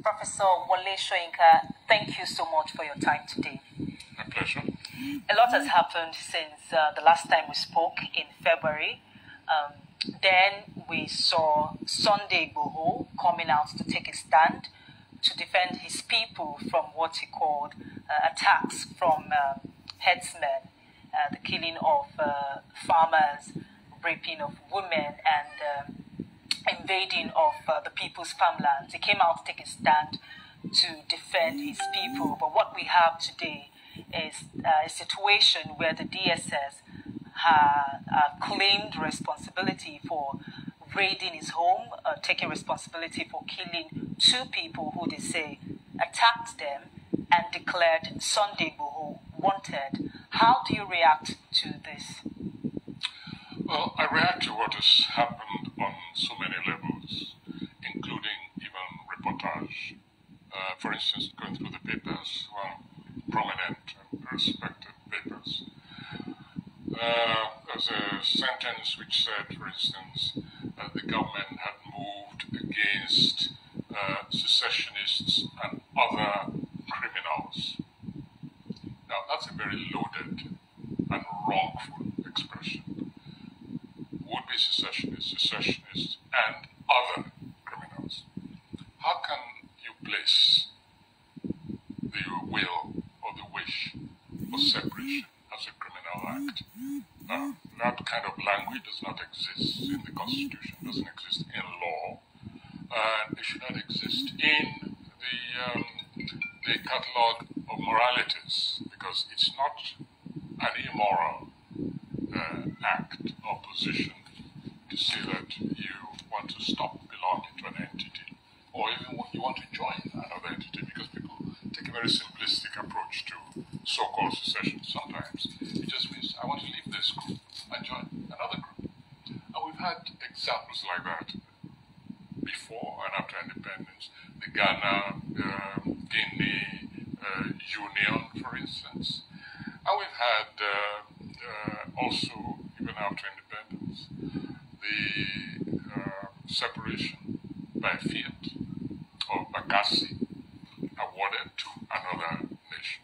Professor Wole Shoinka, thank you so much for your time today. My pleasure. A lot has happened since uh, the last time we spoke in February. Um, then we saw Sunday Boho coming out to take a stand to defend his people from what he called uh, attacks from uh, headsmen, uh, the killing of uh, farmers, raping of women and uh, invading of uh, the people's farmlands. He came out to take a stand to defend his people. But what we have today is uh, a situation where the DSS have uh, claimed responsibility for raiding his home, uh, taking responsibility for killing two people who they say attacked them and declared Sunday Boho wanted. How do you react to this? Well, I react to what has happened on so many levels, including even reportage. Uh, for instance, going through the papers, well, prominent and respected papers. Uh, there's a sentence which said, for instance, that the government had moved against uh, secessionists and other criminals. Now, that's a very loaded and wrongful expression be secessionists, secessionists, and other criminals. How can you place the will or the wish for separation as a criminal act? Now, that kind of language does not exist in the Constitution, doesn't exist in law, and it should not exist in the, um, the catalogue of moralities because it's not an immoral uh, act or position to say that you want to stop belonging to an entity or even you want to join another entity because people take a very simplistic approach to so-called secession sometimes. It just means I want to leave this group and join another group. And we've had examples like that before and after independence. The Ghana, uh, Guinea uh, Union, for instance. And we've had uh, uh also, even after independence, the uh, separation by fiat of Bakassi awarded to another nation.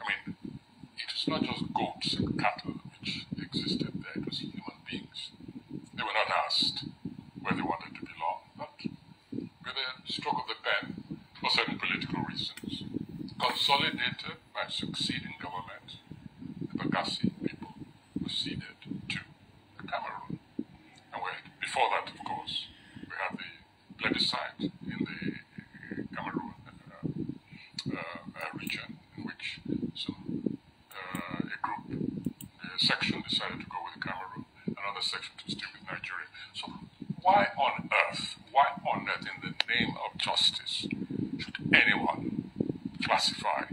I mean, it is not just goats and cattle which existed there, it was human beings. They were not asked where they wanted to belong, but with a stroke of the pen, for certain political reasons, consolidated by succeeding governments, the Bakassi people were seated before that, of course, we had the plebiscite in the uh, Cameroon uh, uh, uh, region in which some, uh, a group, a section decided to go with Cameroon, another section to stay with Nigeria. So why on earth, why on earth in the name of justice should anyone classify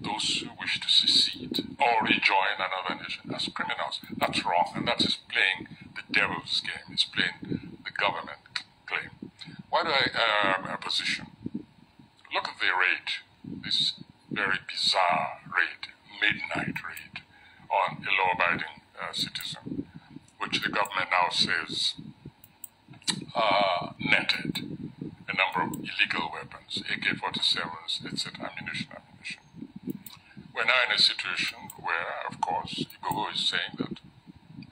those who wish to secede or rejoin another nation as criminals? That's wrong and that is playing the devil's game. is playing the government claim. Why do I um, a position? Look at the raid, this very bizarre raid, midnight raid on a law-abiding uh, citizen, which the government now says uh, netted a number of illegal weapons, AK-47s, etc., ammunition, ammunition. We're now in a situation where, of course, Iboho is saying that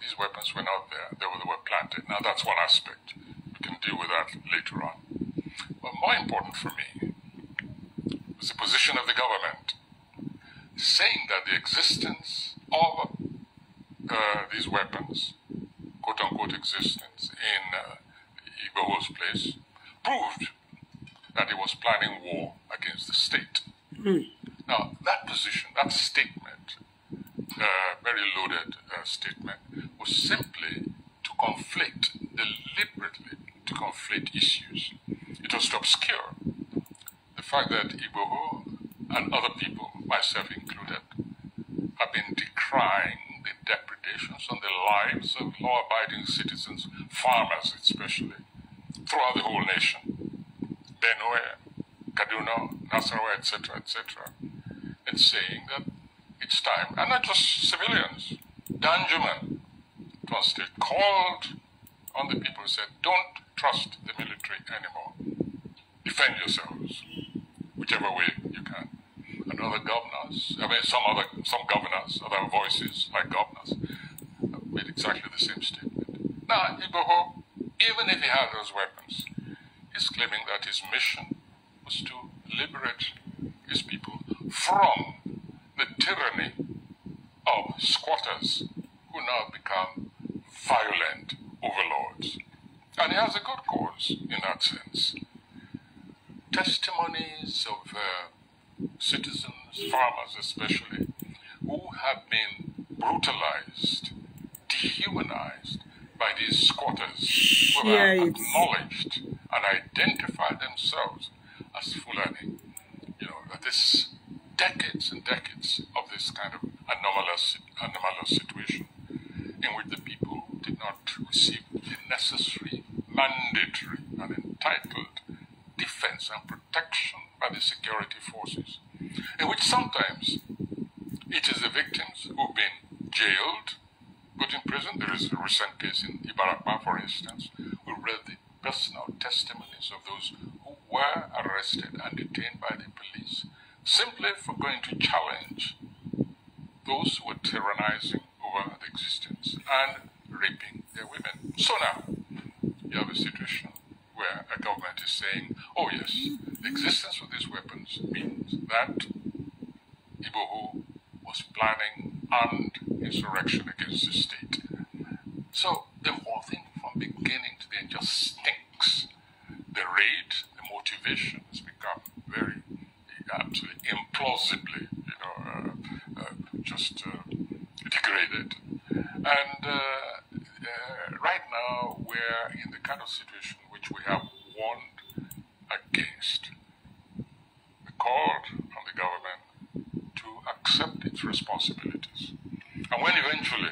these weapons were not there. They were, they were planted. Now, that's one aspect. We can deal with that later on. But more important for me was the position of the government, saying that the existence of uh, these weapons, quote unquote existence, in uh, Igbo's place proved that he was planning war against the state. Mm. Now, that position, that statement, very loaded uh, statement was simply to conflate, deliberately to conflate issues. It was to obscure the fact that Iboho and other people, myself included, have been decrying the depredations on the lives of law-abiding citizens, farmers especially, throughout the whole nation. Benue, Kaduna, Nasarawa, etc., etc., and saying that its time, and not just civilians. Danjuman it was still called on the people who said, don't trust the military anymore. Defend yourselves, whichever way you can. And other governors, I mean, some other, some governors, other voices like governors, made exactly the same statement. Now, Iboho, even if he had those weapons, is claiming that his mission was to liberate his people from the tyranny of squatters who now become violent overlords. And he has a good cause in that sense. Testimonies of uh, citizens, farmers especially, who have been brutalized, dehumanized by these squatters who yeah, have acknowledged and identified themselves as Fulani. You know, that this decades and decades of this kind of anomalous, anomalous situation in which the people did not receive the necessary, mandatory, and entitled defense and protection by the security forces, in which sometimes it is the victims who've been jailed, put in prison. There is a recent case in Ibarapa, for instance. We read the personal testimonies of those who were arrested and detained by the police simply for going to challenge those who were tyrannizing over the existence and raping their women. So now, you have a situation where a government is saying, oh yes, the existence of these weapons means that Iboho was planning armed insurrection against the state. So the whole thing from beginning to the end just stinks. The raid, the motivation has become very absolutely implausibly, you know, uh, uh, just uh, degraded. And uh, uh, right now we're in the kind of situation which we have warned against. We call on the government to accept its responsibilities. And when eventually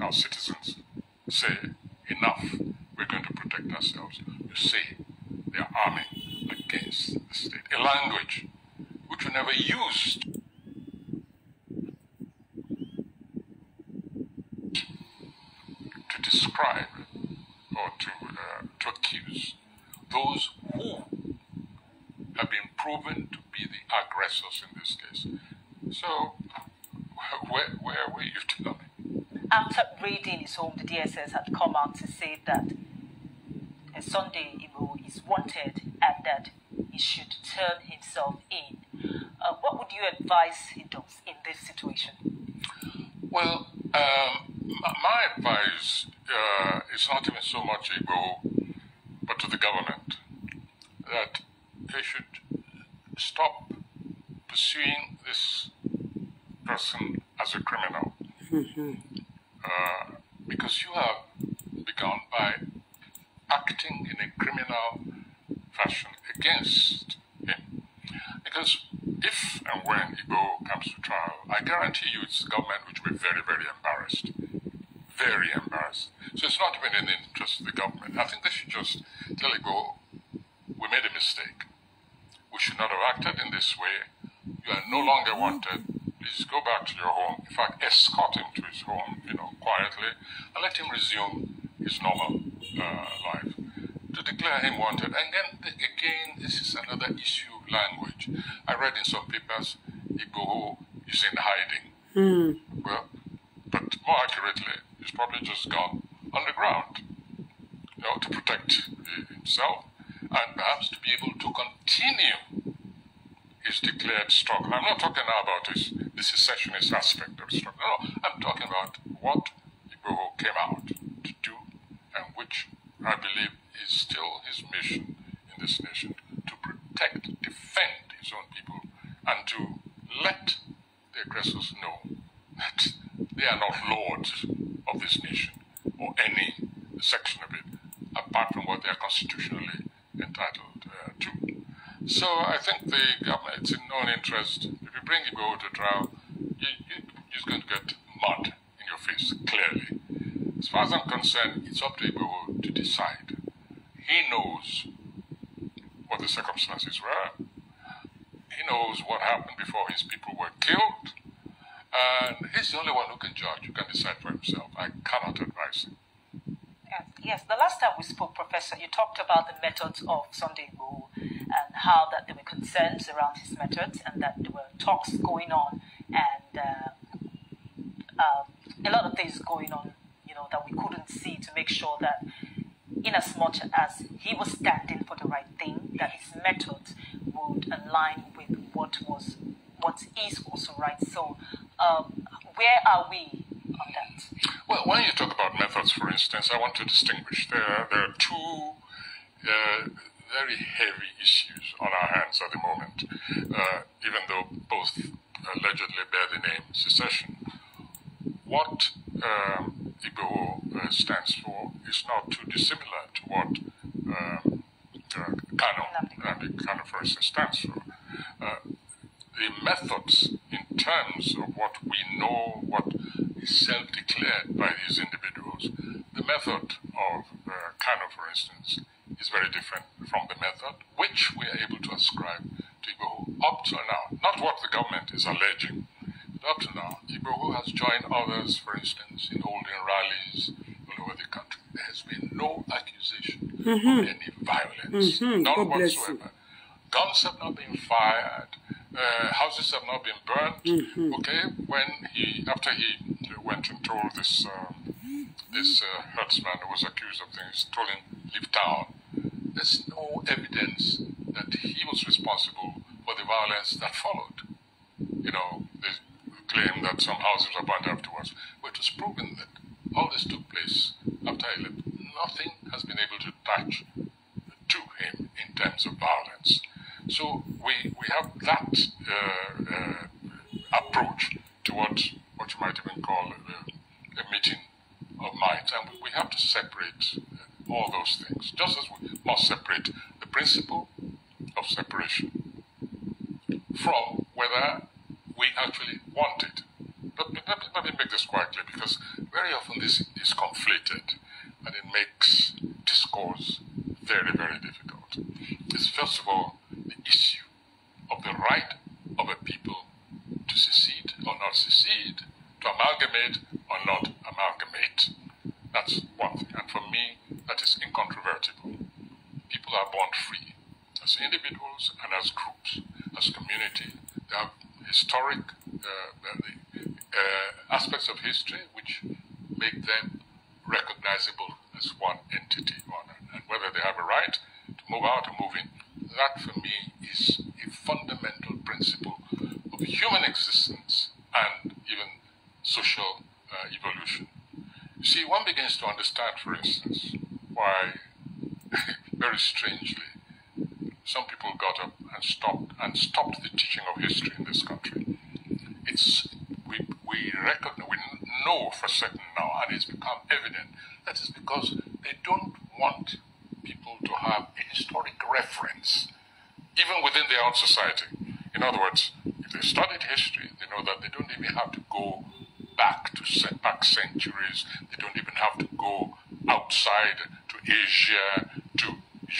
our citizens say, enough, we're going to protect ourselves, you see, they are arming against the state. A language which were never used. To describe or to, uh, to accuse those who have been proven to be the aggressors in this case. So, where, where were you telling? After raiding his home, the DSS had come out to say that Sunday Igbo is wanted and that he should turn himself in. Uh, what would you advise adults in this situation? Well, um, my advice uh, is not even so much a but to the government that they should stop pursuing this person as a criminal. Mm-hmm. Uh, because you have begun by acting in a criminal fashion against him. Because if and when Igbo comes to trial, I guarantee you it's the government which will be very, very embarrassed. Very embarrassed. So it's not even in the interest of the government. I think they should just tell Igbo, we made a mistake. We should not have acted in this way. You are no longer wanted. Please go back to your home. In fact, escort him to his home, you know, quietly, and let him resume his normal uh, life. To declare him wanted. And then, again, this is another issue language. I read in some papers Igbo is in hiding. Mm. Well, but more accurately, he's probably just gone underground you know, to protect uh, himself and perhaps to be able to continue his declared struggle. I'm not talking now about his, the secessionist aspect of struggle. No, I'm talking about what Igbo came out to do and which I believe is still his mission in this nation protect, defend his own people, and to let the aggressors know that they are not lords of this nation or any section of it, apart from what they are constitutionally entitled uh, to. So I think the government, it's in own interest. If you bring Igbo to trial, you, you, just going to get mud in your face, clearly. As far as I'm concerned, it's up to Igbo to decide. He knows what the circumstances were. He knows what happened before his people were killed. And he's the only one who can judge, who can decide for himself. I cannot advise him. Yes, The last time we spoke, Professor, you talked about the methods of Sunday Wu and how that there were concerns around his methods and that there were talks going on and uh, uh, a lot of things going on, you know, that we couldn't see to make sure that in as much as he was standing for the right thing that his methods would align with what was what is also right. So, um, where are we on that? Well, when you talk about methods, for instance, I want to distinguish. There, are, there are two uh, very heavy issues on our hands at the moment, uh, even though both allegedly bear the name secession. What um, uh, stands for is not too dissimilar to what um, Kano and the coniferous stands for. Uh, the methods in terms of what we know, what is self-declared by these individuals, the method of uh, Kano, for instance, is very different from the method which we are able to ascribe to Igbo up to now, not what the government is alleging, up to now, Igbo has joined others, for instance, in holding rallies, all over the country. There has been no accusation mm-hmm. of any violence, mm-hmm. none God whatsoever. Guns have not been fired. Uh, houses have not been burned. Mm-hmm. Okay, when he after he went and told this uh, this uh, herdsman who was accused of things, told him leave town. There's no evidence that he was responsible for the violence that followed. You know, they claim that some houses were burned afterwards, but it was proven that all this took place after Nothing has been able to touch to him in terms of violence. So we, we have that uh, uh, approach towards what you might even call a, uh, a meeting of minds. And we have to separate uh, all those things, just as we must separate the principle of separation from whether we actually want it but let me make this quite clear because very often this is conflated and it makes discourse very, very difficult. It's first of all the issue of the right of a people to secede or not secede, to amalgamate or not amalgamate. That's one thing. And for me, that is incontrovertible. People are born free as individuals and as groups, as community. They have historic uh, uh, aspects of history which make them recognizable as one entity, and whether they have a right to move out or move in. That, for me, is a fundamental principle of human existence and even social uh, evolution. You see, one begins to understand, for instance, why, very strangely, some people got up and stopped and stopped the teaching of history in this country. It's we we reckon, we know for certain now, and it's become evident that is because they don't want people to have a historic reference, even within their own society. In other words, if they studied history, they know that they don't even have to go back to back centuries. They don't even have to go outside to Asia, to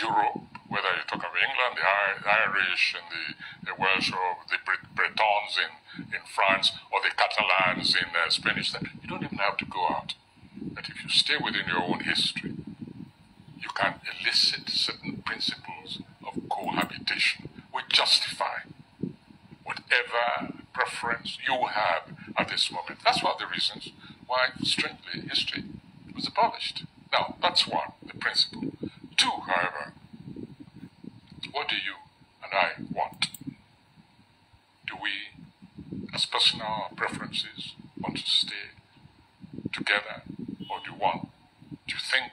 Europe, whether you talk of England, the Irish, and the, the Welsh, or the Bretons in, in France, or the Catalans in uh, Spanish, you don't even have to go out. But if you stay within your own history, you can elicit certain principles of cohabitation which justify whatever preference you have at this moment. That's one of the reasons why, strictly, history was abolished. Now, that's one, the principle. Two, however, what do you and I want? Do we, as personal preferences, want to stay together or do one? Do you think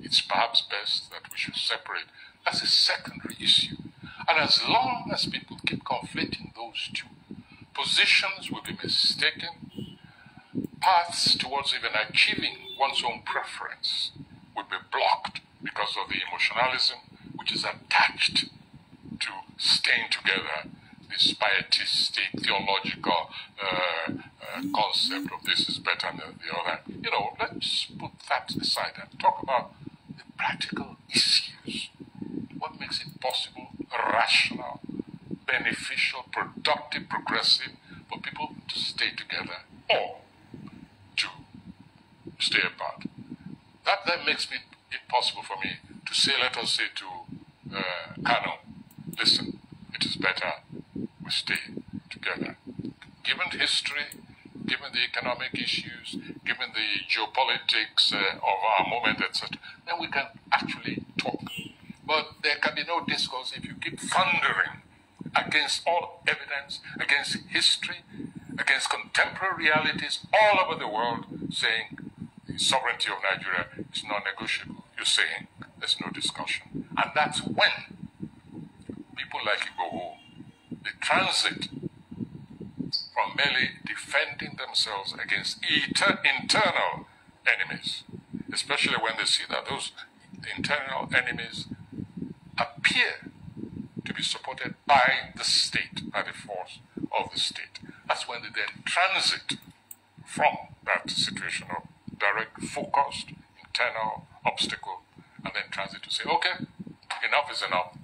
it's perhaps best that we should separate? That's a secondary issue. And as long as people keep conflating those two, positions will be mistaken, paths towards even achieving one's own preference would be blocked because of the emotionalism which is attached to staying together this pietistic theological uh, uh, concept of this is better than the other. You know, let's put that aside and talk about the practical issues. What makes it possible, rational, beneficial, productive, progressive for people to stay together or to stay apart? That, that makes it possible for me to say, let us say to uh, Kano, listen, it is better we stay together. Given history, given the economic issues, given the geopolitics uh, of our moment, etc., then we can actually talk. But there can be no discourse if you keep thundering against all evidence, against history, against contemporary realities all over the world, saying the sovereignty of Nigeria is non negotiable. You're saying there's no discussion. And that's when people like Igbo, they transit from merely defending themselves against internal enemies, especially when they see that those internal enemies appear to be supported by the state, by the force of the state. That's when they then transit from that situation of direct, focused, internal obstacle and then transit to say, okay, enough is enough,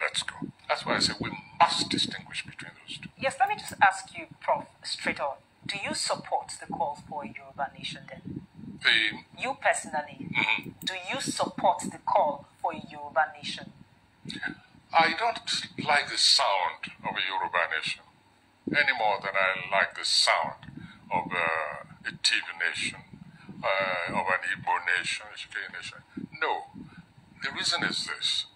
let's go. That's why I say we must distinguish between those two. Yes, let me just ask you, Prof, straight on. Do you support the call for a Yoruba nation then? The... You personally, mm-hmm. do you support the call for a Yoruba nation? I don't like the sound of a Yoruba nation any more than I like the sound of uh, a TV nation uh, of an Igbo nation, Ishikiri nation. No. The reason is this.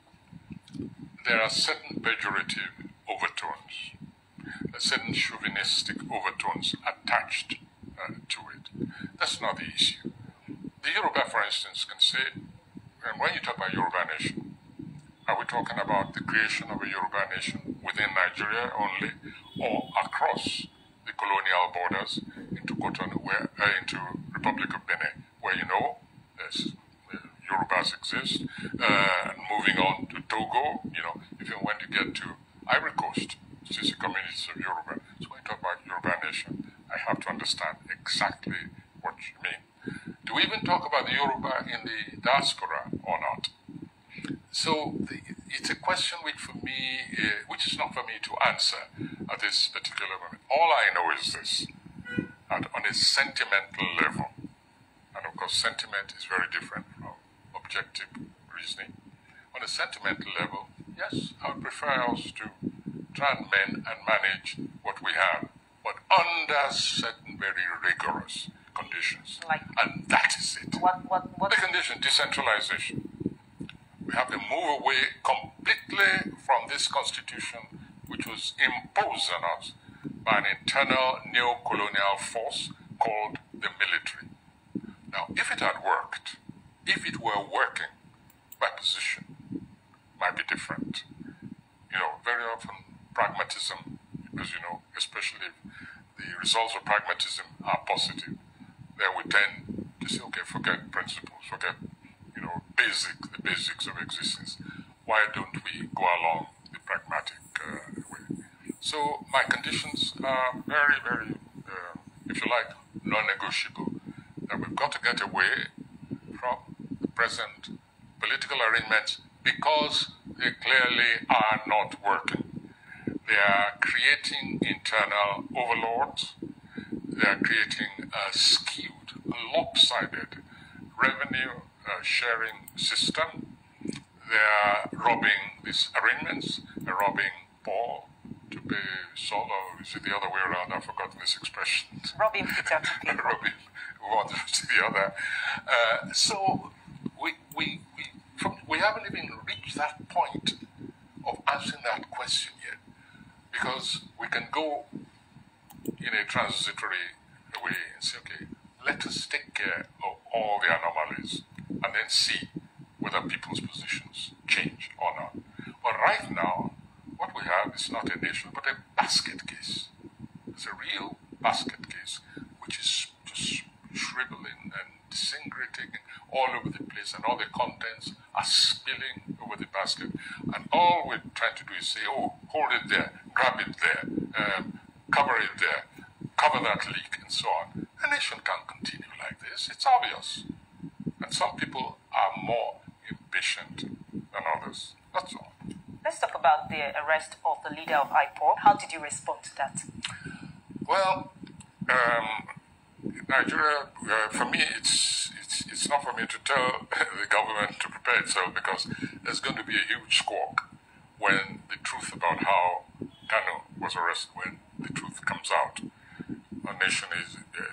There are certain pejorative overtones, uh, certain chauvinistic overtones attached uh, to it. That's not the issue. The Yoruba, for instance, can say, and when you talk about Yoruba nation, are we talking about the creation of a Yoruba nation within Nigeria only or across the colonial borders into Cotonou, where, uh, into Republic of Benin, where you know there's uh, Yorubas exist, uh, and moving on to Togo, you know, even when you get to Ivory Coast, it's the communities of Yoruba. So when you talk about Yoruba nation, I have to understand exactly what you mean. Do we even talk about the Yoruba in the diaspora or not? So it's a question which for me, uh, which is not for me to answer at this particular moment. All I know is this, that on a sentimental level, and of course sentiment is very different from objective reasoning, on a sentimental level, yes, I would prefer us to try and mend and manage what we have, but under certain very rigorous conditions. Like and that is it. What, what, what? The condition, decentralization. We have to move away completely from this constitution, which was imposed on us by an internal neo-colonial force called the military. Now, if it had worked, if it were working, my position might be different. You know, very often pragmatism, because you know, especially if the results of pragmatism are positive, then we tend to say, okay, forget principles, forget basic, the basics of existence. Why don't we go along the pragmatic uh, way? So my conditions are very, very, uh, if you like, non-negotiable. That we've got to get away from the present political arrangements because they clearly are not working. They are creating internal overlords. They are creating a uh, skewed, lopsided revenue uh, sharing system. They are robbing these arrangements, they're robbing Paul to be solo. Is it the other way around? I've forgotten this expression. Robbing Peter Paul. robbing one to the other. Uh, so we, we, we, from, we haven't even reached that point of answering that question yet because we can go in a transitory way and say, okay, let us take care of all the anomalies and then see whether people's positions change or not. But right now, what we have is not a nation, but a basket case. It's a real basket case, which is just shriveling and disintegrating all over the place, and all the contents are spilling over the basket. And all we're trying to do is say, oh, hold it there, grab it there, um, cover it there, cover that leak, and so on. A nation can't continue like this. It's obvious. And some people are more impatient than others. That's all. Let's talk about the arrest of the leader of IPOR. How did you respond to that? Well, um, Nigeria, uh, for me, it's, it's, it's not for me to tell the government to prepare itself because there's going to be a huge squawk when the truth about how Kano was arrested, when the truth comes out. Our nation is uh,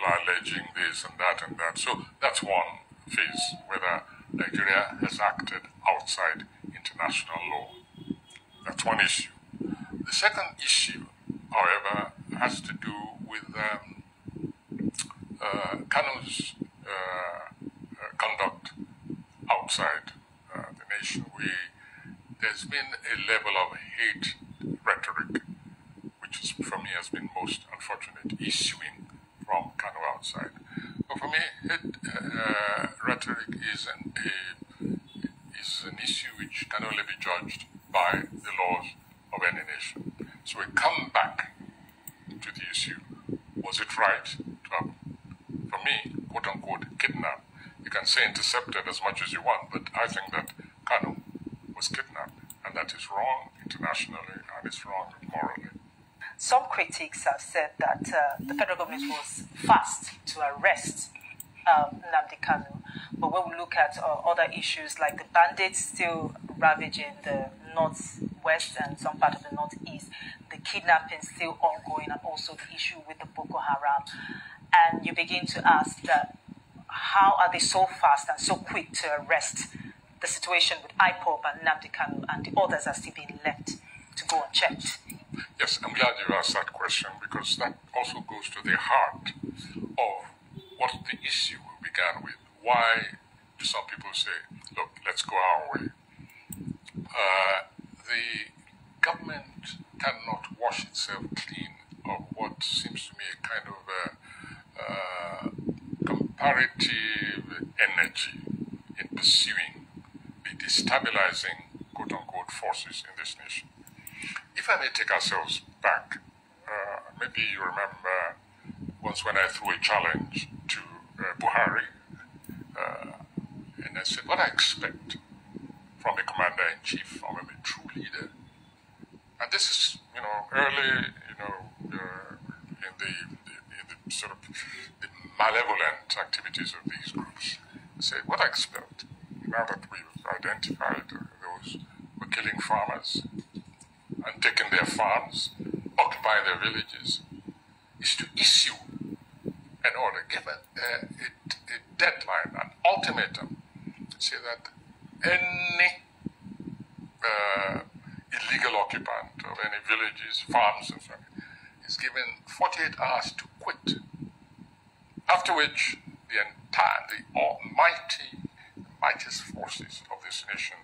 people are alleging this and that and that. So that's one phase, whether Nigeria has acted outside international law. That's one issue. The second issue, however, has to do with um, uh, Kano's uh, uh, conduct outside uh, the nation. We, there's been a level of hate rhetoric, which is, for me has been most unfortunate, issuing from of outside. But for me, uh, rhetoric is an, a, is an issue which can only be judged by the laws of any nation. So we come back to the issue. Was it right to have, for me, quote unquote, kidnapped? You can say intercepted as much as you want, but I think that Kanu was kidnapped, and that is wrong internationally and it's wrong morally. Some critics have said that uh, the federal government was fast to arrest um, Kanu. But when we look at uh, other issues like the bandits still ravaging the northwest and some part of the northeast, the kidnapping still ongoing, and also the issue with the Boko Haram, and you begin to ask that how are they so fast and so quick to arrest? The situation with IPOP and Namdi Kanu and the others are still being left to go unchecked Yes, I'm glad you asked that question because that also goes to the heart of what the issue we began with. Why do some people say, look, let's go our way? Uh, the government cannot wash itself clean of what seems to me a kind of a, uh, uh, comparative energy in pursuing the destabilizing, quote unquote, forces in this nation. If I may take ourselves back, uh, maybe you remember once when I threw a challenge to uh, Buhari, uh, and I said, What I expect from a commander in chief, from a true leader. And this is, you know, early, you know, uh, in the, the, in the sort of the malevolent activities of these groups. I said, what I expect now that we've identified those who are killing farmers, and taken their farms, occupying their villages, is to issue an order, give a, a, a deadline, an ultimatum, say that any uh, illegal occupant of any villages, farms, and so on, is given 48 hours to quit. After which, the entire, the almighty, mightiest forces of this nation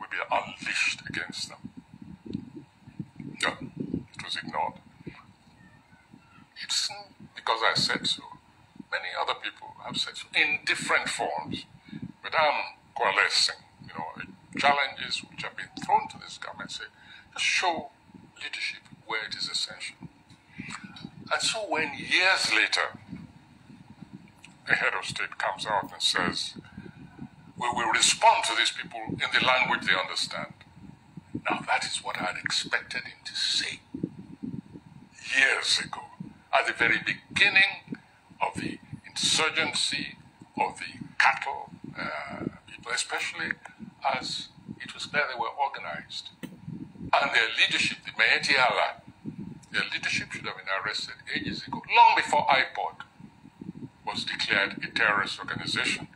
will be unleashed against them was ignored. It's because I said so. Many other people have said so in different forms, but I'm coalescing. You know, challenges which have been thrown to this government say, just show leadership where it is essential. And so when years later, the head of state comes out and says, we will respond to these people in the language they understand. Now that is what I had expected him to say years ago, at the very beginning of the insurgency of the cattle uh, people, especially as it was clear they were organized. And their leadership, the Maeti Allah, their leadership should have been arrested ages ago, long before IPOD was declared a terrorist organization.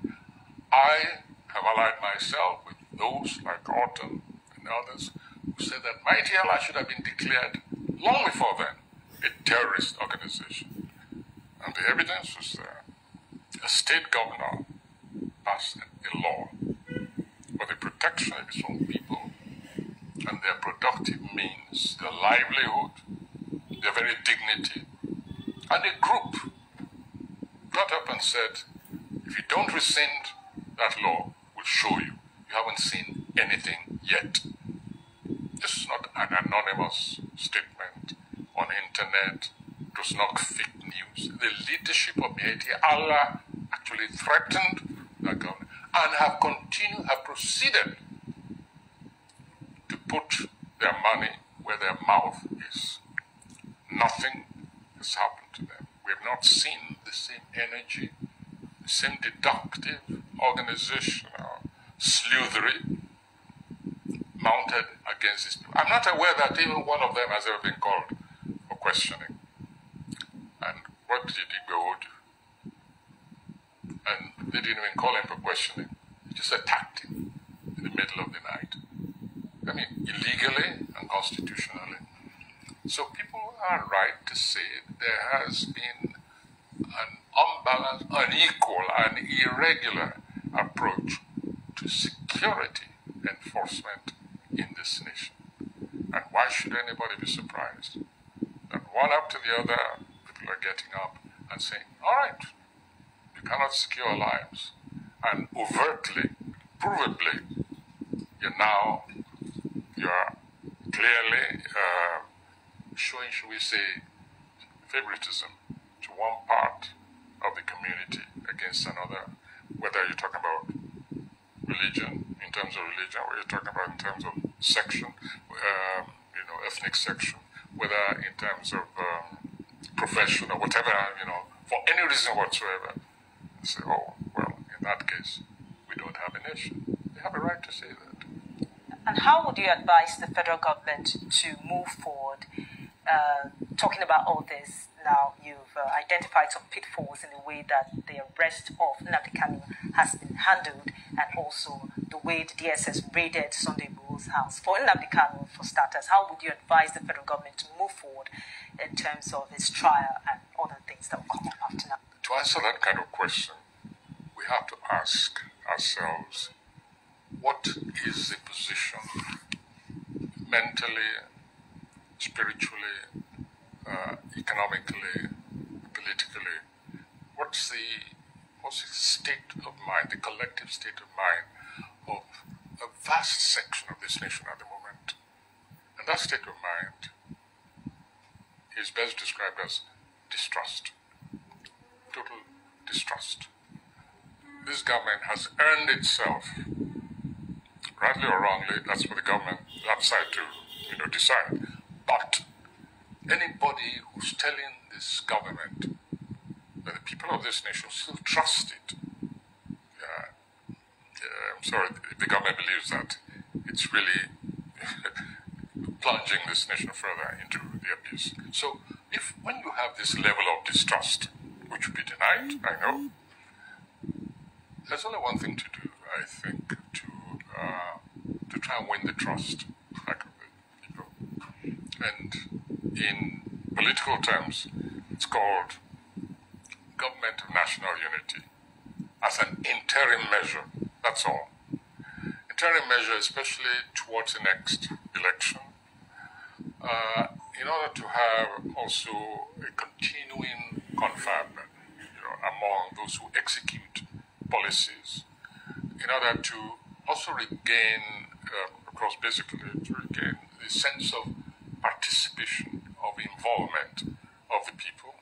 I have allied myself with those like Orton and others who said that Mighty Allah should have been declared long before then a terrorist organization. And the evidence was there. A state governor passed a law for the protection of his own people and their productive means, their livelihood, their very dignity. And a group got up and said, if you don't rescind that law, we'll show you. You haven't seen anything yet. This is not an anonymous statement on internet to snog fake news. The leadership of Haiti, Allah, actually threatened the government and have continued, have proceeded to put their money where their mouth is. Nothing has happened to them. We have not seen the same energy, the same deductive, organizational sleuthery mounted against these people. I'm not aware that even one of them has ever been called questioning. And what did Igbo do? And they didn't even call him for questioning. He just attacked him in the middle of the night. I mean, illegally and constitutionally. So people are right to say there has been an unbalanced, unequal, and irregular approach to security enforcement in this nation. And why should anybody be surprised? one after the other, people are getting up and saying, all right, you cannot secure lives. And overtly, provably, you're now, you're clearly uh, showing, should we say, favoritism to one part of the community against another, whether you're talking about religion, in terms of religion, or you're talking about in terms of section, um, you know, ethnic section, whether in terms of um, profession or whatever, you know, for any reason whatsoever, they say, oh, well, in that case, we don't have a nation. They have a right to say that. And how would you advise the federal government to move forward uh, talking about all this now you've uh, identified some pitfalls in the way that the arrest of Nnamdi Kanu has been handled and also the way the DSS raided Sunday Bull's house. For Nnamdi Kanu, for starters, how would you advise the federal government to move forward in terms of his trial and other things that will come up after that? To answer that kind of question, we have to ask ourselves what is the position mentally, spiritually, uh, economically, politically, what's the what's the state of mind, the collective state of mind of a vast section of this nation at the moment. And that state of mind is best described as distrust, total distrust. This government has earned itself, rightly or wrongly, that's for the government, that side to you know, decide, but anybody who's telling this government that the people of this nation still trust it, uh, I'm sorry, the, government believes that it's really plunging this nation further into the abyss. So, if when you have this level of distrust, which we be denied, I know, there's only one thing to do, I think, to uh, to try and win the trust back of the people and in political terms, it's called Government of National Unity as an interim measure. That's all. Interim measure, especially towards the next election, uh, in order to have also a continuing confab you know, among those who execute policies, in order to also regain, uh, of course, basically to regain the sense of participation of involvement of the people.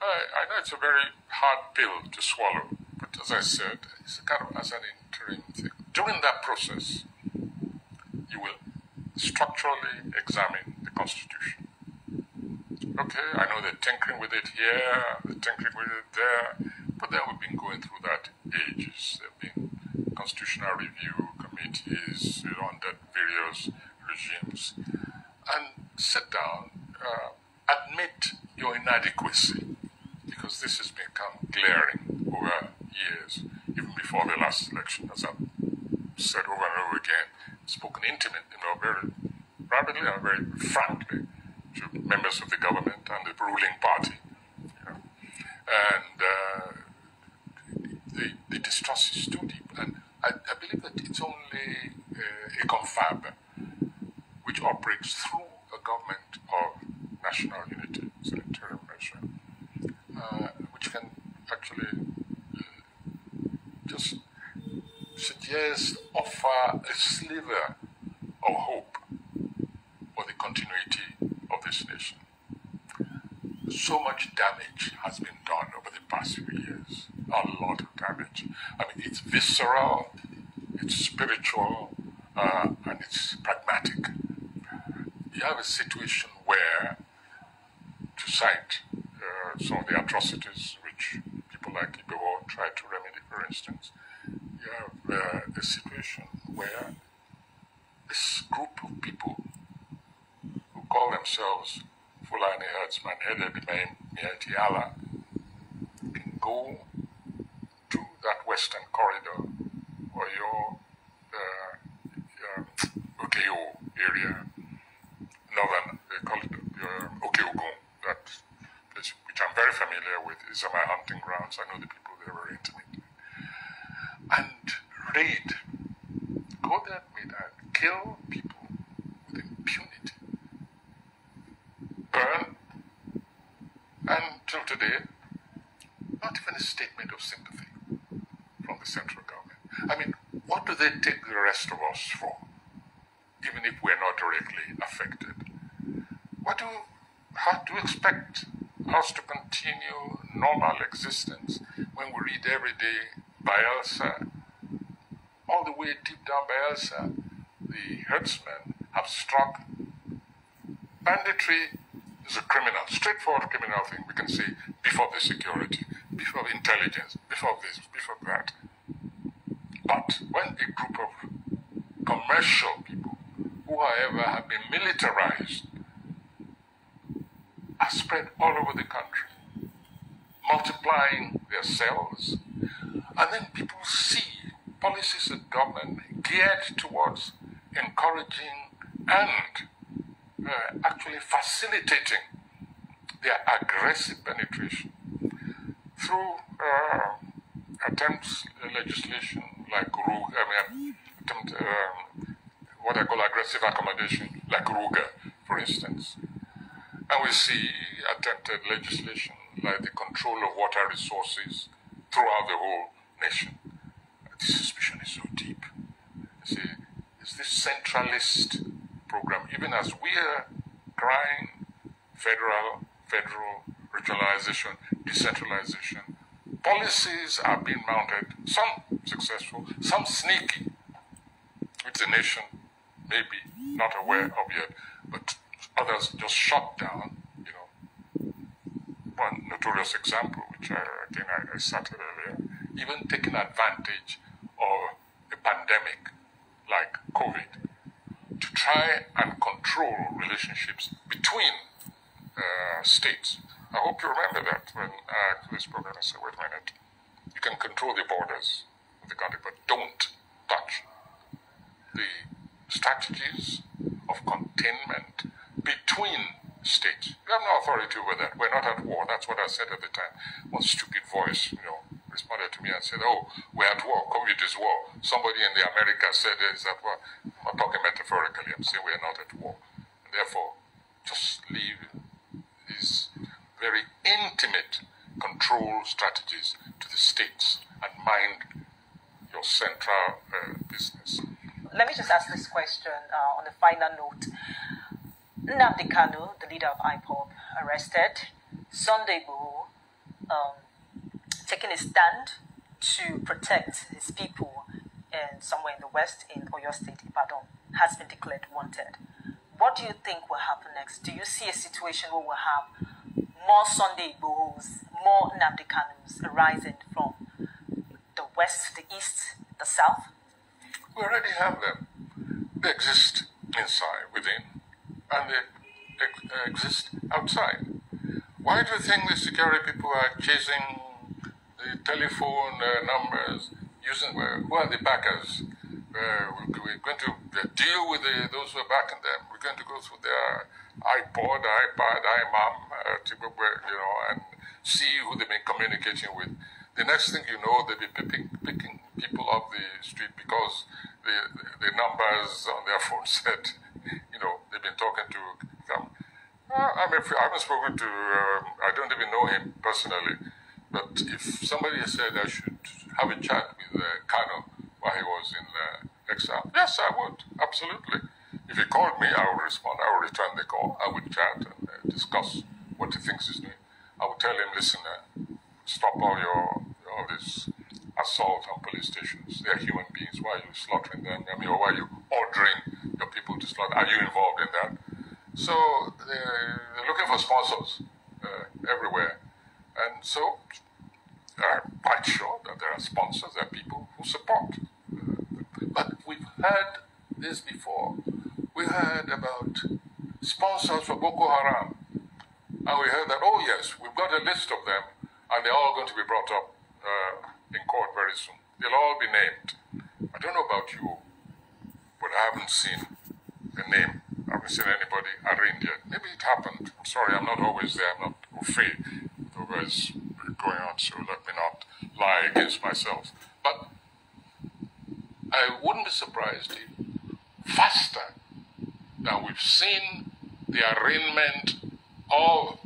I, I know it's a very hard pill to swallow, but as I said, it's kind of as an interim thing. During that process, you will structurally examine the Constitution. Okay, I know they're tinkering with it here, they're tinkering with it there, but then we've been going through that ages. There have been constitutional review committees under various regimes. And sit down uh, admit your inadequacy because this has become glaring over years, even before the last election, as I've said over and over again, spoken intimately, you know, very rapidly and very frankly to members of the government and the ruling party. You know. And uh, the, the, distrust is too deep. And I, I believe that it's only uh, a confab which operates through a government national unity, it's an interim measure, uh, which can actually uh, just suggest, offer a sliver of hope for the continuity of this nation. So much damage has been done over the past few years. A lot of damage. I mean, it's visceral, it's spiritual, uh, and it's pragmatic. You have a situation where to cite uh, some of the atrocities which people like Ibewo tried to remedy, for instance, you have uh, a situation where this group of people who call themselves Fulani herdsmen, Edebimain, Mietiala, can go to that western corridor or your uh, uh, Okeo area, northern, they call it uh, Okeogun, I'm very familiar with, is are my hunting grounds. I know the people there very intimately. And raid, go there and kill people with impunity, burn, and till today, not even a statement of sympathy from the central government. I mean, what do they take the rest of us for, even if we're not directly affected? What do, how do you expect has to continue normal existence. When we read every day Bielsa, all the way deep down Bielsa, the herdsmen have struck banditry is a criminal, straightforward criminal thing. We can say before the security, before the intelligence, before this, before that. But when a group of commercial people who, however, have been militarized are spread all over the country, multiplying their cells. And then people see policies of government geared towards encouraging and uh, actually facilitating their aggressive penetration through uh, attempts, uh, legislation like RUGA. I mean, attempt, um, what I call aggressive accommodation, like RUGA, for instance. And we see attempted legislation like the control of water resources throughout the whole nation. This suspicion is so deep. You see, it's this centralist program, even as we are crying federal, federal, regionalization, decentralization, policies are being mounted, some successful, some sneaky, which the nation may be not aware of yet, but others just shut down. You know, one notorious example, which I, again I, I cited earlier, even taking advantage of a pandemic like COVID to try and control relationships between uh, states. I hope you remember that when I actually spoke and said, wait a minute, you can control the borders of the country, but don't touch the strategies of containment between states. We have no authority over that. We're not at war. That's what I said at the time. One stupid voice, you know, responded to me and said, Oh, we're at war. COVID is war. Somebody in the Americas said it's at war. I'm talking metaphorically. I'm saying we're not at war. And therefore, just leave these very intimate control strategies to the states and mind your central uh, business. Let me just ask this question uh, on a final note. Nnamdi Kanu, the leader of IPOB, arrested. Sunday Igboho, um, taking a stand to protect his people and somewhere in the west in Oyo State, Ibadan, has been declared wanted. What do you think will happen next? Do you see a situation where we'll have more Sunday Igbohos, more Nnamdi Kanus arising from the west, the east, the south? We already have them. They exist inside, within and they uh, exist outside. Why do you think the security people are chasing the telephone uh, numbers? Using uh, who are the backers? Uh, we're going to uh, deal with the, those who are backing them. We're going to go through their iPod, iPad, iMom, uh, you know, and see who they've been communicating with. The next thing you know, they'll be picking, picking people up the street because the, the numbers on their phone said, you know, they've been talking to them. Uh, I mean, I haven't spoken to, um, I don't even know him personally, but if somebody said I should have a chat with uh, Kano while he was in uh, exile, yes, I would, absolutely. If he called me, I would respond, I would return the call, I would chat and uh, discuss what he thinks is doing. I would tell him, listen, uh, stop all your all this assault on police stations. They are human beings. Why are you slaughtering them? I mean, or why are you ordering your people to slaughter? Are you involved in that? So they're, looking for sponsors uh, everywhere. And so uh, I'm quite sure that there are sponsors, there are people who support. Uh, but we've heard this before. We heard about sponsors for Boko Haram. And we heard that, oh yes, we've got a list of them, and they're all going to be brought up uh, in court very soon. They'll all be named. I don't know about you, but I haven't seen a name. I haven't seen anybody arraigned yet. Maybe it happened. I'm sorry, I'm not always there. I'm not afraid. You going on, so let me not lie against myself. But I wouldn't be surprised if faster than we've seen the arraignment of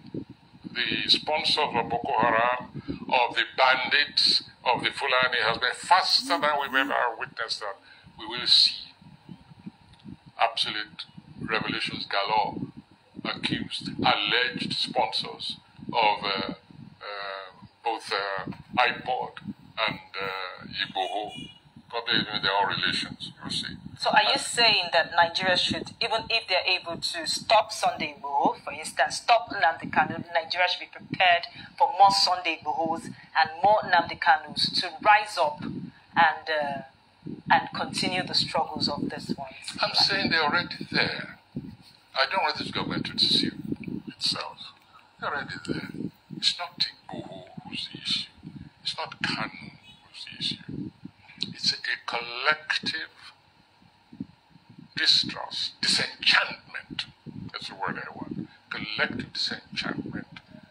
the sponsor of Boko Haram, of the bandits, of the Fulani has been faster than we've ever witnessed that. We will see absolute revolutions galore, accused, alleged sponsors of uh, uh, both uh, iPod and uh, Iboho probably even their own relations, you see. So are you saying that Nigeria should, even if they're able to stop Sunday boho, for instance, stop Nnamdi Nigeria should be prepared for more Sunday bohos and more Nnamdi to rise up and, uh, and continue the struggles of this one? I'm saying they're already there. I don't want this government to deceive itself. They're already there. It's not Igboho who's the issue. It's not Kanu who's the issue. It's a collective distrust, disenchantment. That's the word I want. Collective disenchantment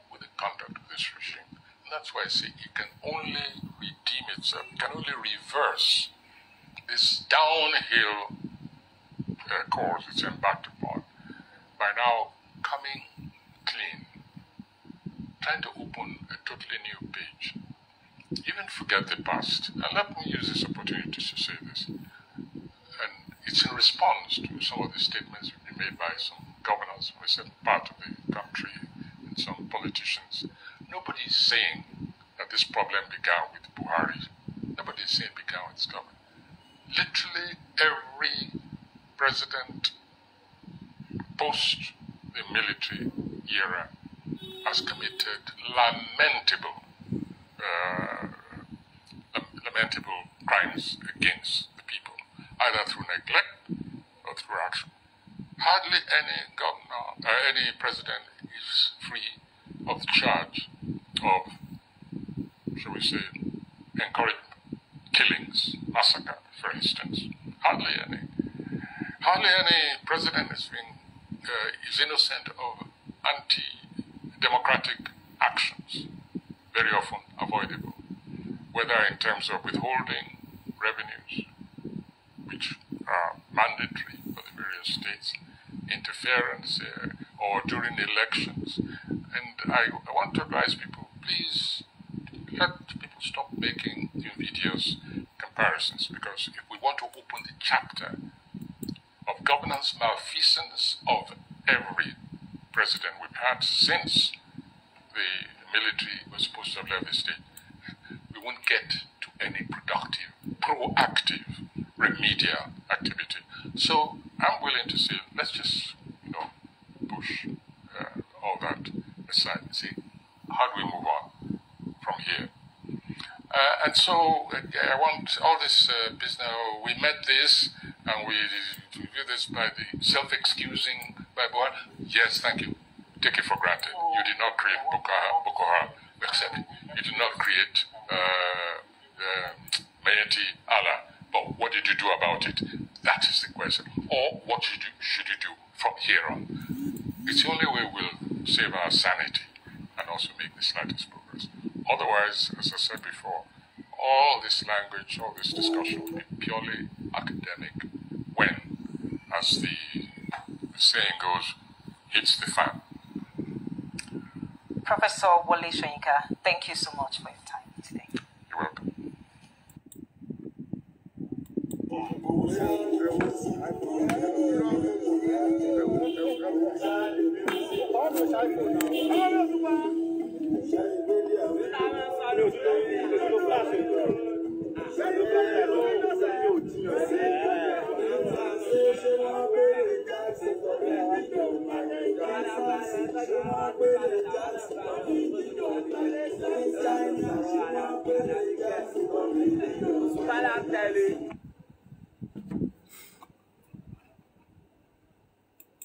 with the conduct of this regime. And that's why I say it can only redeem itself, it can only reverse this downhill uh, course it's embarked upon by now coming clean, trying to open a totally new page. Even forget the past. And let me use this opportunity to say this. And it's in response to some of the statements made by some governors of a certain part of the country and some politicians. Nobody is saying that this problem began with Buhari. Nobody is saying it began with his government. Literally every president post the military era has committed lamentable uh, um, lamentable crimes against the people, either through neglect or through action. Hardly any governor, or uh, any president is free of the charge of, shall we say, encouraging killings, massacre, for instance. Hardly any. Hardly any president has been, uh, is innocent of anti-democratic actions very often avoidable, whether in terms of withholding revenues, which are mandatory for the various states, interference, uh, or during elections. And I, I want to advise people, please let people stop making invidious comparisons because if we want to open the chapter of governance malfeasance of every president we've had since the military was supposed to have left the state, we won't get to any productive, proactive remedial activity. So I'm willing to say, let's just, you know, push uh, all that aside and see how do we move on from here. Uh, and so uh, I want all this uh, business. We met this, and we do this by the self-excusing by Buhari. Yes, thank you take it for granted. You did not create Boko Haram, except you did not create uh, uh, Allah. But what did you do about it? That is the question. Or what should you, should you do from here on? It's the only way we'll save our sanity and also make the slightest progress. Otherwise, as I said before, all this language, all this discussion will be purely academic when, as the, the saying goes, hits the fan. Professor Wale Shoyinka, thank you so much for your time today. You're welcome. Salam tẹ̀lé.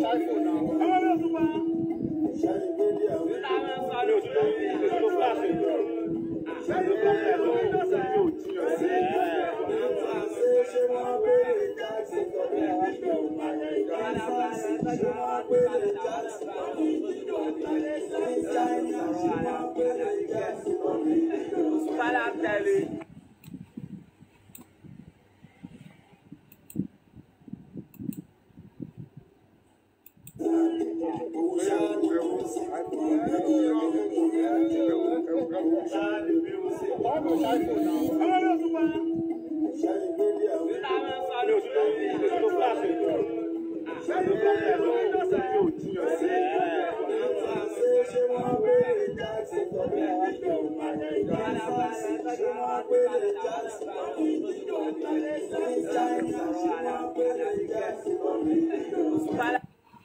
Olha, Zumba! Salam, you. Para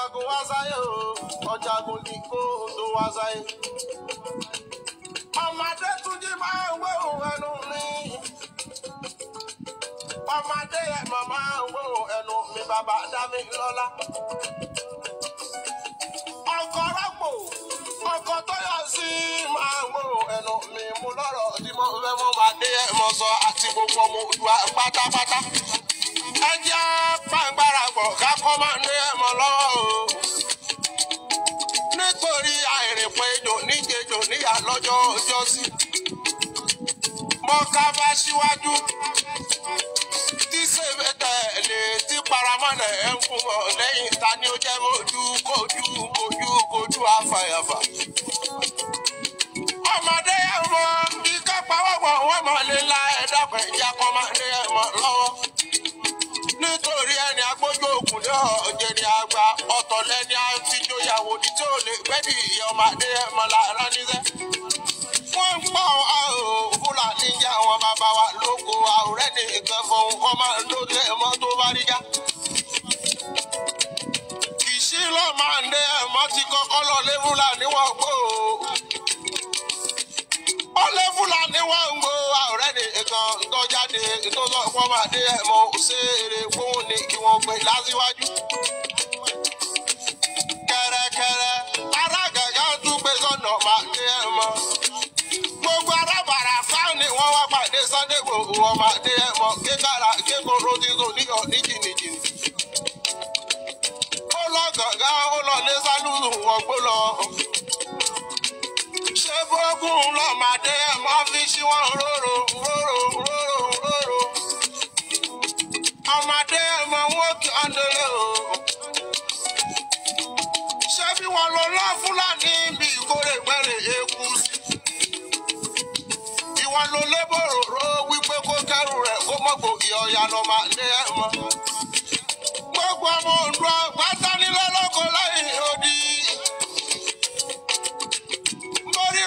ọ̀jagun wá sáyé o ọ̀jagun ti kó tó wá sáyé. ọmọdé túnjí máa ń wé òun ẹnu mi ọmọdé ẹ màmá ń wé òun ẹnu mi bàbá dá mi lọ́lá. ọkọ̀ rọ́pò ọkọ̀ sí máa ń wé ẹnu mi mú lọ́rọ̀ tí mo fẹ́ mọ́ máa dé ẹ̀ sọ àti gbogbo ọmọ Oòduà pátápátá. ẹ jẹ́ darapọ̀ kákọ́ máa ní ẹ̀mọ́ lọ́wọ́ o. nítorí àìrìnpọ̀ ejò níjejò níyà lọ́jọ́ ọjọ́ sí. mo ká bá síwájú tí sèbè tẹ̀lé tí paramọ́nà ẹ̀ ń fún ọ lẹ́yìn ta ni ó jẹ́ mojú kojú kojú kojú àfàyàfà. ọmọdé ẹ̀ mọ bí kápá wọ̀wọ̀ wọ́n mọ̀ lé la ẹ̀dá kọ́ máa ní ẹ̀mọ́ lọ́wọ́. nítorí ẹni agbójú òkun ní ọ̀jẹ̀rì àgbà ọ̀tọ̀ lẹ́ni àtijọ́yàwó ní tí ò lè gbẹ́dì ọmọdé ẹ̀mọ́lá ránníṣẹ́. wọ́n ń ọ́ àrò fúlàní jẹ́ àwọn bàbá wa lóko àwòrán nìkan fún ọmọ ló bá rí já. kìsì lọ́ọ́ máa ń dé ti kọ́kọ́ lọ lé fúlàní wọ́pọ̀ ó lé fúlàní wọn ń gbó àwòrán ni nǹkan nǹkan jáde nǹkan lọ fún ọmọ adé ẹmọ òṣèré fún ni kí wọn pè lásìwájú. kẹrẹkẹrẹ ará gàgà tún gbé sọnà pàdé ẹmọ gbogbo arábàrà fáwọn ni wọn wá pàdé Sunday Igboho ọmọ adé ẹmọ kékàrà kékòrò ti tó ní ọ ní jìnnìjìnnì ó lọ gàngán ó lọ lé sálúùsù wọn gbó lọ ṣe bógún lọ́màdé mọ́ fi sí wọn róró róró róró róró. ọmọdé mọ wọn kí ọ̀ndẹ̀lẹ̀ o. ṣé bí wọn lọ lọ fúlàní bí ìkórè gbẹ̀rẹ̀ eku sí. ìwọ ló lébòrò ró wípé kó kẹrù rẹ̀ kó mọ̀ gbòógì ọ̀yà lọ́màdé mọ́. gbogbo ọmọ òǹdó pátánilọ́lọ́kọ lẹ́yìn odi.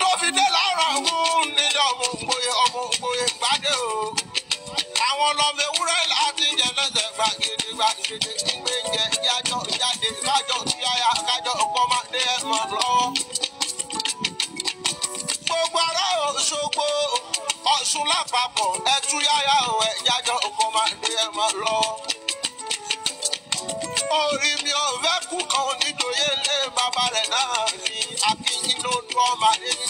tó fi dé lára òun nílẹ̀ ọmọ ògbóye ọmọ ògbóye gbádé o. àwọn lọ́mọ ewúrẹ́ láti jẹ lẹ́sẹ̀ gbàgede gbàgede ìgbé jẹ yájọ jáde kájọ kíáyà kájọ kọ́mádé ẹ̀ mọ̀ lọ́wọ́. gbogbo ará Òṣogbo Ọ̀ṣun lápapọ̀ ẹ̀ tún yáyà ẹ̀ yájọ kọ́mádé ẹ̀ mọ̀ lọ́wọ́. orí mi ọ̀fẹ́ kú kan nítorí ilé bàbá rẹ̀ náà ní akínyìn lónú ọmọ rẹ̀ ní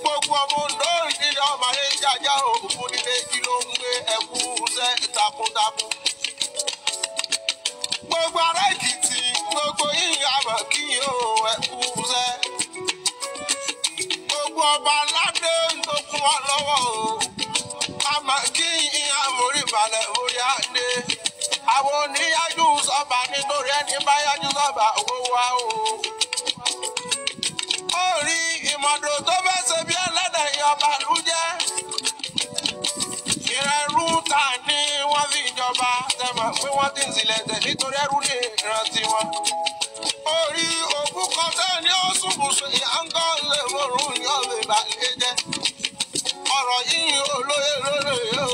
gbogbo ọmọ Oǹdó ìdílé ọmọ rẹ̀ ní yáyá òkú nílé kí ló ń gbé ẹkú takuntakun gbogbo ará Èkìtì gbogbo kí ẹkú gbogbo ọba aládé gbogbo wa lọ́wọ́ o kí orí orí adé. àwọn oníyájú sọ́ba nítorí ẹni bá yájú sọ́ba owó wa o. ó rí ìmọ̀dò tó bá ṣe bí ẹlẹ́dẹ̀ ìyọba ló jẹ́. ìrẹ̀rú ta ni wọ́n fi jọba tẹ̀mọ̀ pé wọ́n ti ń sílẹ̀ tẹ̀ nítorí ẹrú lè rántí wọn. ó rí òkú kan tẹ́ ní ó sùnbùsùn ìyá ń kọ́ lè mọ̀rún yọ̀ lè bàlẹ́ jẹ́. ọ̀rọ̀ yìí olóyè lónìí o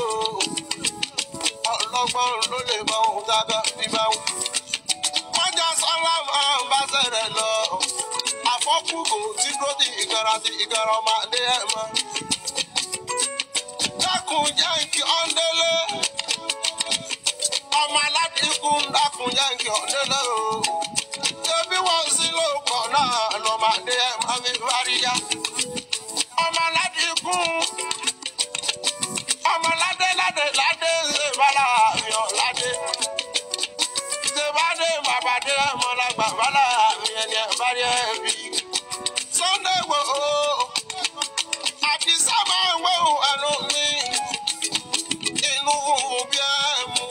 ọlọ́gbọ́n ló lè mọ ohun dáadáa nígbà wù. wọ́n já sọ́lá máa bá sẹ̀rẹ̀ lọ. àfọ́kù kò tí dúró di ìgara di ìgara ọmọ adé ẹ̀ mọ́. dákun jẹ́ǹkì ọ̀ndélé. ọmọ aládìkú dákun jẹ́ǹkì ọ̀ndélé o. ṣebí wọ́n sí lóòpọ̀ náà lọ́mọdé ẹ̀ máa fi wárí yá. ọmọ aládìkú ládé ládé ṣe bala mi ò ládé ṣe bala mi ẹni ẹ̀ bá Sunday wo o àdìsá máa ń wọ ẹnu mi inú bí ẹ mú.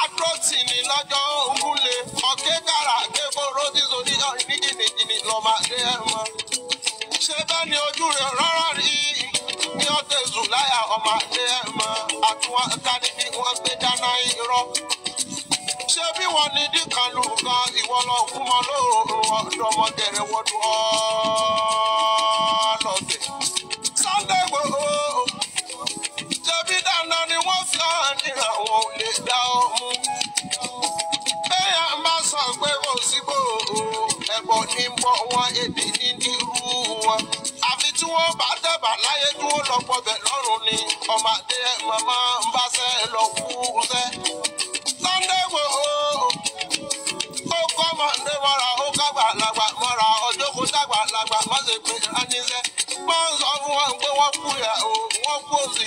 Adúrótì ni lọ́jọ́ ògúnlé ọ̀kẹ́ kàrà kéboro dídò ní jìnnìjìnnì lọ́mọdé ẹ̀ mọ́. Ṣé ni ojú rẹ̀ Ọma dị mma, mọ àtúwọ́n tani bí wọ́n gbé dáná dị ṣé bí wọ́n ní dìkan lù gan ìwọ lọ fún Sunday ni wọ́n sàn ní àwọn olè dá ọmú. bẹ́ẹ̀ máa sọ pé kò sígbó tí wọ́n bá dẹ̀bà láyé tí wọ́n lọ gbọ́bẹ̀ lọ́rùn ni ọmọdé màmá ń bá sẹ́ lọ kú wo o ó kọ́ mọ̀ndé mọ́ra ó kágbà làgbà mọ́ra ọjọ́ kó dàgbà làgbà má ṣe pé aníṣẹ́. wọ́n sọ wọn wọ́n kú yà wọ́n kú òsì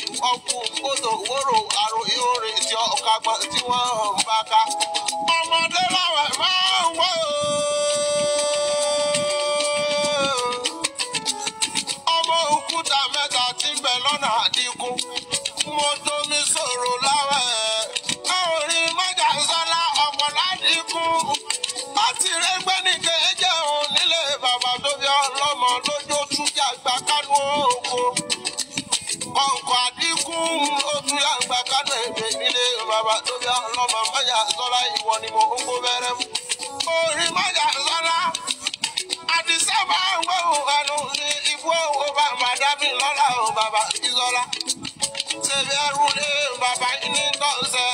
òkúta mẹ́ta tí ń bẹ lọ́nà àdínkù mo domi sòrò láwẹ̀ orin mọ́jàsọ́lá ọ̀pọ̀ ládínkù ó ti rẹ́gbẹ́ nìkan jẹ́ òun nílé bàbá tó fi ọlọ́mọ lójó oko ni mo àdìsá máa ń gbóhùn ẹnu ní ibú owó bá màdámì lọ́la o bàbá ìzọ́lá. ṣèbí ẹrú lé bàbá ní tọ́sẹ̀.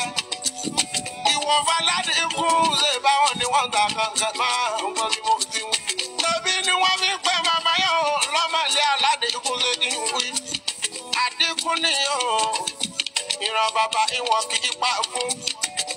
ìwọ̀nba láti ikú ṣe báwọn ni wọ́n ta kankan máa ń gbọ́ bí mo ti wù. tẹ̀bí ni wọ́n fi pẹ́ bàbá yẹn o lọ́mọlẹ́ aládé ikú ṣe kí n wí. àdínkù nìyẹn o ìran bàbá ìwọ̀n kìkì pa fún.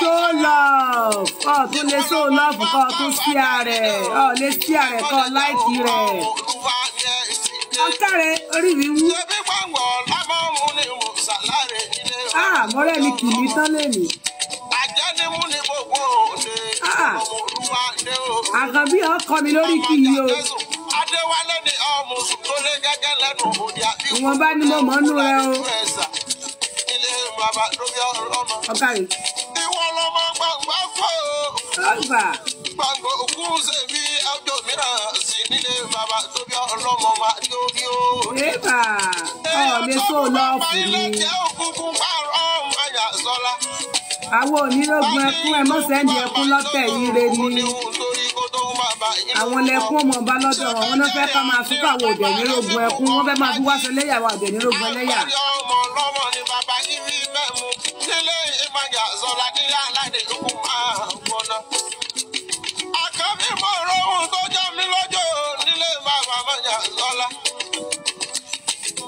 so love ọ ah, tún lè so love kọ tún sí ààrẹ ọ ah, lè sí ààrẹ kọ láìkì rẹ ọkàrẹ orí mi wú. ah mọ́rẹ́ mi kì í tán lèmi. Ah. àkànbí ọkọ mi lórí kì í o. ìwọ̀nba ni mo mọ̀ nù rẹ o. Okay. rẹ. ìwọ lọmọ gbàgbà fọ. ọba. gbàgbọ́ òkú ṣèbí ọjọ́ mìíràn sí nílé bàbá ẹkún ẹ mọ́sẹ̀ ń ẹkún lọ́tẹ̀ yìí rẹ ni àwọn lẹkún ọmọ ọba lọ́dọ̀ wọn wọn fẹ́ ká máa fi káwọ òdẹ nírògùn ẹkún wọn fẹ́ máa fi wá sọ léyàwó àdẹ nírògùn ẹlẹ́yà. àkànbí mo rohun tó jẹ́ mi lọ́jọ́ nílé bàbá mọ́jà sọ́lá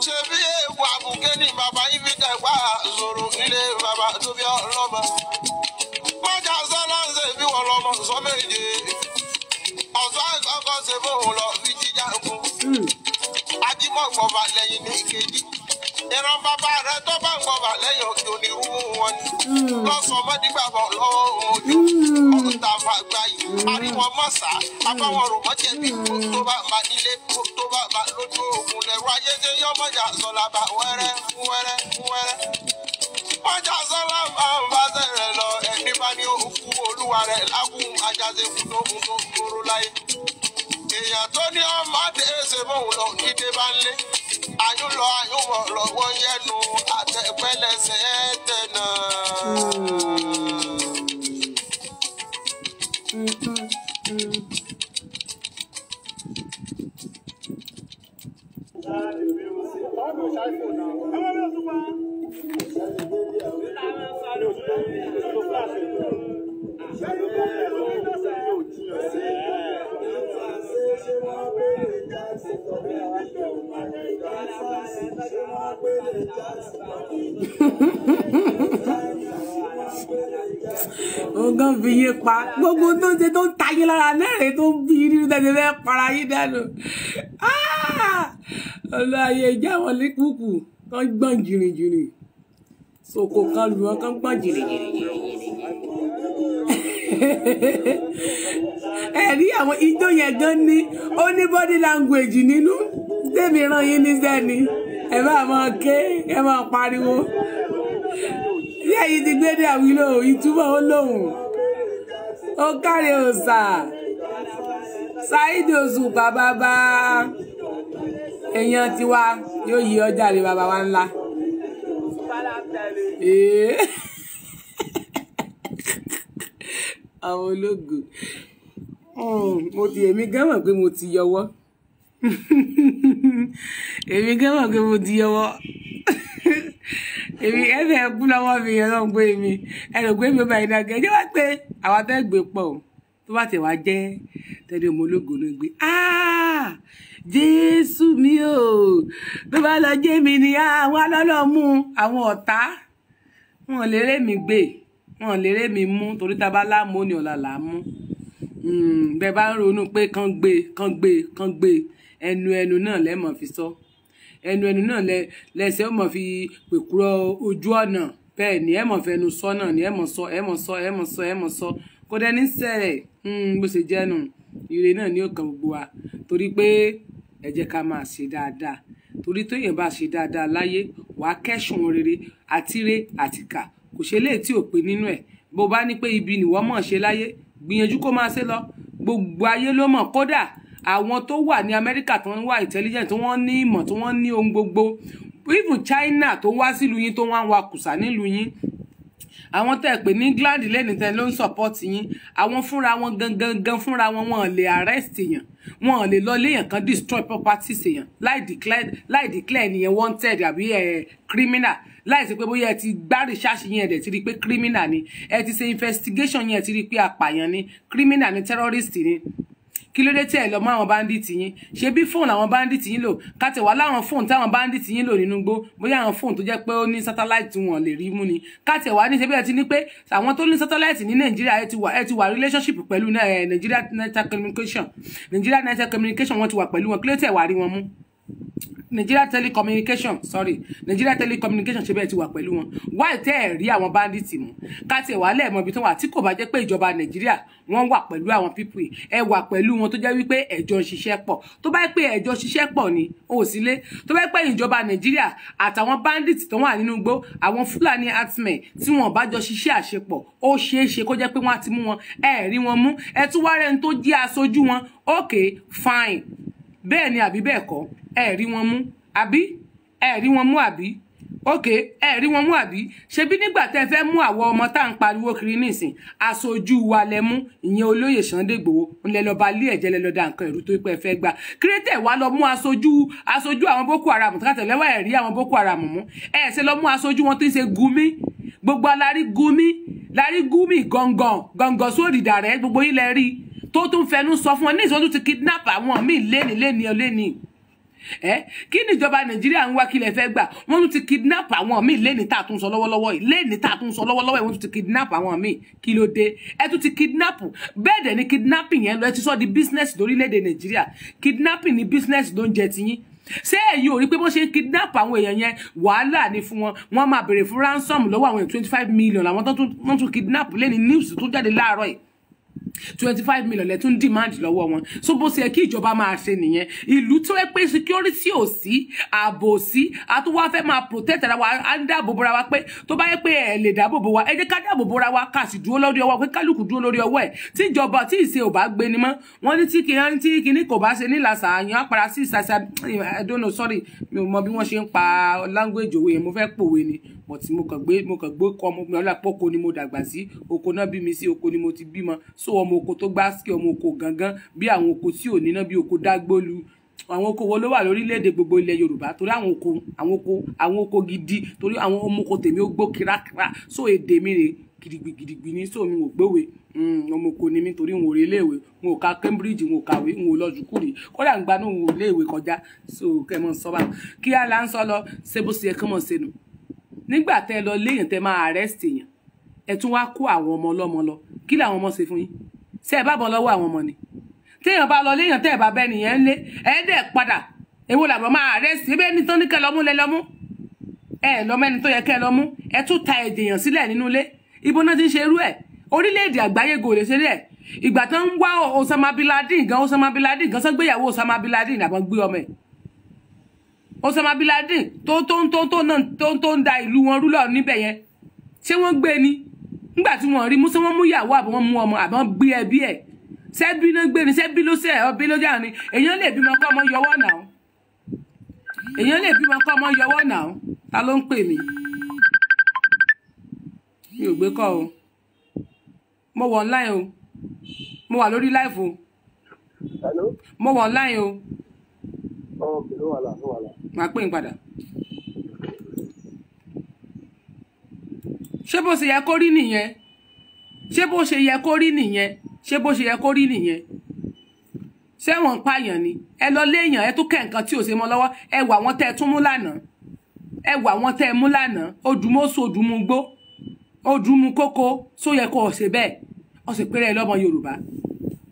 ṣe bí ewu àbùké ni bàbá yìí fi tẹ̀gbá zòrò nílé bàbá tó bí ọlọ́mọ mọ́jà sọ́lá ń ṣe bí wọ́n lọ́mọ sọ́mẹ́jẹ ọ̀sán ìkọ́kọ́ ṣe bóun lọ fi jíjà oko. Hmm. ajímọ̀gbọ̀bà lẹ́yìn ní kejì. ìran bàbá rẹ tó bá gbọ̀bà lẹ́yìn òkè òní wú wọn ni. Hmm. lọ́sọ̀ mọ́dígbàbọ̀ lọ́wọ́ ojú. ọ̀tà fàgbà yìí. Hmm. ariwo mọ̀sá. abáwọn rògbọ́n jẹ̀bi tó bá ma nílé tó bá ma lójú ogun lẹ́rú ayédè yọmọjà sọlábà wẹ́rẹ́ wẹ́rẹ́ wẹ́rẹ́. mọ̀jà sọlábà olúwa rẹ̀ lágùn ajáde kúndó kúndó kúrú láyé. èèyàn tó ní ọmọ àti èsè bóun lọ kíde bá ń lé. àyùn lọ àyùn bọ̀ lọ́wọ́ yẹnu àtẹ̀pẹ́lẹsẹ̀ tẹ̀ náà. ń fi yín pa gbogbo tó ń ṣe tó ń ta lára mẹ́rin tó ń fi yín nínú tẹ̀sí fẹ́ para yín dànù ah! ọ̀nà ayé ìjà wọn lé kúkú kán gbọ̀n jìrìjìrì sòkò kan lù wọn kán gbọ̀n jìrìjìrì ẹ̀rí àwọn ijó yẹn gan ni ó ní body language nínú débi ran yín níṣẹ́ ni ẹ bá máa ké ẹ máa pariwo. Yẹ́yìn ti gbé dé àwílò ìtumọ̀ ó lóhùn ó káre òsà Saheed Osupa bàbá èèyàn tiwa yóò yí ọjà rẹ baba wa ńlá. àwọn ológun hmm, mo ti emi gán mọ̀ pé mo ti yọwọ́. èmi gẹ́gẹ́ pé mo di ọwọ́ èmi ẹ̀fẹ̀ bú lọ́wọ́ mi ọlọ́run pé mi ẹ̀rọ̀gbé mi bá iná gẹ́gẹ́ wá pé àwọn atẹ́gbẹ́ pọ̀ tó bá tẹ̀ wá jẹ́ tẹ́lẹ̀ ọmọ ológo ló gbé ah! jésù mi ò tó bá lọ jẹ́ mi ni àwọn ah, alọ́lọ́mú àwọn ọ̀tá wọn lè ré mi gbé wọn lè ré mi mú torí tá a bá láàmú ni ọ̀la làá mú hmm, bẹ́ẹ̀ bá ń ronú pé kán gbé kán gbé kán gbé ẹnu ẹnu náà lẹ mọ̀ fi sọ ẹnu ẹnu náà lẹ lẹsẹ̀ ó mọ̀ fi pèkúrọ̀ ojú ọ̀nà bẹ́ẹ̀ ni ẹ mọ̀ fẹnu sọ náà ni ẹ mọ̀ sọ ẹ mọ̀ sọ ẹ sọ ẹ sọ kó dẹni sẹ̀rẹ̀ hmm, bó ṣe jẹ́ ire náà ni ó kàn gbogbo wa torí pé ẹ jẹ́ ká máa ṣe dáadáa torí tóyìn bá ṣe dáadáa láyé wàá kẹ́sùn rere àtire àtìkà kò ṣe léè tí ò pé nínú ẹ̀ bó bá ní pé ibi nìwọ mọ̀ ṣe láyé gbìyànjú kó máa ṣe lọ gbogbo ayé ló mọ̀ kódà àwọn tó wà ní amẹ́ríkà tó ń wà intelligent tó wọ́n ní ìmọ̀ tó wọ́n ní ohun gbogbo even china tó wá sílùú yín tó wá wa kùsà nílùú yín àwọn tẹ́ ẹ pè ní England lẹ́ni tẹ́ ló ń support yín àwọn fúnra wọn gangan gan fúnra wọn wọn lè arrest yàn wọn lè lọ léèyàn kan destroy property èèyàn láì declare láì declare nìyẹn wanted àbí ẹ criminal láì ṣe pé bóyá ẹ ti gbá research yẹn ẹ ti rí i pé criminal ni ẹ ti ṣe investigation yẹn ẹ ti rí i pé apààyàn ni criminal ni terrorist ni kí ló dé tí ẹ lọ mọ àwọn báńdíìtì yín ṣe bí fóònù àwọn báńdíìtì yín lò káti wà láwọn fóònù táwọn báńdíìtì yín lò nínú igbó bóyá àwọn fóònù tó jẹ́ pé ó ní sátáláìtì wọn lè rí mú ni káti wà ní ṣebí ẹ ni ní pé àwọn tó ní sátáláìtì ní nàìjíríà ẹ ti wà ẹ ti wà relationship pẹ̀lú nàìjíríà network communication nàìjíríà network communication wọn ti wà pẹ̀lú wọn kí ló tẹ̀ wà rí wọn mú nigeria telecommunication sorry nigeria telecommunication ṣe bẹ́ẹ̀ ti wà pẹ̀lú wọn wáì tẹ́ ẹ̀ rí àwọn bandits mú káti ẹ̀wà lẹ́ẹ̀mọ ibi tó wà tí kò bá jẹ́ pé ìjọba nàìjíríà wọ́n wà pẹ̀lú àwọn pípù yìí ẹ wà pẹ̀lú wọn tó jẹ́ wípé ẹ̀jọ́ ṣiṣẹ́ pọ̀ tó bá pé ẹ̀jọ́ ṣiṣẹ́ pọ̀ ni ó sì lé tó bá pé ìjọba nàìjíríà àtàwọn bandits tó wà nínú igbó àwọn fúlàní herdsmen tí wọn bá jọ ṣiṣẹ́ àṣepọ̀ ó ṣeé ṣe kó jẹ́ pé wọ́n á ti mú wọn ẹ rí wọn mú ẹ tún wá rẹ́ni tó jẹ́ aṣojú wọn okay fine bẹ́ẹ̀ ni àbí bẹ́ẹ̀ kọ́ ẹ rí wọn mú àbí ẹ rí wọn mú àbí òkè ẹ rí wọn mú àbí ṣebí nígbà tẹ fẹ́ mú àwọn ọmọ tá à ń pariwo kiri nísìn aṣojú wa lẹ mú ìyẹn olóyè Sunday Igboho ńlẹ lọ bá lé ẹjẹ lẹ lọ da nǹkan ẹrú tó pẹ fẹ́ gbà kírètè wa lọ mú aṣojú aṣojú àwọn Boko Haram tó kàtẹ lẹwà ẹ rí àwọn Boko Haram mú ẹ ṣe lọ mú aṣojú wọn tó ń ṣe Gumi gbogbo alárí Gumi lárí Gumi gangan gangan sóòdìdà rẹ gbogbo yín lẹ rí tó tún fẹnu sọ fún ẹ ní ìṣòro ti kidnap àwọn míì léni léni léni ẹ eh? kí ni ìjọba nàìjíríà ń wá kílẹ̀ fẹ́ gbà wọ́n tún ti kidnap àwọn míì lẹ́ni tá a tún sọ lọ́wọ́lọ́wọ́ yìí lẹ́ni tá a tún sọ lọ́wọ́lọ́wọ́ yìí wọ́n tún ti kidnap àwọn míì kí ló dé ẹ tún ti kidnap bẹ́ẹ̀ dẹ̀ ni kidnapping yẹn lọ ẹ ti sọ di business lórílẹ̀‐èdè nàìjíríà kidnapping ni business ló ń jẹ tiyín ṣé ẹ̀yin ò rí pé bó ṣe ń kidnap àwọn èèyàn yẹn wàhálà ni fún wọn wọn máa béèrè fún ransom lọ́wọ́ àwọn èèyàn twenty five million làwọn tó tún kidnap lẹ́ni news tó jáde láàárọ̀ yìí twenty five million lẹ tún demand lọ́wọ́ wọn so bó ṣe yẹ kí ìjọba máa ṣe nìyẹn ìlú tó yẹ pé security ò sí ààbò ò sí a tún wá fẹ́ máa protect ara wa á ń dáàbò bora wa pé tó bá yẹ pé ẹ lè dáàbò bo wa ẹ jẹ́ ká dáàbò bora wa ká sì dúró lórí ọwọ́ pé kálukú dúró lórí ọwọ́ ẹ̀ tí ìjọba tí ìṣe ò bá gbé ni mọ́ wọ́n ní tí kìíní tí kìíní kò bá ṣe ní làṣà àyàn apara sí ìsàṣà I don't know sorry mi ò mọ bí wọ́n ṣe ń pa language òwe yẹn mo fẹ́ pòwe ni but mo kàn gbé mo kàn gbé kọ́ mo gbé ọlọ́pàá oko ni mo dàgbà sí oko náà bí mi sí oko ni mo ti bímọ so ọmọ oko tó gbá sí ọmọ oko gangan bí àwọn oko tí ò níná bí oko dágbólu àwọn oko wo ló wà lórílẹ̀‐èdè gbogbo ilẹ̀ yorùbá torí àwọn oko àwọn oko àwọn oko gidi torí àwọn ọmọ oko tèmi ó gbó kírakíra so èdè mi rè gidigbigidigbi ní sómi ò gbéwè hmm, ọmọ oko ni mí torí n ò rí iléèwé n ò ka Cambridge n ò kàwé n ò lọ jùkú rí kódà ń gba ní òun ò kọjá so kẹmọ sọba kí á là ń sọ lọ ṣébùsì ẹ kẹmọ sẹnu nígbà tẹ lọ léèyàn tẹ máa arrest èèyàn ẹ tún wá kó àwọn ọmọ ọlọmọ lọ kí làwọn ọmọ ṣe fún yín ṣe ẹ bá bọ́ lọ́wọ́ àwọn ọmọ ni téèyàn bá lọ léèyàn tẹ́ ẹ̀ bá bẹ́ nìyẹn lé ẹ̀ẹ́dẹ̀ padà èwo làbọ̀ máa rẹ̀ sí ebí ẹni tó ní kẹ́ lọ́mú lẹ lọ́mú ẹ lọ́mọ ẹni tó yẹ kẹ́ lọ́mú ẹ tún ta èdèyàn sílẹ̀ nínú ilé ibo náà ti ń ṣe irú ẹ̀ àgbáyé gòlè ṣe rẹ̀ ìgbà tó ń wá Osama bin Laden gan Osama bin Laden gan sọ́gbéyàwó Osama bin Laden àbọ̀ gbé ọmọ ẹ̀ Osama bin Laden tó tó tó tó náà tó tó ń da ìlú wọn rúlọ̀ níbẹ̀ yẹn ṣé wọ́n gbé ni nígbà tí wọ́n rí mú sí wọ́n mú ìyàwó àbí wọ́n mú ọmọ àbí wọ́n gbé ẹbí ẹ̀ sẹ́bí ló gbé ni sẹ́bí ló sẹ́ ọbí ló jà ni èèyàn lè bímọ kọ́ ọmọ yọwọ́ náà èèyàn lè bímọ kọ́ ọmọ yọwọ́ náà ta ló ń pè mí mi ò gbé kọ́ o mo wọ̀ online o mo wà lórí live o mo wọ̀ online o. ọ̀ kìlọ̀ wà lá ló wà lá. màá pè ń padà. ṣé bó ṣe yẹ kó rí nìyẹn ṣé bó ṣe yẹ kó rí nìyẹn ṣé bó ṣe yẹ kó rí nìyẹn ṣẹ́wọ̀n pààyàn ni ẹ lọ léèyàn ẹ tún kẹ́ nǹkan tí ò ṣe mọ́ lọ́wọ́ ẹ wà wọ́n tẹ́ ẹ tún mú lánàá ẹ wà wọ́n tẹ́ ẹ mú lánàá odùmọ́sọ odùmúgbó odùmúkókó só yẹ kó o ṣe bẹ́ẹ̀ ó sì péré lọ́mọ Yorùbá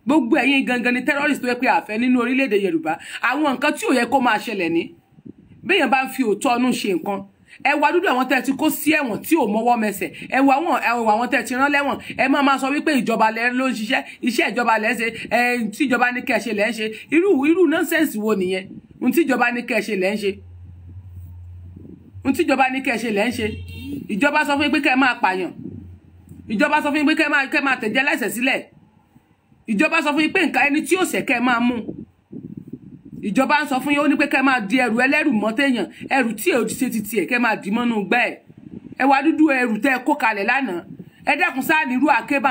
gbogbo ẹ̀yin gangan ni terrorist tó yẹ pé àfẹ́ nínú orílẹ̀-èdè Yorùbá àwọn nǹkan tí ò yẹ kó máa ṣẹlẹ̀ ní béèyàn bá ń fi òótọ́ ọnú ṣe nǹkan ẹ wá dúdú àwọn tẹ́ ti kó sí ẹ̀wọ̀n tí ò mọ́wọ́ mẹsẹ̀ ẹ wá wọn ẹ wá àwọn tẹ́ ti rán lẹ́wọ̀n ẹ máa máa sọ wípé ìjọba lẹ ló ń ṣiṣẹ́ iṣẹ́ ìjọba lẹ ṣe ẹ tí ìjọba ní kẹ́ ṣe lẹ ń ṣe irú irú nọ́ńsẹ̀nsì wo nìyẹn ohun tí ìjọba ní kẹ́ ṣe lẹ ń ṣe ohun tí ìjọba ní kẹ́ ṣe lẹ ń ṣe ìjọba sọ fún yín pé kẹ́ máa pààyàn ìjọba sọ fún yín pé kẹ́ máa kẹ́ máa tẹ̀jẹ̀ lẹ́sẹ̀ sílẹ̀ ìjọba sọ fún yín pé nǹkan ẹni tí ó ṣẹ̀ kẹ́ máa mú ìjọba ń sọ fún yín ó ní pé kẹ́ máa di ẹrù ẹlẹ́rù mọ́ téèyàn ẹrù tí èyí ṣe ti tiẹ̀ kẹ́ máa dì mọ́nú gbẹ́ ẹ̀ ẹ wá dúdú ẹrù tẹ́ ẹ kó kalẹ̀ lánàá ẹ dẹ́kun sáà nírú àkébà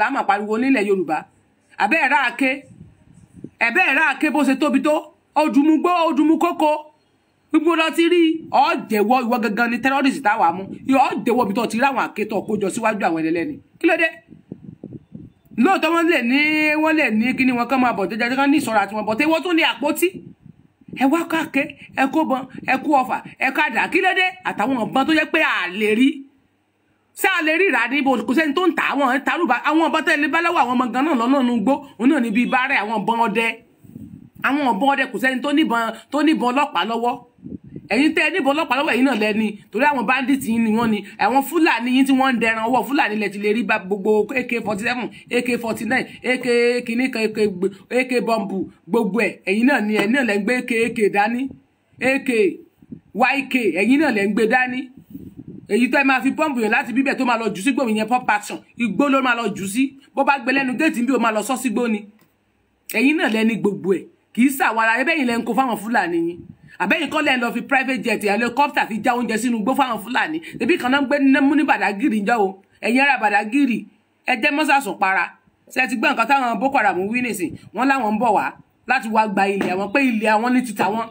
lámà pariwo nílẹ̀ Yorùbá àbẹ́ ẹ̀rá àké ẹ̀bẹ́ ẹ̀rá àké bó ṣe tóbi tó ojúmugbó ojúmukókó gbogbo lọ ti rí ọ̀ọ́dẹ̀wọ̀ ìwọ gangan ni tẹ́rọ́rìsì táwa mú ìwọ ọ̀ọ́dẹ̀wọ̀ bí tó ti rí àwọn àké tó kó jọ síwájú àwọn ẹlẹ́ni kí lóòótọ́ wọ́n lè ní wọ́n lè ní kí ni wọn kán máa bọ̀ jẹjẹrẹ kán ní ìṣọ́ra tí wọ́n bọ̀ tí wọ́n tún ní àpótí ẹ wá káàké ẹ kó bọn ẹ kó ọfà ẹ ká dà kí lédè àtàwọn ọ̀bọ̀n tó jẹ́ pé à lè rí ṣé à lè ríra ní ibo kò sẹ́ni tó ń tà àwọn tarúbà àwọn ọ̀bọ̀n tẹ́lẹ̀ bá lọ́wọ́ àwọn ọmọ gan náà lọ́nà nu gbó òun náà ní bíi bá rẹ̀ àwọn ọ̀bọ̀n ọdẹ àwọn ọ̀bọ̀n ọdẹ kò sẹ́ni tó níbọn ọlọ́pàá lọ́wọ́ ẹ̀yin tẹ́ níbo ọlọ́pàá lọ́wọ́ ẹ̀yin náà lẹ́ni torí àwọn bandits yín ni wọ́n ni àwọn fúlàní yín tí wọ́n ń dẹran ọwọ́ fúlàní lẹ̀ ti lè rí gbogbo ak forty seven ak forty nine ak kìíní kan ak bọ́ǹbù gbogbo ẹ̀ ẹ̀yin náà ni ẹ̀yin náà lẹ́ ń gbé ak ak dání ak yk ẹ̀yin náà lẹ́ ń gbé dání èyí tó ẹ máa fi pọ́ǹpù yàn láti bíbẹ̀ tó máa lọ jù sí gbòmìyàn pop action igbó ló máa lọ jù sí bó bá gbé lẹ́nu géètì bí ó máa lọ sọ́sígbó ni ẹ̀yin náà lẹ́ni gbogbo ẹ̀ kì í sàwọn ara ẹbẹ́yìn lẹ́nu kó fáwọn fúlàní yín àbẹ́yìn kọ́ lẹ́yìn lọ fi private jet helicopter fi já oúnjẹ sínú igbó fáwọn fúlàní ebi kan náà ń gbé mú ní bàdágìrì ń jẹ́ o ẹ̀yin ará bàdágìrì ẹ jẹ́ mọ́sàsùn para ṣe ti gbọ́ nǹkan táwọn boko haram wí nìsín wọ́n láwọn ń bọ̀ wá láti wá gba ilẹ̀ àwọn pé ilẹ̀ àwọn ní títà wọn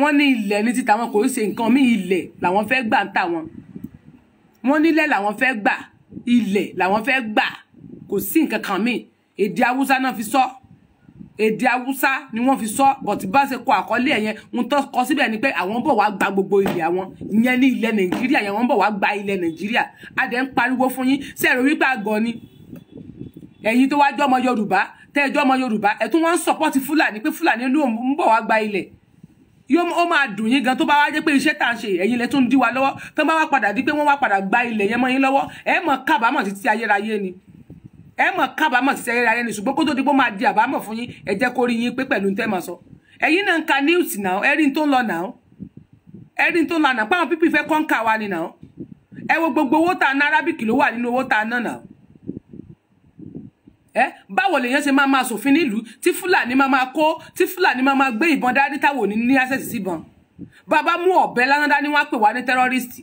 wọ́n ní ilẹ̀ ní títà wọn kò ṣe nǹkan mí ilẹ̀ làwọn fẹ́ gbà ń tà wọn wọ́n nílẹ̀ làwọn fẹ́ gbà ilẹ̀ làwọn fẹ́ gbà kò sí nǹkan kan mí èdè haúsá náà fi sọ́ọ́ èdè haúsá ni wọ́n fi sọ bọ̀tí bá ṣe kọ àkọlé ẹ̀yẹn ń tọ́ kọ síbẹ̀ ni pé àwọn bọ̀ wá gba gbogbo ilẹ̀ àwọn ìyẹn ní ilẹ̀ nàìjíríà yẹn wọ́n bọ̀ wá gba ilẹ̀ nàìjíríà a dẹ̀ ń pariwo fún yín sí ẹ̀rọ wípé àgọ́ ni ẹ̀yin tó wá jọmọ yorùbá tẹ́ ẹ jọmọ yorùbá ẹ̀ tún wọ́n ń sọpọ́tì fúlàní pé fúlàní ló ń bọ̀ wá gba ilẹ̀ yóò ó máa dùn yín gan tó bá wá jẹ́ pé iṣẹ́ tá à ń ṣe ẹ̀yin lẹ tún dí wa tó bá wá padà di pé wọ́n wá padà gba ilẹ̀ yẹn mọ́ yín lọ́wọ́ ẹ̀ mọ̀ kábàámọ̀ títí ayérayé ni ẹ mọ̀ kábàámọ̀ sí sẹ́yìn rárẹ́ ni ṣùgbọ́n kó tó di pé ó máa di àbámọ̀ fún yín ẹ jẹ́ kó rí yín pé pẹ̀lú tẹ́ máa sọ ẹ̀yin náà ń ka news náà ẹ rí n tó ń lọ náà ẹ rí n tó ń lọ náà páwọn pípì fẹ́ kọ́ńkà wa ni náà ẹ wo gbogbo owó tá a ná arábìkì ló wà nínú owó tá a ná náà ẹ báwo lèèyàn ṣe máa máa ṣòfin nílùú tí fúlàní máa máa kó tí fúlàní máa máa gbé ìbọn dání táwọn ò ní ní access síbọn bàbá mú ọ̀bẹ lánàá dání wá pè wá ní tẹ́rọ́rìstì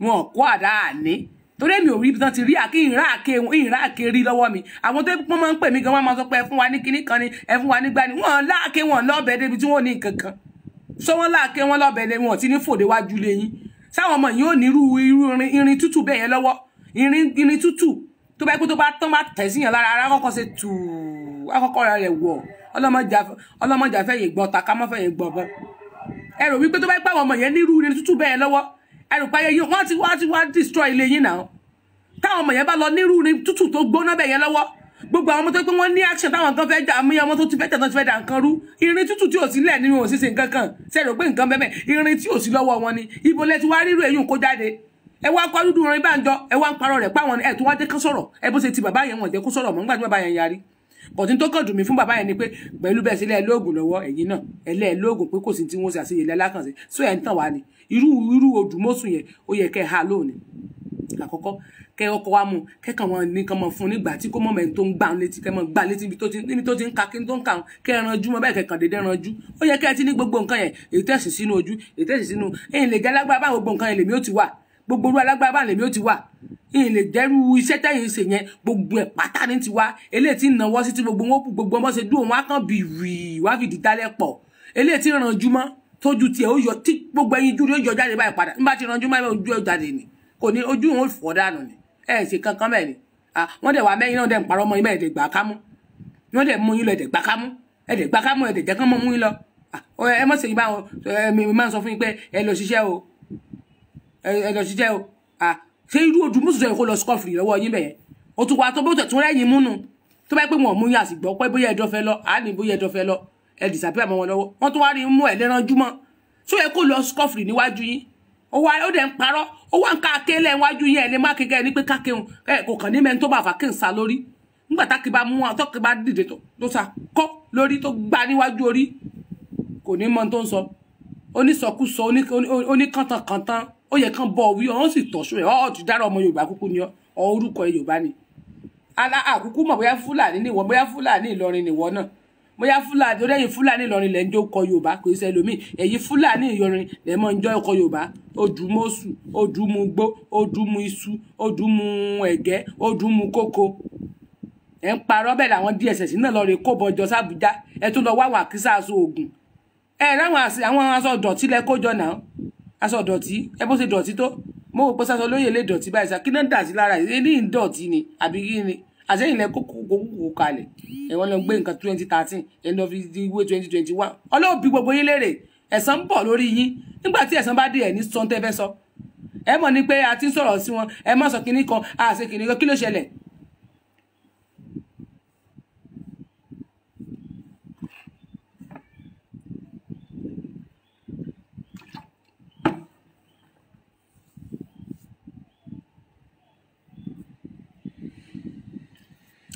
wọn kó àdá àní torí èmi ò rí ibi tán ti rí àké ìrà àké ìrà àké rí lọ́wọ́ mi àwọn tó pọ́n máa ń pè mí gan wọ́n máa sọ pé ẹ fún wa ní kinní kan ni ẹ fún wa ní gbani wọ́n láàké wọn lọ́bẹ̀ẹ́ débi tí wọ́n ní nǹkan kan so wọ́n láàké wọn lọ́bẹ̀ẹ́ débi wọn ti ní fòde wájú lẹ́yìn sáwọn ọmọ yìí ò ní irú irú irin tútù bẹ́ẹ̀ yẹn lọ́wọ́ irin irin tútù tó bá kú tó bá tán bá tẹ̀ síyàn lára ara kọ́kọ́ ṣe tù akọ́kọ́ rẹ̀ wọ̀ ọlọ́mọjà fẹ́ yìí gbọ́ ta ká mọ́ fẹ́ yìí gbọ́ bọ́ ẹ rò wípé tó bá pàwọn ọmọ yẹn ní irú irin tútù bẹ́ẹ̀ lọ́wọ́ ẹrù páyé yìí wọ́n ti wá ti wá destroy ilé yín náà táwọn ọmọ yẹn bá lọ nírú ni tútù tó gbóná bẹ̀ yẹn lọ́wọ́ gbogbo àwọn ọmọ tó pé wọ́n ní action táwọn kan fẹ́ dà mí ọmọ tó ti fẹ́ tẹ̀tọ́ ti fẹ́ dà nǹkan rú irin tútù tí ò sí lẹ̀ nínú òṣìṣe nǹkan kan sẹ́rò pé nǹkan bẹ́ẹ̀ irin tí ò sí lọ́wọ́ wọn ni ibo lẹ ti wá rírò èyí kó jáde ẹ wá kọ́ dúdú orin bá ń jọ ẹ wá ń parọ́ rẹ̀ páwọn ẹ̀ tó wá dé kán sọ̀rọ̀ ẹ bó ṣe ti bàbá yẹn wọ̀n jẹ́ kó sọ̀rọ̀ mọ́ nígbà tí bàbá yẹn yarí bọ̀tí tó kàn dùn mí fún bàbá yẹn ni pé pẹ̀lú bẹ́ẹ̀ sílẹ̀ lóògùn lọ́wọ́ ẹ̀yìn náà ẹlẹ́ẹ̀lóògùn pé kò sí tí wọ́n ṣe àṣeyẹlẹ́ alákànṣe sóyà ń tàn wá ni irú irú odùmọ̀sù yẹn ó yẹ kẹ́ ẹ ha lónìí àkọ́kọ́ kẹ́ ọkọ wa mu kẹ́kàn wọn nìkan mọ̀ fún nígbà tí kò mọ̀ mẹ́ni tó ń gbà létí kẹ́ mọ̀ gbà létí níbi tó ti ń ka kí n tó ń kà kẹ́ ẹ ranjú mọ́ bẹ́ẹ̀ kẹ́kàn dédé ranjú ó yẹ kẹ́ ẹ ti ní gbogbo nǹkan yẹn èyí tẹ̀sí sínú ojú èyí tẹ̀sí sínú èyí lè jẹ́ alágbára báwo gbogbo nǹkan yẹn lèmi ó ti wà gbogbo orú alágbára báwo lèmi ó ti wà èyí lè dẹ́rù iṣẹ́ tẹ̀yìn ṣe yẹn gbogbo ẹ̀ pátá ní tiwa eléyìí ti ń sí ti gbogbo wọn gbogbo ọmọ ṣe dúró wọn á kàn bì wì wá fìdí dálẹ́ pọ̀ eléyìí ti ń ranjú tójú tiẹ̀ ó yọ tí gbogbo ẹyin jú rí yọ jáde báyìí padà nígbà tí ìranjú máa ń ojú jáde ni kò ní ojú òun ò dànù ni ẹ̀ ṣe kankan bẹ́ẹ̀ ni wọ́n dẹ̀ wà mẹ́yìn náà dẹ̀ ń parọ́ mọ́ yín dẹ̀ gbà kámú wọ́n dẹ̀ mú yín lọ ẹ̀ dẹ̀ gbà kámú ẹ̀ dẹ̀ gbà kámú ẹ̀ dẹ̀ jẹ́ kán mọ́ mú yín lọ ẹ mọ̀ sèyí báwọn mi máa ń sọ fún yín pé ẹ lọ ẹ disappear mọ́ wọn lọ́wọ́ wọ́n tún wá rí mú ẹ̀ lẹ́ranjú mọ́ tó yẹ kó lọ scoffery níwájú yín ó wá ó dẹ̀ ń parọ́ ó wá ń ká akélẹ̀ níwájú yín ẹ̀ ní má kékeré ní pé kákéhùn ẹ kò kàn ní mẹ́ni tó bá fà kí n sa lórí nígbà tá kí bá mú wọn tó kí bá dìde tó sa kọ́ lórí tó gbá níwájú orí kò ní mọ tó ń sọ onísọkúsọ oníkàntànkàntàn ó yẹ kán bọ wí ọ̀hún sì tọ̀ṣọ́ ẹ̀ ọ́ ti dára ọmọ yorùbá kúkú ni ọ orúkọ yorùbá ni àkúkú mọ̀ bóyá fúlàní nìwọ bóyá fúlàní ìlọrin nìwọ náà bóyá fúlàní torí ẹ̀yin fúlàní ìlọrin lẹ́ ń jó kọ yorùbá kò í ṣe ẹlòmíì ẹ̀yin fúlàní ìlọrin lẹ́ mọ́ ń jọ ọkọ yorùbá odùmọ̀sù odùmùgbó odùmù iṣu odùmù ẹ̀gẹ́ odùmù kókó ẹ̀ ń parọ́ bẹ́ẹ̀ làwọn DSS náà lọ rè kó bọjọ sábùjá ẹ tún lọ wá wà kí sáàsó oògùn ẹ ráwọn àwọn aṣọ dọ̀tí lẹ kójọ náà aṣọ dọ̀tí ẹ bó ṣe dọ̀tí tó mo wò pé sáṣọ lóye lè dọ̀tí báyìí sá kí náà dà sí lára ẹ ní ìdọ̀tí ni àbí kí ni àsẹ́yìn lẹ kókó kókó kalẹ̀ ẹ̀wọ́n lọ gbé nǹkan twenty thirteen ẹ̀ lọ fi di ìwé twenty twenty one ọlọ́run bí gbogbo yín léèrè ẹ̀san ń bọ̀ lórí yín nígbà tí ẹ̀san bá dé ẹ̀ ní sọ́ńtẹ́fẹ́ sọ ẹ mọ̀ ní pé a ti ń sọ̀rọ̀ sí wọn ẹ má sọ kinní kan àṣekìnní kan kí ló ṣẹlẹ̀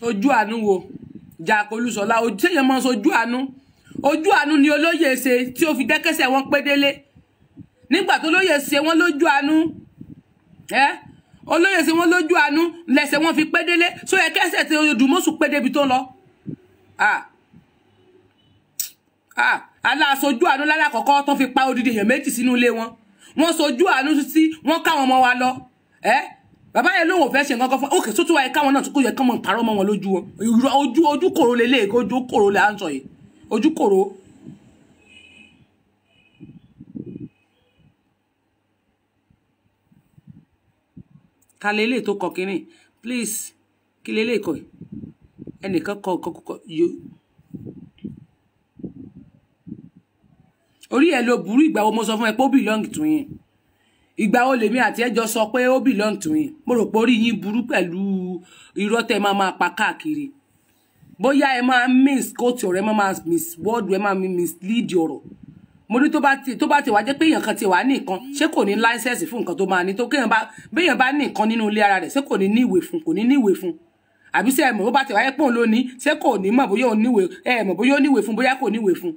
ojú àánú wo Jack Olúṣọlá ṣéyàn máa ń sojú àánú ojú àánú ni olóyè ṣe tí ó fi dẹ́kẹ́sẹ̀ wọn pé délé nígbà tó lóyè ṣe wọn lójú àánú ẹ olóyè ṣe wọn lójú àánú lẹ́sẹ̀ wọn fi pé délé só yẹ kẹ́sẹ̀ tí odùmọ̀sù pé tó lọ aláṣojú àánú lálàkọ́kọ́ tó fi pa odidi èèyàn méjì sínú ilé wọn wọ́n sojú àánú sí wọ́n káwọn ọmọ wa lọ ẹ bàbá yẹn lóun ò fẹ́ ṣe nǹkan kan fún òkè tó tún wáyé káwọn náà tó kó yẹ kán mọ̀ parọ́ mọ́ wọn lójú wọn ojú ojú kòrò lélẹ̀ ojú kòrò là ń sọ yìí ojú kòrò. ta lélẹ̀ tó kọ kínní please kí lélẹ̀ kọ ẹnìkan kọ kọ kọ yo. orí ẹ lo burú ìgbà wo mo sọ fún ẹ pé ó bìlọ́ǹgì tún yẹn ìgbà wo lèmi àti ẹjọ sọ pé ó belong to yín mo rò pé orí yín burú pẹ̀lú irọ́ tẹ́ máa máa pa káàkiri bóyá ẹ máa miss kóòtù ọ̀rọ̀ ẹ máa máa miss word ẹ máa mislead ọ̀rọ̀ mo ní tó bá ti tó bá ti wá jẹ́ pé èèyàn kan ti wà ní nǹkan ṣé kò ní láńsẹ̀sì fún nǹkan tó máa ní tó kéèyàn bá béèyàn bá ní nínú ilé ara rẹ̀ ṣé kò ní ní ìwé fún kò ní ní ìwé fún àbí ṣé ẹ mọ̀ bó bá ti wáyé pọ̀ lónìí ṣé kò ní mọ̀ bóyá ò níwèé ẹ fún bóyá kò níwèé fún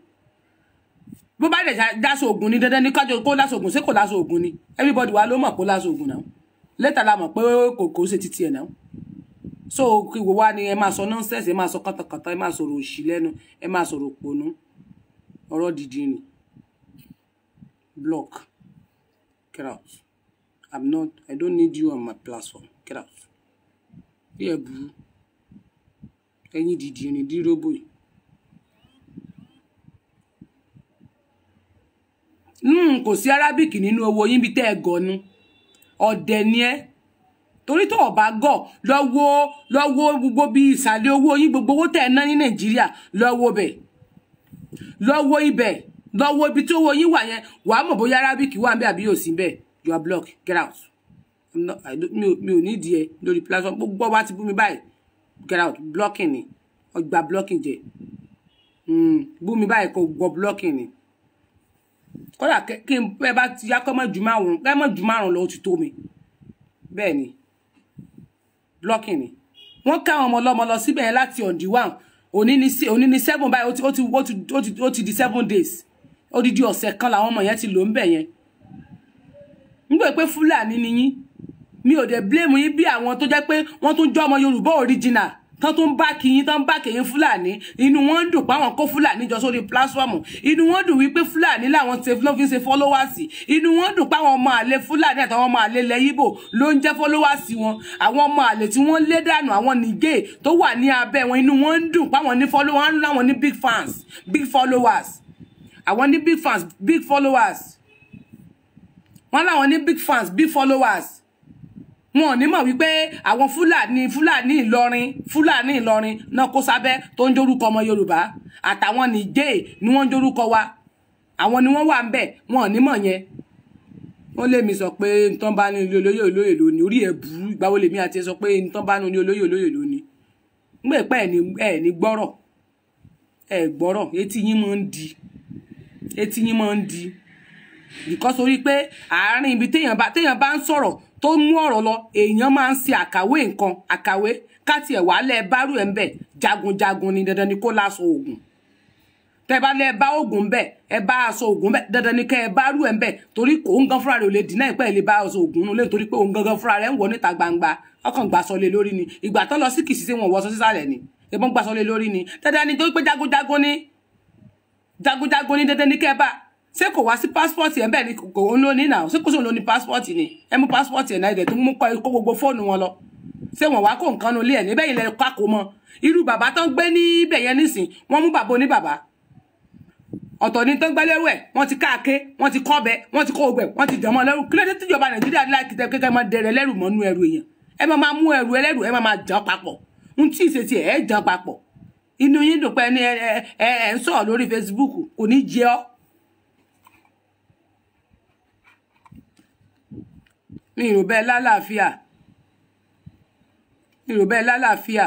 bó bá dẹ̀ dáṣọ ògùn ni dandan ní kájọ kó láṣọ ògùn ṣé kò láṣọ ògùn ni everybody wa ló mọ̀ kó láṣọ ògùn náà lẹ́tà la mọ̀ pé kò kò ṣe títí ẹ̀ náà so ìwò wa ni ẹ máa sọ nọ́ńsẹ̀sì ẹ máa sọ kọ́tọ̀kọ́tọ̀ ẹ máa sọ̀rọ̀ òṣì lẹ́nu ẹ máa sọ̀rọ̀ òpònú ọ̀rọ̀ dìdì ni block get out i'm not i don't need you on my platform get out bí ẹ burú ẹyin dìdì ni díròbò yìí. Hmm, kò sí arabic nínú owó yín bí tẹ́ ẹ gọ̀ nu ọ̀dẹ̀ ni ẹ́ torí tó ọba gọ̀ lọ́wọ́ lọ́wọ́ gbogbo bí ìsàlẹ̀ owó yín gbogbo owó tẹ́ ẹ ná ní nàìjíríà lọ́wọ́ bẹ̀ lọ́wọ́ ibẹ̀ lọ́wọ́ ibi tí owó yín wà yẹn wàá mọ̀ bóyá arabic wà ń bẹ̀ àbí yóò sí bẹ̀ you are blocked get out mi ò nídìí ẹ lórí platform gbogbo ọba ti bú mi báyìí get out blocking ni ọgbà blocking jẹ hmm, bú mi báyìí kò gbọ́ blocking ni kódà kí n bẹ́ẹ̀ bá ti yá kọ́mọ̀ ju márùn kọ́mọ̀ ju márùn lọ ó ti tó mi bẹ́ẹ̀ ni blocking ni wọ́n ká àwọn ọmọ ọlọ́mọ lọ síbẹ̀ yẹn láti ọ̀dí one òní ni òní ni seven báyìí ó ti ó ti ó ti ó ti di seven days odidi ọ̀sẹ̀ kan làwọn ọmọ yẹn ti lò ń bẹ̀ yẹn nígbà pé fúlàní ni yín mi ò dẹ̀ blame yín bí àwọn tó jẹ́ pé wọ́n tún jọ́ ọmọ yorùbá original tán tó ń bá kìyìn tán ń bá kìyìn fúlàní inú wọn ń dùn páwọn kó fúlàní jọ sórí pílásíwọ̀mù inú wọn dùn wípé fúlàní làwọn ti ló fi ṣe fọ́lọ́wàsì inú wọn dùn páwọn ọmọ àlè fúlàní àtàwọn ọmọ àlè ilẹ̀ Ìgbò ló ń jẹ́ fọ́lọ́wàsì wọn àwọn ọmọ àlè tí wọ́n lé dànù àwọn nìgé tó wà ní abẹ́ wọn inú wọn ń dùn páwọn ní fọ́lọ́wọ́n láwọn ní big fans big followers àwọn ní big fans big followers wọ́n láwọn ní big fans big followers wọn ò ní mọ̀ wípé àwọn fúlàní fúlàní ìlọrin fúlàní ìlọrin náà kó sábẹ́ tó ń jórúkọ ọmọ yorùbá àtàwọn nìjẹ́ ni wọ́n ń jórúkọ wa àwọn ni wọ́n wà ń bẹ̀ wọn ò ní mọ̀ yẹn ó lè mi sọ pé ntán bá ní olóyè olóyè lónìí orí ẹ̀ burú ìgbàwó lèmi àti ẹ sọ pé ntán bá ní olóyè olóyè lónìí ngbè pẹ́ ẹ̀ ní gbọ́rọ̀ ẹ̀ gbọ́rọ̀ etí yín máa ń di etí yín máa ń di because orí pé àárín ibi téèyàn bá ń sọ̀rọ̀ tó mú ọ̀rọ̀ lọ èèyàn máa ń ṣe àkàwé nǹkan àkàwé káti ẹ̀ wàálẹ̀ bárù ẹ̀ ń bẹ̀ jagunjagun ni dandan ni kó láṣọ oògùn tẹ́ bá lẹ́ bá oògùn bẹ̀ ẹ bá aṣọ oògùn bẹ̀ dandan ni kẹ́ ẹ bárù ẹ̀ ń bẹ̀ torí kò ń gan fúnra rẹ̀ ò lè dínà ìpẹ́ lè bá aṣọ oògùn nù lẹ́yìn torí pé òun gangan fúnra rẹ̀ ń wọ níta gbangba ọkàn gbàsọ lé lórí ni ìgbà tán lọ sí kìsì sí wọn wọṣọ sísàlẹ̀ ni ìbọn gbàsọ lé lórí ni dandan ni tó pé jagunjagun ni jagunjagun ni dandan ni kẹ́ bá ṣé kò wá sí pásítọ̀tì ẹ̀ bẹ́ẹ̀ ni kò ń lò ní nà ṣé kò sóun ló ní pásítọ̀tì ni ẹ mú pásítọ̀tì ẹ̀ náà ẹ̀ tó mú kó gbogbo fóònù wọn lọ ṣé wọn wá kó nǹkan nu ilé ẹ̀ níbẹ̀ ilẹ̀ kákó mọ́ irú bàbá tán gbé níbẹ̀ yẹn nísìn wọ́n mú bàbá oníbàbá ọ̀tọ̀ ni tán gbẹ́lẹ́rú ẹ̀ wọ́n ti káàké wọ́n ti kọ́bẹ wọ́n ti kó ogbẹ̀ wọ́n ti dẹ̀mọ́ lẹ́rú kí ló dé tíjọba nàìjíríà láti tẹ kékeré máa dẹrẹ lẹ́rù mọ́nú ẹrù èèyàn ẹ máa máa mú ẹrù ẹlẹ́rù ẹ máa máa jà papọ̀ ń tí ì ṣe tiẹ̀ ẹ jà papọ̀ inú yín dùn pé ẹ ẹ ń sọ̀rọ̀ lórí Facebook kò ní jẹ ọ́ ní ìròbẹ́ lálàáfíà ní ìròbẹ́ lálàáfíà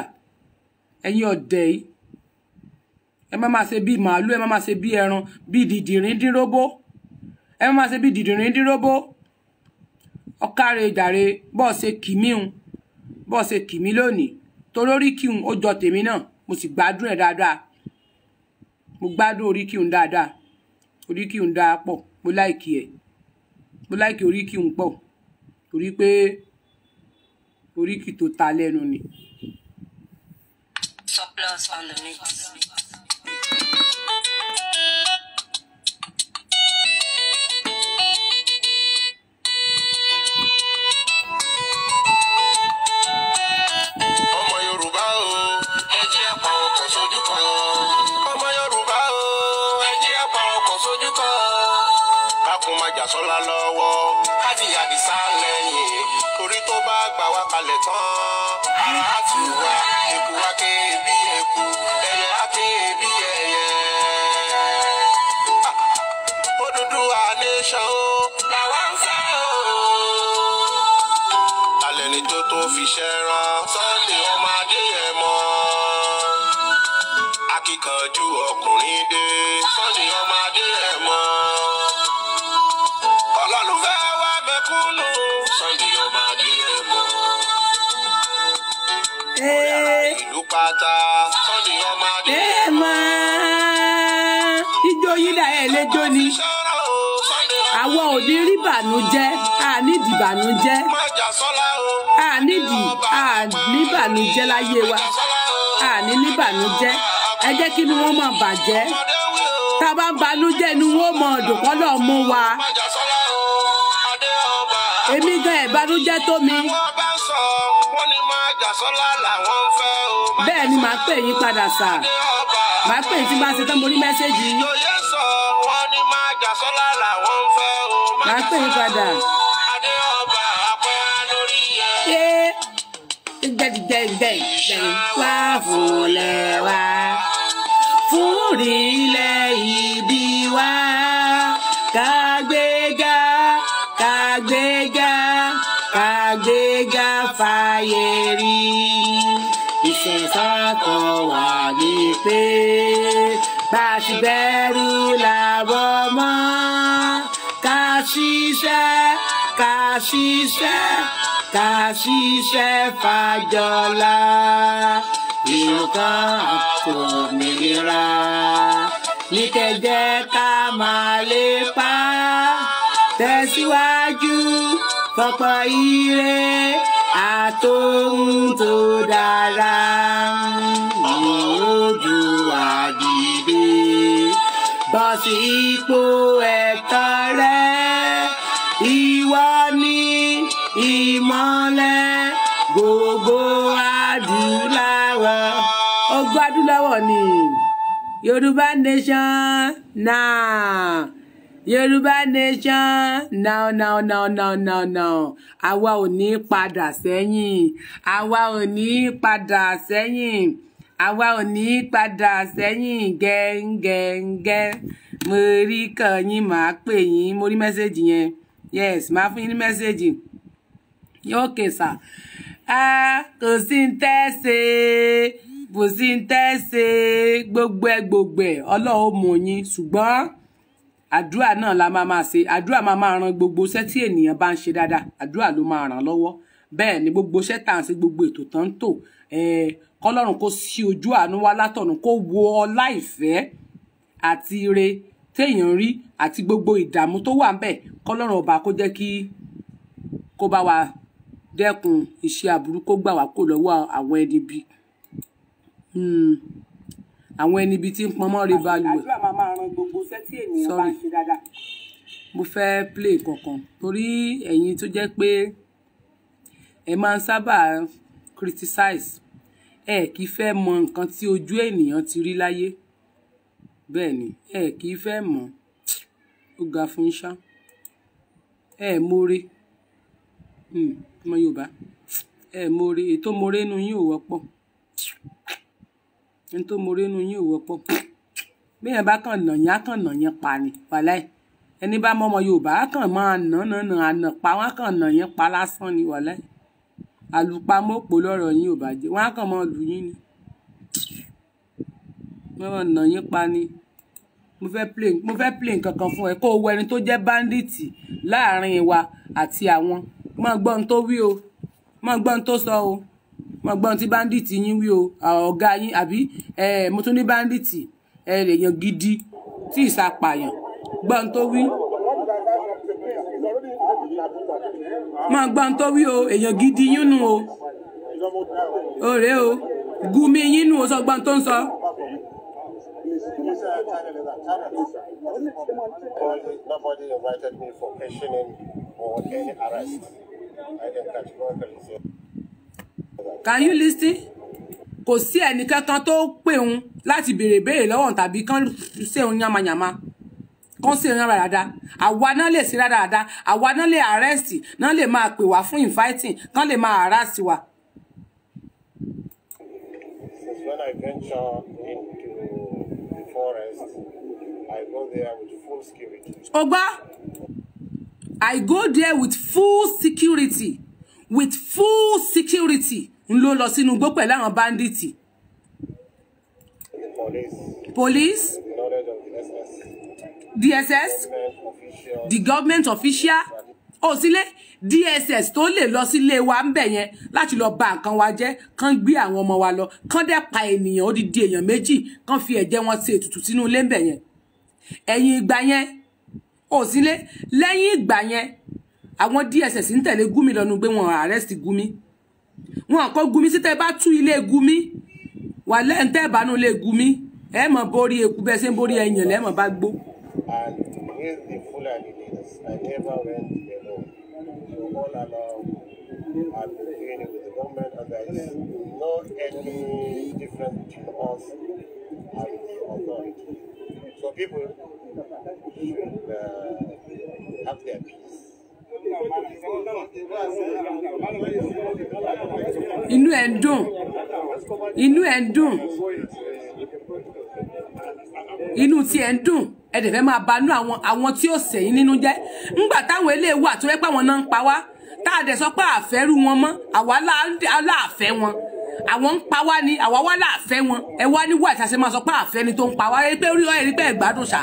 ẹ̀yin ọ̀dẹ̀ yìí ẹ má máa ṣe bíi màálù ẹ má máa ṣe bíi ẹran bíi dìdìrín dínróbó ẹ má máa ṣe bíi dìdìrín dínróbó ọ̀kàrẹ̀ ìdàrẹ̀ bọ́ọ̀ṣe kìmíhun bọ́ọ̀ṣe kìmí lónìí torí orí kíhun ó jọ tèmi náà mo sì gbádùn ẹ̀ dáadáa mo gbádùn orí kíhun dáadáa orí kíhun dáa pọ̀ mo láìkì ẹ̀ mo láìkì orí kíhun pọ̀ torí pé oríkì tó ta lẹ́nu ni. surplus on the tó bá gbà wá kalẹ̀ tán. ara á tù wá eku wá ké bí eku ẹyẹ á bí ẹyẹ. Odùduwà nation o làwa ń fẹ́ o. alẹ́ ni tó tó fi ṣẹ́ rán Sunday ọmọ Adéyẹmọ. akíkanjú ọkùnrin dé Sunday ọmọ Adéyẹmọ. ọlọ́run fẹ́ wá bẹ̀kúnnù Sunday. orí ara ìlú pátá Sunday ọmọ adé. ẹ máa ijó yín dà ẹ lẹjọ ni àwọn ò ní rí bànújẹ́ ànídìí bànújẹ́ ànídìí àní bànújẹ́ láyé wa àní ní bànújẹ́ ẹ jẹ́ kí ni wọ́n máa bàjẹ́ tá a bá ń banújẹ́ ni wọ́n mọ ọdùnkọ mú wa èmi gan ẹ banújẹ́ tó mi. wọ́n bá ń sọ wọ́n ní máa bẹ́ẹ̀ ni màá pè yín padà sà màá pè yín tí bá ṣe tán mo rí mẹ́sẹ́jì yín màá pè yín padà. gbẹ̀gbẹ̀gbẹ̀ wá fúnlẹ̀ wá fúnrí lẹ́yìn. bàṣìbẹ́rù làwọn ọmọ ká ṣiṣẹ́ ká ṣiṣẹ́ ká ṣiṣẹ́ fàjọlá nǹkan kò nira ní kẹjẹ ká máa lépa tẹ̀síwájú fọpọ̀ ire àtòhun tó dára. bọ́ sí ipò ẹ̀tọ́ rẹ ìwọ ni ìmọ́lẹ̀ gbogbo adúláwọ̀ ogun adúláwọ̀ ni yorùbá nation na, yorùbá nation now now now now now now àwa ò ní padà sẹ́yìn àwa ò ní padà sẹ́yìn àwa ò ní í padà sẹ́yìn gẹ́ngẹ́ngẹ́ mo rí kàn yín màá pè yín mo rí mẹ́sẹ̀gì yẹn yes màá fún yín ní mẹ́sẹ̀gì yóò kè sà kò sí ń tẹ́ ṣe kò sí ń tẹ́ gbogbo ẹ gbogbo ẹ ọlọ́run mọ̀ yín ṣùgbọ́n àdúrà náà la máa máa ṣe àdúrà máa máa ran gbogbo iṣẹ́ tí ènìyàn bá ń ṣe dáadáa àdúrà ló máa ràn lọ́wọ́ bẹ́ẹ̀ ni gbogbo iṣẹ́ tá ń ṣe gbogbo ètò tán ń tò kọ́lọ́run kó sí ojú àánú wá látọ̀run kó wo ọlá ìfẹ́ àti ire téèyàn ń rí àti gbogbo ìdààmú tó wà ńbẹ̀ kọ́lọ́run ọba kó jẹ́ kí kó bá wa dẹ́kun iṣẹ́ aburú kó gbà wá kó lọ́wọ́ àwọn ẹni bí hmm, àwọn ẹni bí tí ń pọnmọ́ sorry mo fẹ́ play kankan torí ẹ̀yin tó jẹ́ pé ẹ máa ń criticize ẹ kì í fẹ́ mọ nǹkan tí ojú ènìyàn ti rí láyé bẹ́ẹ̀ ni ẹ kì í fẹ́ mọ̀ ó ga fún ṣá ẹ mórè hmm, ọmọ yorùbá ẹ mórè ètò mórè nu yín ò wọ́pọ̀ ẹni tó mórè nu yín ò wọ́pọ̀ bẹ́ẹ̀ bá kàn nà yín á kàn nà yín pa ni wàláì ẹni bá mọ ọmọ yorùbá á kàn máa nà nà nà ànà pa wọn á kàn nà yín pa lásán ni wàláì àlùpàmọ́pọ̀ lọ́rọ̀ yín ò bàjẹ́ wọ́n á kàn máa lù yín ni wọ́n máa nà yín pa ni mo fẹ́ play mo fẹ́ play nǹkan kan fún ẹ kó o wo ẹni tó jẹ́ báńdíìtì láàrin wa àti àwọn máa gbọ́ ohun tó wí o máa gbọ́ ohun tó sọ o máa gbọ́ ohun tí bandits. yín wí o ọ̀gá yín àbí mo tún ní báńdíìtì èèyàn gidi tí ìsapàyàn gbọ́ ohun tó wí máa gbá ń tọ́wí o èèyàn gidi yín nù o òré o gumi yín nù o sọ gbá ń tó ń sọ. Nobody invited me Can you listen? Kò sí ẹnìkankan tó pè òun láti béèrè béèrè lọ́wọ́ tàbí kán ṣe òun yánmayànma kán sì rán ràdà àwa náà lè sí ràdà àwa náà lè àrẹ́sì náà lè máa pè wá fún infighting kán lè máa àrásì wa. when I venture into the forest, I go there with full security. Ọgbà, I go there with full security with full security n ló lọ sínú igbó pẹ̀lú àwọn báńdíìtì. Police. Police. DSS the government official ó sílé DSS tó lè lọ sílé wa ń bẹ̀ yẹn láti lọ bà nǹkan wa jẹ́ kán gbé àwọn ọmọ wa lọ kán dẹ̀ pa ènìyàn odidi èèyàn méjì kán fi ẹ̀jẹ̀ wọn ṣe ètùtù sínú ilé ń bẹ̀ yẹn ẹ̀yìn ìgbà yẹn ó sílé lẹ́yìn ìgbà yẹn àwọn DSS ń tẹ̀lé Gumi lọ́nu pé wọ́n arrest Gumi wọn kọ́ Gumi síta ẹ bá tú ilé Gumi wà lẹ́ǹtẹ́ ìbánú ilé Gumi ẹ mọ̀ borí eku bẹ́ẹ̀ ṣe ń borí ẹyìn lẹ́mọ̀ bá gbó And he the full leaders. I never went alone. So all along, I've been doing with the government, and there is no any difference between us and the authority. So people should uh, have their peace inú ẹ dùn inú ẹ dùn inú tí ẹ dùn ẹ dẹ̀ fẹ́ máa banú àwọn àwọn tí ó sẹ̀yìn nínú jẹ́ ńgbà táwọn eléwu àtúrẹ́pà wọn náà ń pa wá tá a dẹ̀ sọ pé àfẹ́rù wọn mọ́ àwa aláàfẹ́ wọn àwọn ń pa wá ni àwa wá láàfẹ́ wọn ẹ wá ní wà ìtàsẹ́ máa sọ pé àfẹ́ ni tó ń pa wá ẹ pé orí ọ̀ ẹ̀rí pé ẹ̀gbádùn ṣá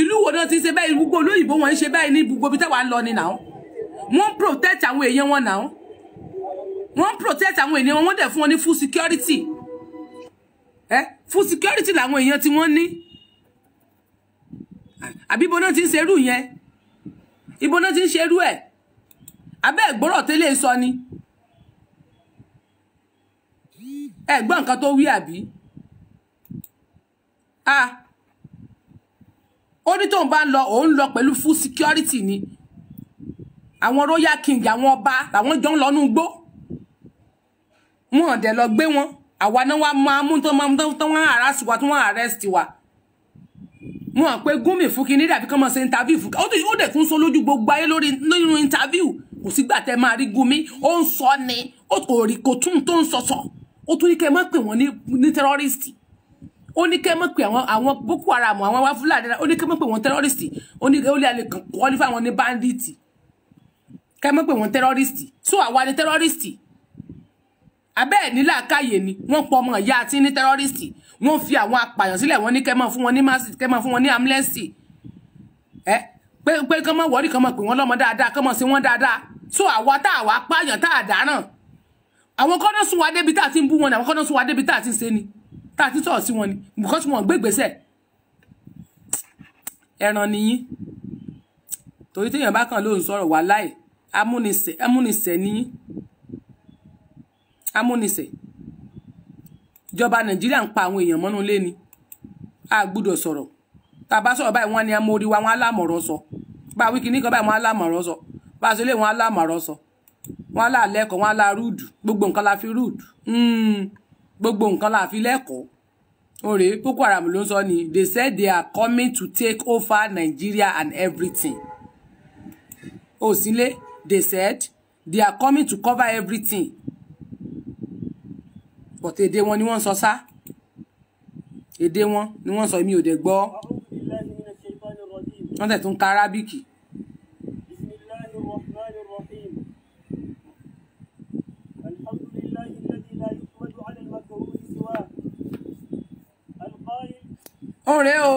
ìlú wo náà ti ṣe bẹ́ẹ̀ gbogbo olóyìnbó wọn ń ṣe bẹ́ẹ̀ ní gbogbo ibi táwa ń lọ ni nàá wọ́n protect àwọn èèyàn wọn náà wọ́n protect àwọn èèyàn wọn wọ́n dẹ̀ fún wọn ní full security ẹ eh? full security làwọn èèyàn tí wọ́n ní àbí ibo náà ti ń ṣerú yẹn ibo náà ti ń ṣerú ẹ̀ abẹ́ ìgbọ́rọ̀ tẹ́lẹ̀ sọ ni ẹ gbọ́ nǹkan tó wí àbí a ah. ó ní tóun bá ń lọ òun lọ pẹ̀lú full security ni àwọn royal king àwọn ọba làwọn jọ ń lọ nú gbó wọn dẹ̀ lọ gbé wọn àwa náà wá máa mú tó máa mú tó wọn arrest wa tó wọn arrest wa wọn pé Gumi fún kinní dàbí kán máa ṣe interview fún ó dẹ̀ tún sọ lójú gbogbo ayé lórí nínú interview kò sígbà tẹ máa rí Gumi ó ń sọ ni ó rí kò tún tó ń sọ sọ ó tún ní kẹ́ má pè wọ́n ní terrorist ó ní kẹ́ má pè àwọn àwọn Boko Haram àwọn wá Fúlàní ó ní kẹ́ má pè wọ́n terrorist ó ní ó lè kàn kọ́ ní fáwọn ní bandit kẹ́ mọ́ pé wọ́n tẹ́rọ́rìstì tó àwa ni tẹ́rọ́rìstì abẹ́ ẹ̀ nílà káyè ni wọ́n pọ̀ ọmọ ìyá àti ní tẹ́rọ́rìstì wọ́n fi àwọn apààyàn sílẹ̀ wọ́n ní kẹ́ máa fún wọn ní mercy kẹ́ máa fún wọn ní amnesty ẹ pé pé kán mọ̀ wọ́rí kán mọ̀ pé wọ́n lọ́mọ dáadáa kán mọ̀ sí wọ́n dáadáa tó àwa tá àwa pààyàn tá àdáràn àwọn kọ́nà sún wa débi tá a ti ń bú wọn ni àwọn kọ́nà sún wa débi tá a ti ń ṣe ni tá a ti sọ̀rọ̀ sí wọn ni because wọn gbégbèsè ẹran nìyí torí téèyàn bá kàn ló ń sọ̀rọ̀ wà láì amúnisẹ̀ amúnisẹ̀ níyín amúnisẹ̀ ìjọba nàìjíríà ń pa àwọn èèyàn mọ́nú ilé ni a gbúdọ̀ sọ̀rọ̀ tá a bá sọ̀rọ̀ báyìí wọ́n ní amórí wa wọn alámọ̀rọ̀ sọ bá a wíkì níkan báyìí wọn alámọ̀rọ̀ sọ bá a sọ ilé wọn alámọ̀rọ̀ sọ wọn aláàlẹ́kọ̀ọ́ wọn aláàrúdù gbogbo nǹkan la fi rúdù hmm. gbogbo nǹkan la fi lẹ́kọ̀ọ́ òrè Boko Haram ló ń sọ ni they said they are coming to take over Nigeria and everything òsínlé They said they are coming to cover everything. But èdè one, ni wọ́n sa, sá. Èdè wọn ni wọ́n sọ mi o dẹ̀ gbọ́. Wọ́n tẹ̀ tún ka Arábìkì. Ọ̀rẹ́ o,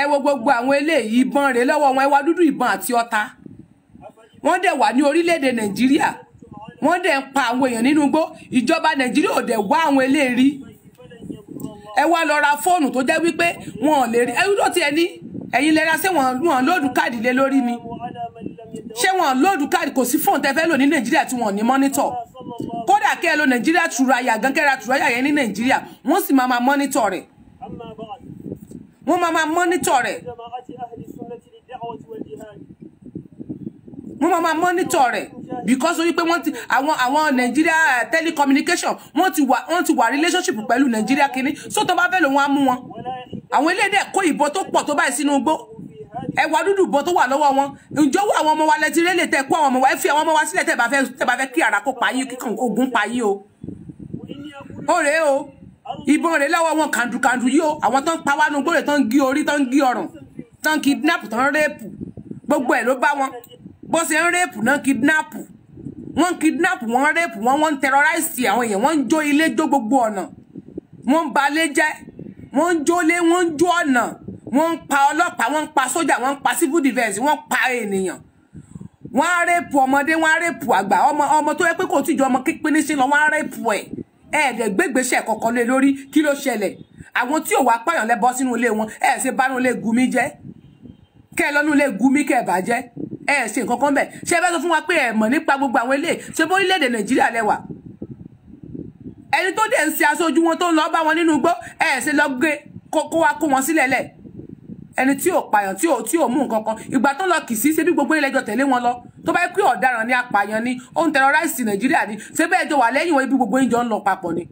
ẹ wo gbogbo àwọn eléyìí ìbọn rèé lọ́wọ́ wọn ẹ wá dúdú ìbọn àti ọta wọ́n dẹ̀ wà ní orílẹ̀-èdè nàìjíríà wọ́n dẹ̀ ń pa àwọn èèyàn nínú igbó ìjọba nàìjíríà ò dẹ̀ wá àwọn eléèrí ẹ wá lọ ra fóònù tó jẹ́ wípé wọn ò lè rí ẹyún ló tiẹ̀ ní ẹ̀yin lẹ́ra ṣé wọn lóòdù káàdì lé lórí ni ṣé wọn lóòdù káàdì kò sí fóònù tẹ́ fẹ́ lò ní nàìjíríà tí wọn ò ní mọ́nítọ̀ kódà kẹ́ ẹ lo nàìjíríà turaya gan kẹ́ra turaya yẹn ní nàìjíríà wọ́n sì máa máa mọ́nítọ̀ rẹ̀ wọ́n máa máa mọ́nítọ̀ rẹ̀ wọ́n máa máa mọ́nítọ̀ rẹ̀ because wípé wọ́n ti àwọn àwọn Nigeria eh, telecommunication wọ́n ti wà wọ́n ti wà relationship pẹ̀lú Nigeria kìíní so tó bá fẹ́ lòun á mú wọn àwọn eléyìí dẹ̀ kó ìbọn tó pọ̀ tó báyìí sínú igbó ẹwà dúdú ìbọn tó wà lọ́wọ́ wọn ǹjọ́ wọ àwọn ọmọ wa lẹ́tí rẹ́lẹ̀ tẹ́ kó àwọn ọmọ wa ẹ fi àwọn ọmọ wa sílẹ̀ tẹ́ bá fẹ́ tẹ́ bá fẹ́ kí ara kó payín kíkan ogun payín o ó rèé o ìbọn rèé lọ́wọ́ wọn kàndùkàndù yìí o àwọn tó ń pa wánu gbọ́dọ̀ tó ń gé orí tó ń gé ọrùn tó ń kidnap tó ń rẹ́pù gbogbo ẹ̀ ló bá wọn bó ṣe ń rẹ́pù náà kidnapu wọ́n kidnap wọ́n rẹ́pù wọ́n wọ́n terrorize àwọn èèyàn wọ́n ń jó ilé jó gbogbo ọ̀nà wọ́n ń balé jẹ́ wọ́n ń jólé wọ́n ń jó ọ̀nà wọ́n ń pa ọlọ́pàá wọ́n ń pa sójà wọ́n ń pa civil defence wọ́n pa ènìyàn wọ́n á rẹ́pù ọmọdé wọ́n á rẹ́pù àgbà ọmọ ọmọ tó yẹ pé kò tí ju ọmọ pínpín sí lọ wọ́n á rẹ́pù ẹ̀ ẹ̀ẹ́dẹ̀ gbégbèsẹ̀ kọ̀ọ̀kan lé lórí kí ló ṣẹlẹ̀ àwọn tí ò wá pààyàn lẹ́bọ́ sínú ilé wọn ẹ̀ ṣe bánú ilé gumi jẹ́ kẹ́ ẹ lọ́nú ilé gumi kẹ́ ẹ bàjẹ́ ẹ ṣe nǹkan kan bẹ̀ ṣe ẹ fẹ́ sọ fún wa pé ẹ mọ̀ nípa gbogbo àwọn ilé ṣe bó orílẹ̀-èdè nàìjíríà lẹ́wà ẹni tó dẹ̀ ń ṣe aṣojú wọn tó ń lọ bá wọn nínú igbó ẹ ṣe lọ gbé kó wa kó wọn sílẹ̀ lẹ̀ ẹni tí ò pààyàn tí ò tí ò mú nǹkan kan ìgbà tó lọ kì sí ṣe bí gbogbo ilẹ̀jọ tẹ̀lé wọn lọ tó bá pé ọ̀daràn ni apààyàn ni ó ń tẹ̀rọ̀ráìsì nàìjíríà ni ṣé bẹ́ẹ̀ jọ wà lẹ́yìn wọn ibi gbogbo ìjọ ń lọ papọ̀ ni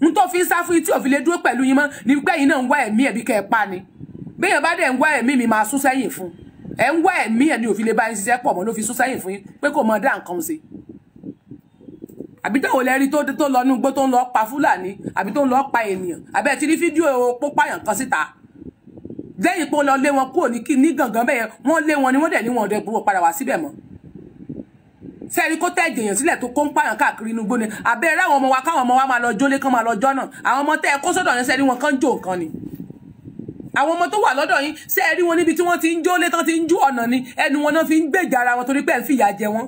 n tó fi ń sá fún yín tí ò fi lè dúró pẹ̀lú yín mọ́ ni pé yín náà ń wá ẹ̀mí ẹ̀bí kẹ́ ẹ pa ni béèyàn bá dẹ̀ ń wá ẹ̀mí mi máa sún sẹ́yìn fún un ẹ ń wá ẹ̀mí ẹ̀ ní òfin lè bá yín ṣiṣẹ́ pọ̀ mọ́ ló fi sún sẹ́yìn fún yín pé kò mọ dá nǹkan ṣe àbí táwo lẹ́rí tó tó lọ nú igbó tó ń lọ pa fúlàní àbí tó ń lọ pa ènìyàn àbẹ́ ti rí fídíò pópáyàn kan síta lẹ́yìn pé ó lọ lé wọn kúrò ní kí ní gangan bẹ́ẹ̀ wọ́n lé wọn ni wọ́n dẹ̀ ní wọn ọ̀dẹ gbogbo padà wá síbẹ̀ mọ́ sẹ́ẹ̀rí kó tẹ́ ìjèyàn sílẹ̀ tó kó ń pààyàn káàkiri inú igbó ni àbẹ́ ẹ̀rẹ́ àwọn ọmọ wa káwọn ọmọ wa máa lọ jólé kán máa lọ jọ́nà àwọn ọmọ tẹ́ ẹ kó sọ́dọ̀ yẹn sẹ́ẹ̀rí wọn kán jò nǹkan ni àwọn ọmọ tó wà lọ́dọ̀ yín ṣé ẹ rí wọn níbi tí wọ́n ti ń jó lé tán ti ń jó ọ̀nà ni ẹnu wọn náà fi ń gbèjà ara wọn torí pé ẹ̀ ń fìyà jẹ wọn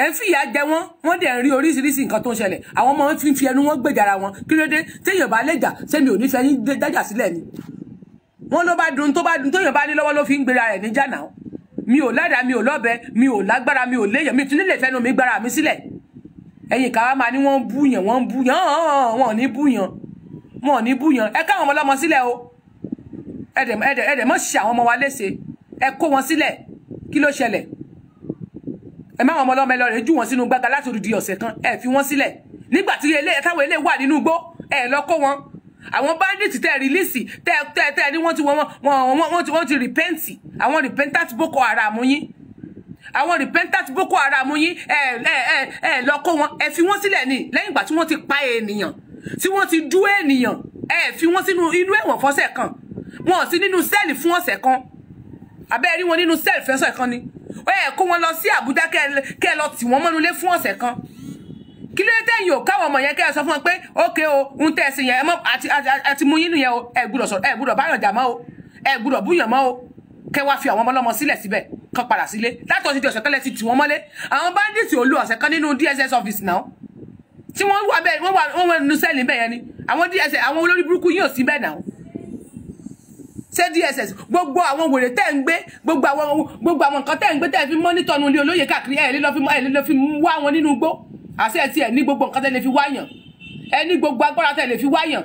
ẹ ń fìyà jẹ wọn wọn dẹ̀ ń rí oríṣiríṣi nǹkan tó ń ṣẹlẹ̀ àwọn ọmọ fi ń fi ẹnu wọn gbèjà ara wọn kí ló dé téèyàn bá lẹ́jà sẹ́mi ò ní fẹ́ yín dájà sílẹ̀ ni wọn ló bá dun tó bá dun téèyàn bá ní lọ́wọ́ ló fi ń gbéra rẹ̀ níjà náà mi ò ládàá mi ò lọ́bẹ mi ò lágbára mi ò léèyàn mi tún lè fẹ́nu mi gbára mi sílẹ̀ ẹ̀yìn kàwá máa ní wọ́n búyàn wọ́n búyàn wọ́n ò ní búyàn Mo ni ní búyan ẹ káwọn ọmọ ọlọ́mọ sílẹ̀ o ẹdẹ ẹdẹ ẹdẹ mọ ṣe àwọn se. wa léṣe ẹ kó wọn sílẹ̀ kí ló ṣẹlẹ̀ ẹ má wọn ọmọ ọlọ́mọ ẹ lọ rẹ jù wọn sínú gbàgà láti odidi ọ̀sẹ̀ kan ẹ fi wọn sílẹ̀ nígbà tí ilé káwọn ilé wà nínú igbó ẹ lọ kó wọn àwọn bandits tẹ rìlíìsì tẹ tẹ tẹ ní wọn ti wọn wọn wọn ti wọn ti rìpẹǹtì àwọn repentant boko haram yín àwọn repentant boko haram yín E e e lọ kó wọn ẹ fi wọn sílẹ̀ ni lẹ́yìn ìgbà tí wọn ti pa ènìyàn tí wọ́n ti dú ènìyàn ẹ fi wọ́n sínú inú ẹ̀wọ̀n fọ́sẹ̀ kan wọn ò sí nínú sẹ́ẹ̀lì fún ọ̀sẹ̀ kan abẹ́ rí wọn nínú sẹ́ẹ̀lì fẹ́sẹ̀ kan ni ó yẹ kó wọn lọ sí Àbújá kẹ́ ẹ lọ tì wọ́n mọ́nulé fún ọ̀sẹ̀ kan kí ló dé tẹ̀yìn ò káwọn ọmọ yẹn kẹ́ ẹ sọ fún wọn pé ókè o ń tẹ̀ sí yẹn ẹ mọ́ àti mú yín nìyẹn o ẹ gbúdọ̀ sọ̀rọ̀ ẹ gbúdọ̀ báyọ̀ jà mọ́ o ẹ gbúdọ̀ búyàn mọ́ o kẹ́ wá fi àwọn ọmọ ọlọ́mọ sílẹ̀ síbẹ̀ kan padà sílé látọ̀ sí di ọ̀sẹ̀ tẹ́lẹ̀ ti tì wọ́n mọ́lé àwọn bandits ò lu ọ̀sẹ̀ kan nínú DSS office náà tí wọ́n wà bẹ́ẹ̀ wọ́n wà wọ́n wọ́n nu sẹ́ẹ̀lì bẹ́ẹ̀ yẹn ni àwọn dss àwọn olórí burúkú yìí ò sí bẹ́ẹ̀ náà ṣé dss gbogbo àwọn wèrè tẹ́ ń gbé gbogbo àwọn gbogbo àwọn nǹkan tẹ́ ń gbé tẹ́ fi mọ́nítọ̀ nu ilé olóye káàkiri ẹ̀ lé lọ́ fi ẹ̀ lé fi wá wọn nínú igbó àṣẹ ẹ̀ tiẹ̀ ní gbogbo nǹkan tẹ́ lè fi wáyàn ẹni gbogbo agbára tẹ̀lé fi wáyàn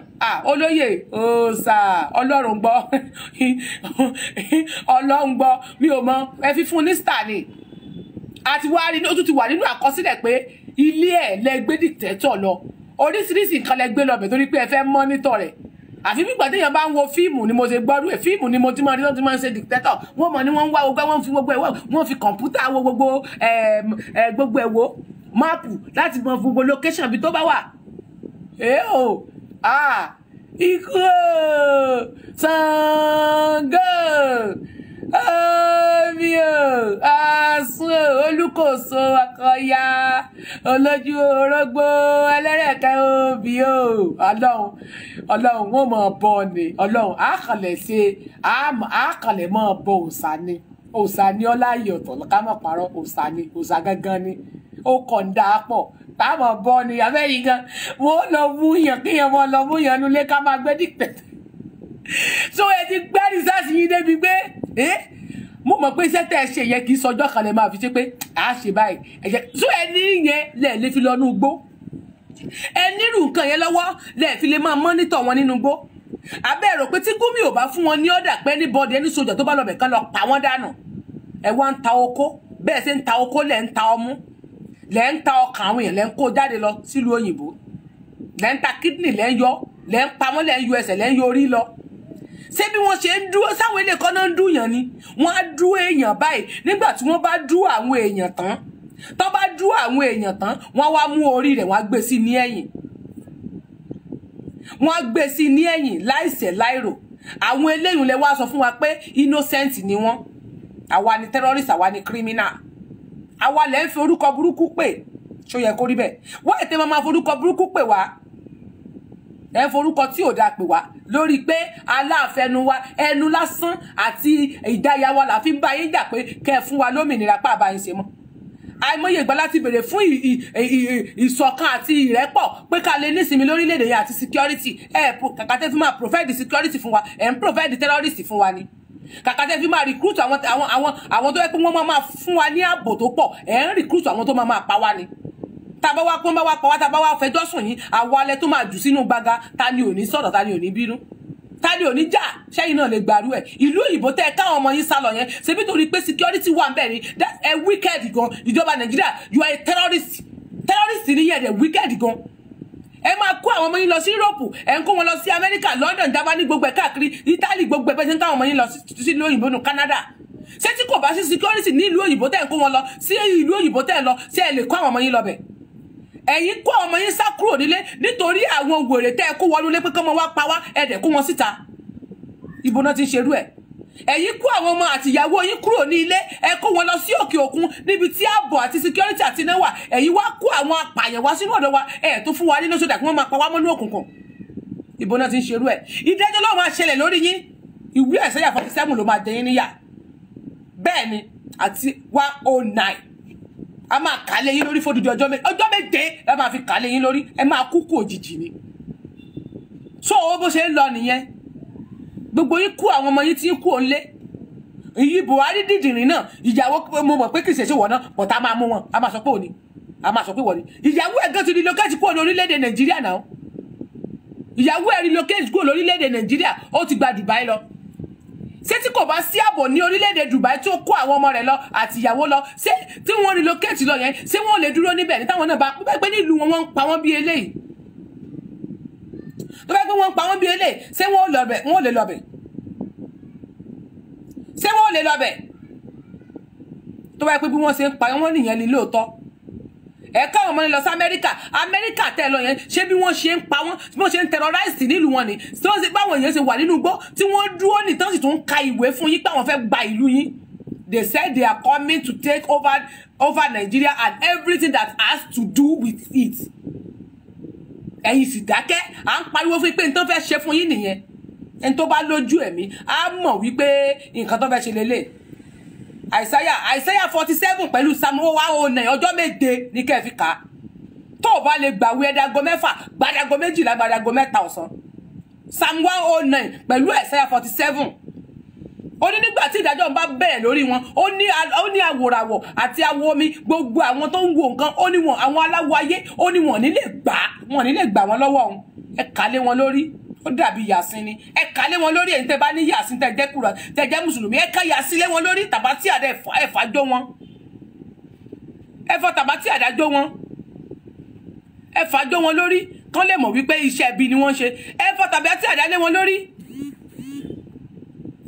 olóyè ọ̀sà ọlọ́run gbọ́ ọlọ́run gbọ́ mi ò mọ ẹ fi fún ní star ni àti wá rí ó tún ti wà nínú àkọsílẹ̀ pé ilé ẹ̀ lẹ gbé dìtẹ́tọ̀ lọ oríṣiríṣi nǹkan lẹ gbé lọ bẹ̀ torí pé ẹ fẹ́ mọ́nítọ̀ rẹ̀ àfi gbígbà téèyàn bá ń wo fíìmù ni mo ṣe gbọ́rú ẹ̀ fíìmù ni mo ti máa rí lọ́dún máa ń ṣe dìtẹ́tọ̀ wọ́n mọ̀ ni wọ́n ń wá gbogbo wọ́n fi gbogbo ẹ̀ wọ́n fi kọ̀ǹpútà wo gbogbo ẹ̀ gbogbo ẹ̀ wo máàpù láti mọ gbogbo location ibi tó bá wà. èè o ah ikú Ṣàngó omi o ọ̀sùn olùkóso akọya olójú orógbó ẹlẹ́rẹ̀kẹ́ obì o ọlọ́run ọlọ́run wọn mọ̀ bọ́ ni ọlọ́run àkàlẹ̀ ṣe àkàlẹ̀ mọ̀ bọ́ òòṣà ni òòṣà ni ọláyè ọ̀tọ̀ ká mọ̀ parọ́ òòṣà ni òòṣà gangan ni ó kọ̀ ń dáa pọ̀ táwọn bọ́ ni abẹ́yìn gan wọ́n lọ mú yàn kéèyàn mọ́ lọ mú yàn nulẹ̀ ká máa gbé so ẹ ti gbẹ́ rìsáàsì yìí débi gbé ẹ́ eh? mo mọ̀ pé iṣẹ́ tẹ́ ẹ ṣe yẹn kì í sọjọ́ kan lè máa fi ṣe pé a ṣe báyìí ẹ̀jẹ̀ tó ẹni yẹn lẹ̀ lè fi lọ nú ẹni rù nǹkan yẹn lọ́wọ́ lẹ̀ fi lè máa mọ́nítọ̀ wọn nínú igbó abẹ́ rò pé tí Gumi ò bá fún wọn ní ọ̀dà pé ní bọ́ọ̀dì ẹni sójà tó bá lọ́bẹ̀ kan lọ pa wọ́n dànù ẹ wá ń ta oko bẹ́ẹ̀ ṣe ń ta oko lẹ̀ ń ta ọmú lẹ̀ ń ta ọkàn àwọn èèyàn lẹ̀ ń kó jáde lọ sílùú òyìnbó lẹ̀ ń ta kídìnì lẹ̀ ń yọ lẹ̀ ń pamọ́ lẹ̀ ń yọ ẹsẹ̀ lẹ̀ ń yọ orí lọ ṣé bí wọ́n ṣe ń dúró sáwọn ilé kan náà ń dúyàn ni wọ́n á dúró èèyàn báyìí nígbà tí wọ́n bá dúró àwọn èèyàn tán tán bá dúró àwọn èèyàn tán wọ́n wá mú orí rẹ̀ wọ́n á gbé sí ní ẹ̀yìn wọ́n á gbé sí ní ẹ̀yìn láìṣẹ̀ láìrò àwọn eléyìí lè wá sọ fún wa pé innocent ni wọ́n àwa ni terrorist àwa ni criminal àwa lè ń fi orúkọ burúkú pè ṣó yẹ kó rí bẹ́ẹ̀ wọ́n ètè máa ma forúkọ burúkú pè wá ẹ forúkọ tí ò dáa pè wá lórí pé aláàfẹnu wa ẹnu lásán àti ìdáyà wa la fi ń bá yín jà pé kẹ́ ẹ fún wa lómìnira pàbá yín ṣe mọ́ àìmọye ìgbà láti béèrè fún ìṣọ̀kan àti ìrẹ́pọ̀ pé ká lè nísinmi lórílẹ̀‐èdè yẹn àti security ẹ̀ kàkà tẹ́ fi máa provide security fún wa ẹ̀ ń provide terrorist fún wa ni kàkà tẹ́ fi máa recruit àwọn àwọn àwọn tó yẹ pé wọ́n máa fún wa ní ààbò tó pọ̀ ẹ̀ ń recruit àwọn tó máa máa pa wá ni tábá wá pọ́n bá wá pa wá tábá wá fẹjọ́ sùn yín àwọn tó máa jù sínú gbaga ta ni ò sọ̀rọ̀ ta ni ò bínú ta ni ò jà sẹ́yìn náà lè gbàrú ẹ̀ ìlú òyìnbó tẹ́ ẹ káwọn ọmọ yín sá lọ yẹn ṣebí torí pé security wà ń ni that's a wicked gan ìjọba nàìjíríà you are a terrorist terrorist ni yẹn dẹ̀ wicked gan ẹ máa kó àwọn ọmọ yín lọ sí europe ẹ ń kó wọn lọ sí america london Japan, gbogbo ẹ káàkiri italy gbogbo ẹ bẹ ṣe ń káwọn ọmọ yín lọ sí ìlú òyìnbó nu canada ṣé tí kò bá sí security ní ìlú òyìnbó tẹ̀ ń kó wọn lọ sí ìlú òyìnbó tẹ̀ ń lọ ṣé ẹ lè kó àwọn ọmọ yín lọ bẹ̀ ẹ̀yin kó ọmọ yín sá kúrò nílé nítorí àwọn wèrè tẹ́ ẹ kó wọnú ilé pé kọ́mọ wá pa wá ẹ̀dẹ̀ kó wọn síta ibo náà ti ń ṣerú ẹ̀ ẹ̀yin kó àwọn ọmọ àtìyàwó yín kúrò ní ilé ẹ kó wọn lọ sí òkè òkun níbi tí ààbò àti security àti iná wà ẹ̀yin wá kó àwọn apààyàn wá sínú ọ̀dọ̀ wa ẹ̀ tó fún wa nínú sódà kí wọ́n máa pa wá mọ́nú òkùnkùn ibo náà ti ń ṣerú ẹ̀ ìdájọ́ ló máa ṣẹlẹ̀ lórí yín ìwé Àìsáyà forty seven ló máa dẹ̀yìn níyà bẹ́ẹ̀ ni àti one oh nine a máa kà lé yín lórí fódìdí ọjọ́ méje ọjọ́ méje la máa fi kà lé yín lórí ẹ máa kú kú òjijì ni so owó bó ṣe ń lọ nìyẹn gbogbo yín kú àwọn ọmọ yín tí ń kú òǹlé ìyí Buhari dìdìrín náà ìyàwó mo mọ̀ pé kì í ṣe ṣe wọ̀ náà but a máa mú wọn a máa sọ pé òní a máa sọ pé wọ̀ni ìyàwó ẹ̀ gan ti relocate kúrò ní orílẹ̀-èdè Nàìjíríà náà ìyàwó ẹ̀ relocate kúrò ní orílẹ̀-èdè Nàìjíríà ó ti gba Dubai lọ ṣé tí kò bá sí ààbò ní orílẹ̀-èdè Dubai tó kó àwọn ọmọ rẹ̀ lọ àti ìyàwó lọ ṣé tí wọ́n relocate lọ yẹn ṣé wọ́n lè dúró níbẹ̀ ní táwọn náà bá pẹ́ pé nílùú wọn wọ́n ń pa wọ́n bí eléyìí tó bá pé wọ́n ń pa wọ́n bí eléyìí ṣé wọ́n ò lè lọ́bẹ̀ ṣé wọ́n tó bá pé bí wọ́n ṣe ń pa wọ́n nìyẹn ni lóòótọ́ ẹ káwọn ọmọ yẹn lọ sí amẹ́ríkà amẹ́ríkà tẹ́ lọ yẹn ṣé bí wọ́n ṣe ń pa wọ́n bí wọ́n ṣe ń terrorize nílùú wọn ni tí wọ́n ṣe báwọn èèyàn ṣe wà nínú igbó tí wọ́n dúró ní tán sì tún ka ìwé fún yín pé fẹ́ gba ìlú yín they said they are coming to take over over Nigeria and everything that has to do with it ẹ̀yin sì dákẹ́ à ń pariwo fún yín pé n tó fẹ́ ṣe fún yín nìyẹn ẹni tó bá lójú ẹ̀mí á mọ̀ wípé nǹkan tó fẹ́ ṣe lélẹ̀ àìsáyà àìsáyà forty seven pẹ̀lú samuwo wa o nà ọjọ́ méje ní kẹ́ẹ̀ fi kà á tó o bá lè gbàwé ẹ̀dàgọ́ mẹ́fà gbàdàgọ́ méjìlá gbàdàgọ́ mẹ́ta ọ̀sán samuwa one oh nà pẹ̀lú àìsáyà forty seven ó ní nígbà tí ìdájọ́ bá bẹ̀rẹ̀ lórí wọn ó ní ó ní àwòràwọ̀ àti awo omi gbogbo àwọn tó ń wo nǹkan ó ní wọn àwọn aláwọ̀ ayé ó ní wọn ò ní lè gbà wọn ò ní lè gbà wọn lọ́wọ́ òun ẹ kà lé wọn lórí ó dàbí yàsín ni ẹ kà lé wọn lórí èyí tẹ bá ní yàsín tẹ jẹ́ kúrò tẹ jẹ́ mùsùlùmí ẹ kà yàsín lé wọn lórí tàbá tí àdá ẹ̀fà jó wọn ẹ̀fọ́ tàbá tí àdá jó wọn ẹ̀fà jó wọn lórí kán lè mọ̀ wípé iṣẹ́ ibi ni wọ́n ṣe ẹ̀fọ́ tàbí àti àdá lé wọn lórí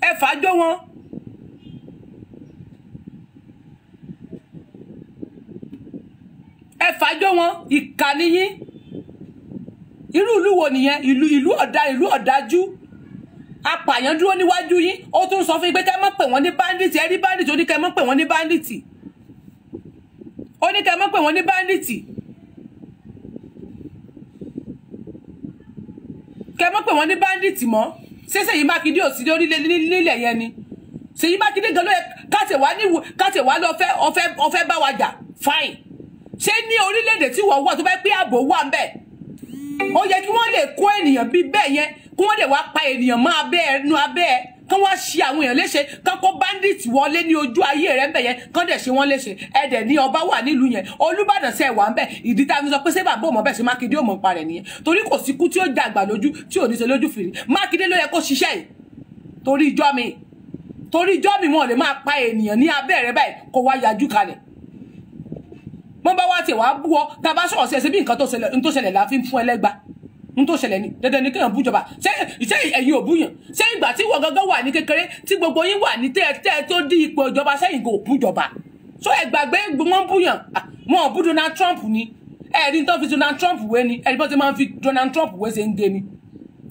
ẹ̀fà jó wọn. ẹ̀fà jó wọn ìkànnì yín irú ìlú wo nìyẹn ìlú ìlú ọ̀dà ìlú ọ̀dájú apààyàn dúró níwájú yín ó tún sọ fún yín pé kẹ́ mọ́ pè wọ́n ní báńdíìtì ẹ̀rí báńdíìtì ó mọ́ pè wọ́n ní báńdíìtì ó mọ́ pè wọ́n ní báńdíìtì kẹ́ mọ́ pè wọ́n ní báńdíìtì mọ́ ṣẹ̀ṣẹ̀ yìí mákindé ò sí lórílẹ̀ nílẹ̀ yẹn ni ṣèyí mákindé gan ló yẹ kátẹ̀wá níwò kátẹ̀wá lọ fẹ́ ọ̀fẹ́ bá wa jà fáìn ṣé ní orílẹ̀-èdè tí wọ́n wà tó fẹ́ pé ààbò wà ń bẹ́ẹ̀ ó yẹ kí wọ́n lè kó ènìyàn bíi bẹ́ẹ̀ yẹn kí wọ́n lè wá pa ènìyàn mọ́ abẹ́ ẹnu abẹ́ ẹ kán wá ṣe àwọn èèyàn léṣe kán kó bandit wọlé ní ojú ayé rẹ ńbẹ yẹn kán dẹ̀ ṣe wọ́n léṣe ẹ̀dẹ̀ ní ọba wà nílùú yẹn olúbàdàn sẹ̀ wà ńbẹ ìdí tá a fi sọ pé sẹ́bà bò mọ́ bẹ́ẹ̀ ṣe mákindé ò mọ̀ pa rẹ̀ nìyẹn torí kò sí kú tí ó ja àgbà lójú tí ò ní ṣe lójú fìrí mákindé ló yẹ kó ṣiṣẹ́ yìí torí ìjọ mi torí ìjọ mi wọn lè máa pa ènìyàn ní abẹ́rẹ́ báyìí kó wá yajú kalẹ̀ bọ́n bá wá tiẹ̀ wá bú ọ bá sọ̀rọ̀ sí ẹsẹ̀ bí nǹkan tó ṣẹlẹ̀ ń tó ṣẹlẹ̀ la fún ẹlẹ́gba ń tó ṣẹlẹ̀ ni dandan ni kéèyàn bújọba ṣé ẹ̀yin ò búyàn ṣé ìgbà tí wọ́n gangan wà ní kékeré tí gbogbo yín wà ní tẹ́ẹ̀ tó dí ipò ìjọba sẹ́yìn kò bújọba so ẹ gbàgbé wọn búyàn ah, wọn ò bú Donald Trump ni ẹ̀rí tó fi Donald Trump wé ni ẹ̀rí bọ́n ti máa ń fi Donald Trump wé ṣe ń gé ni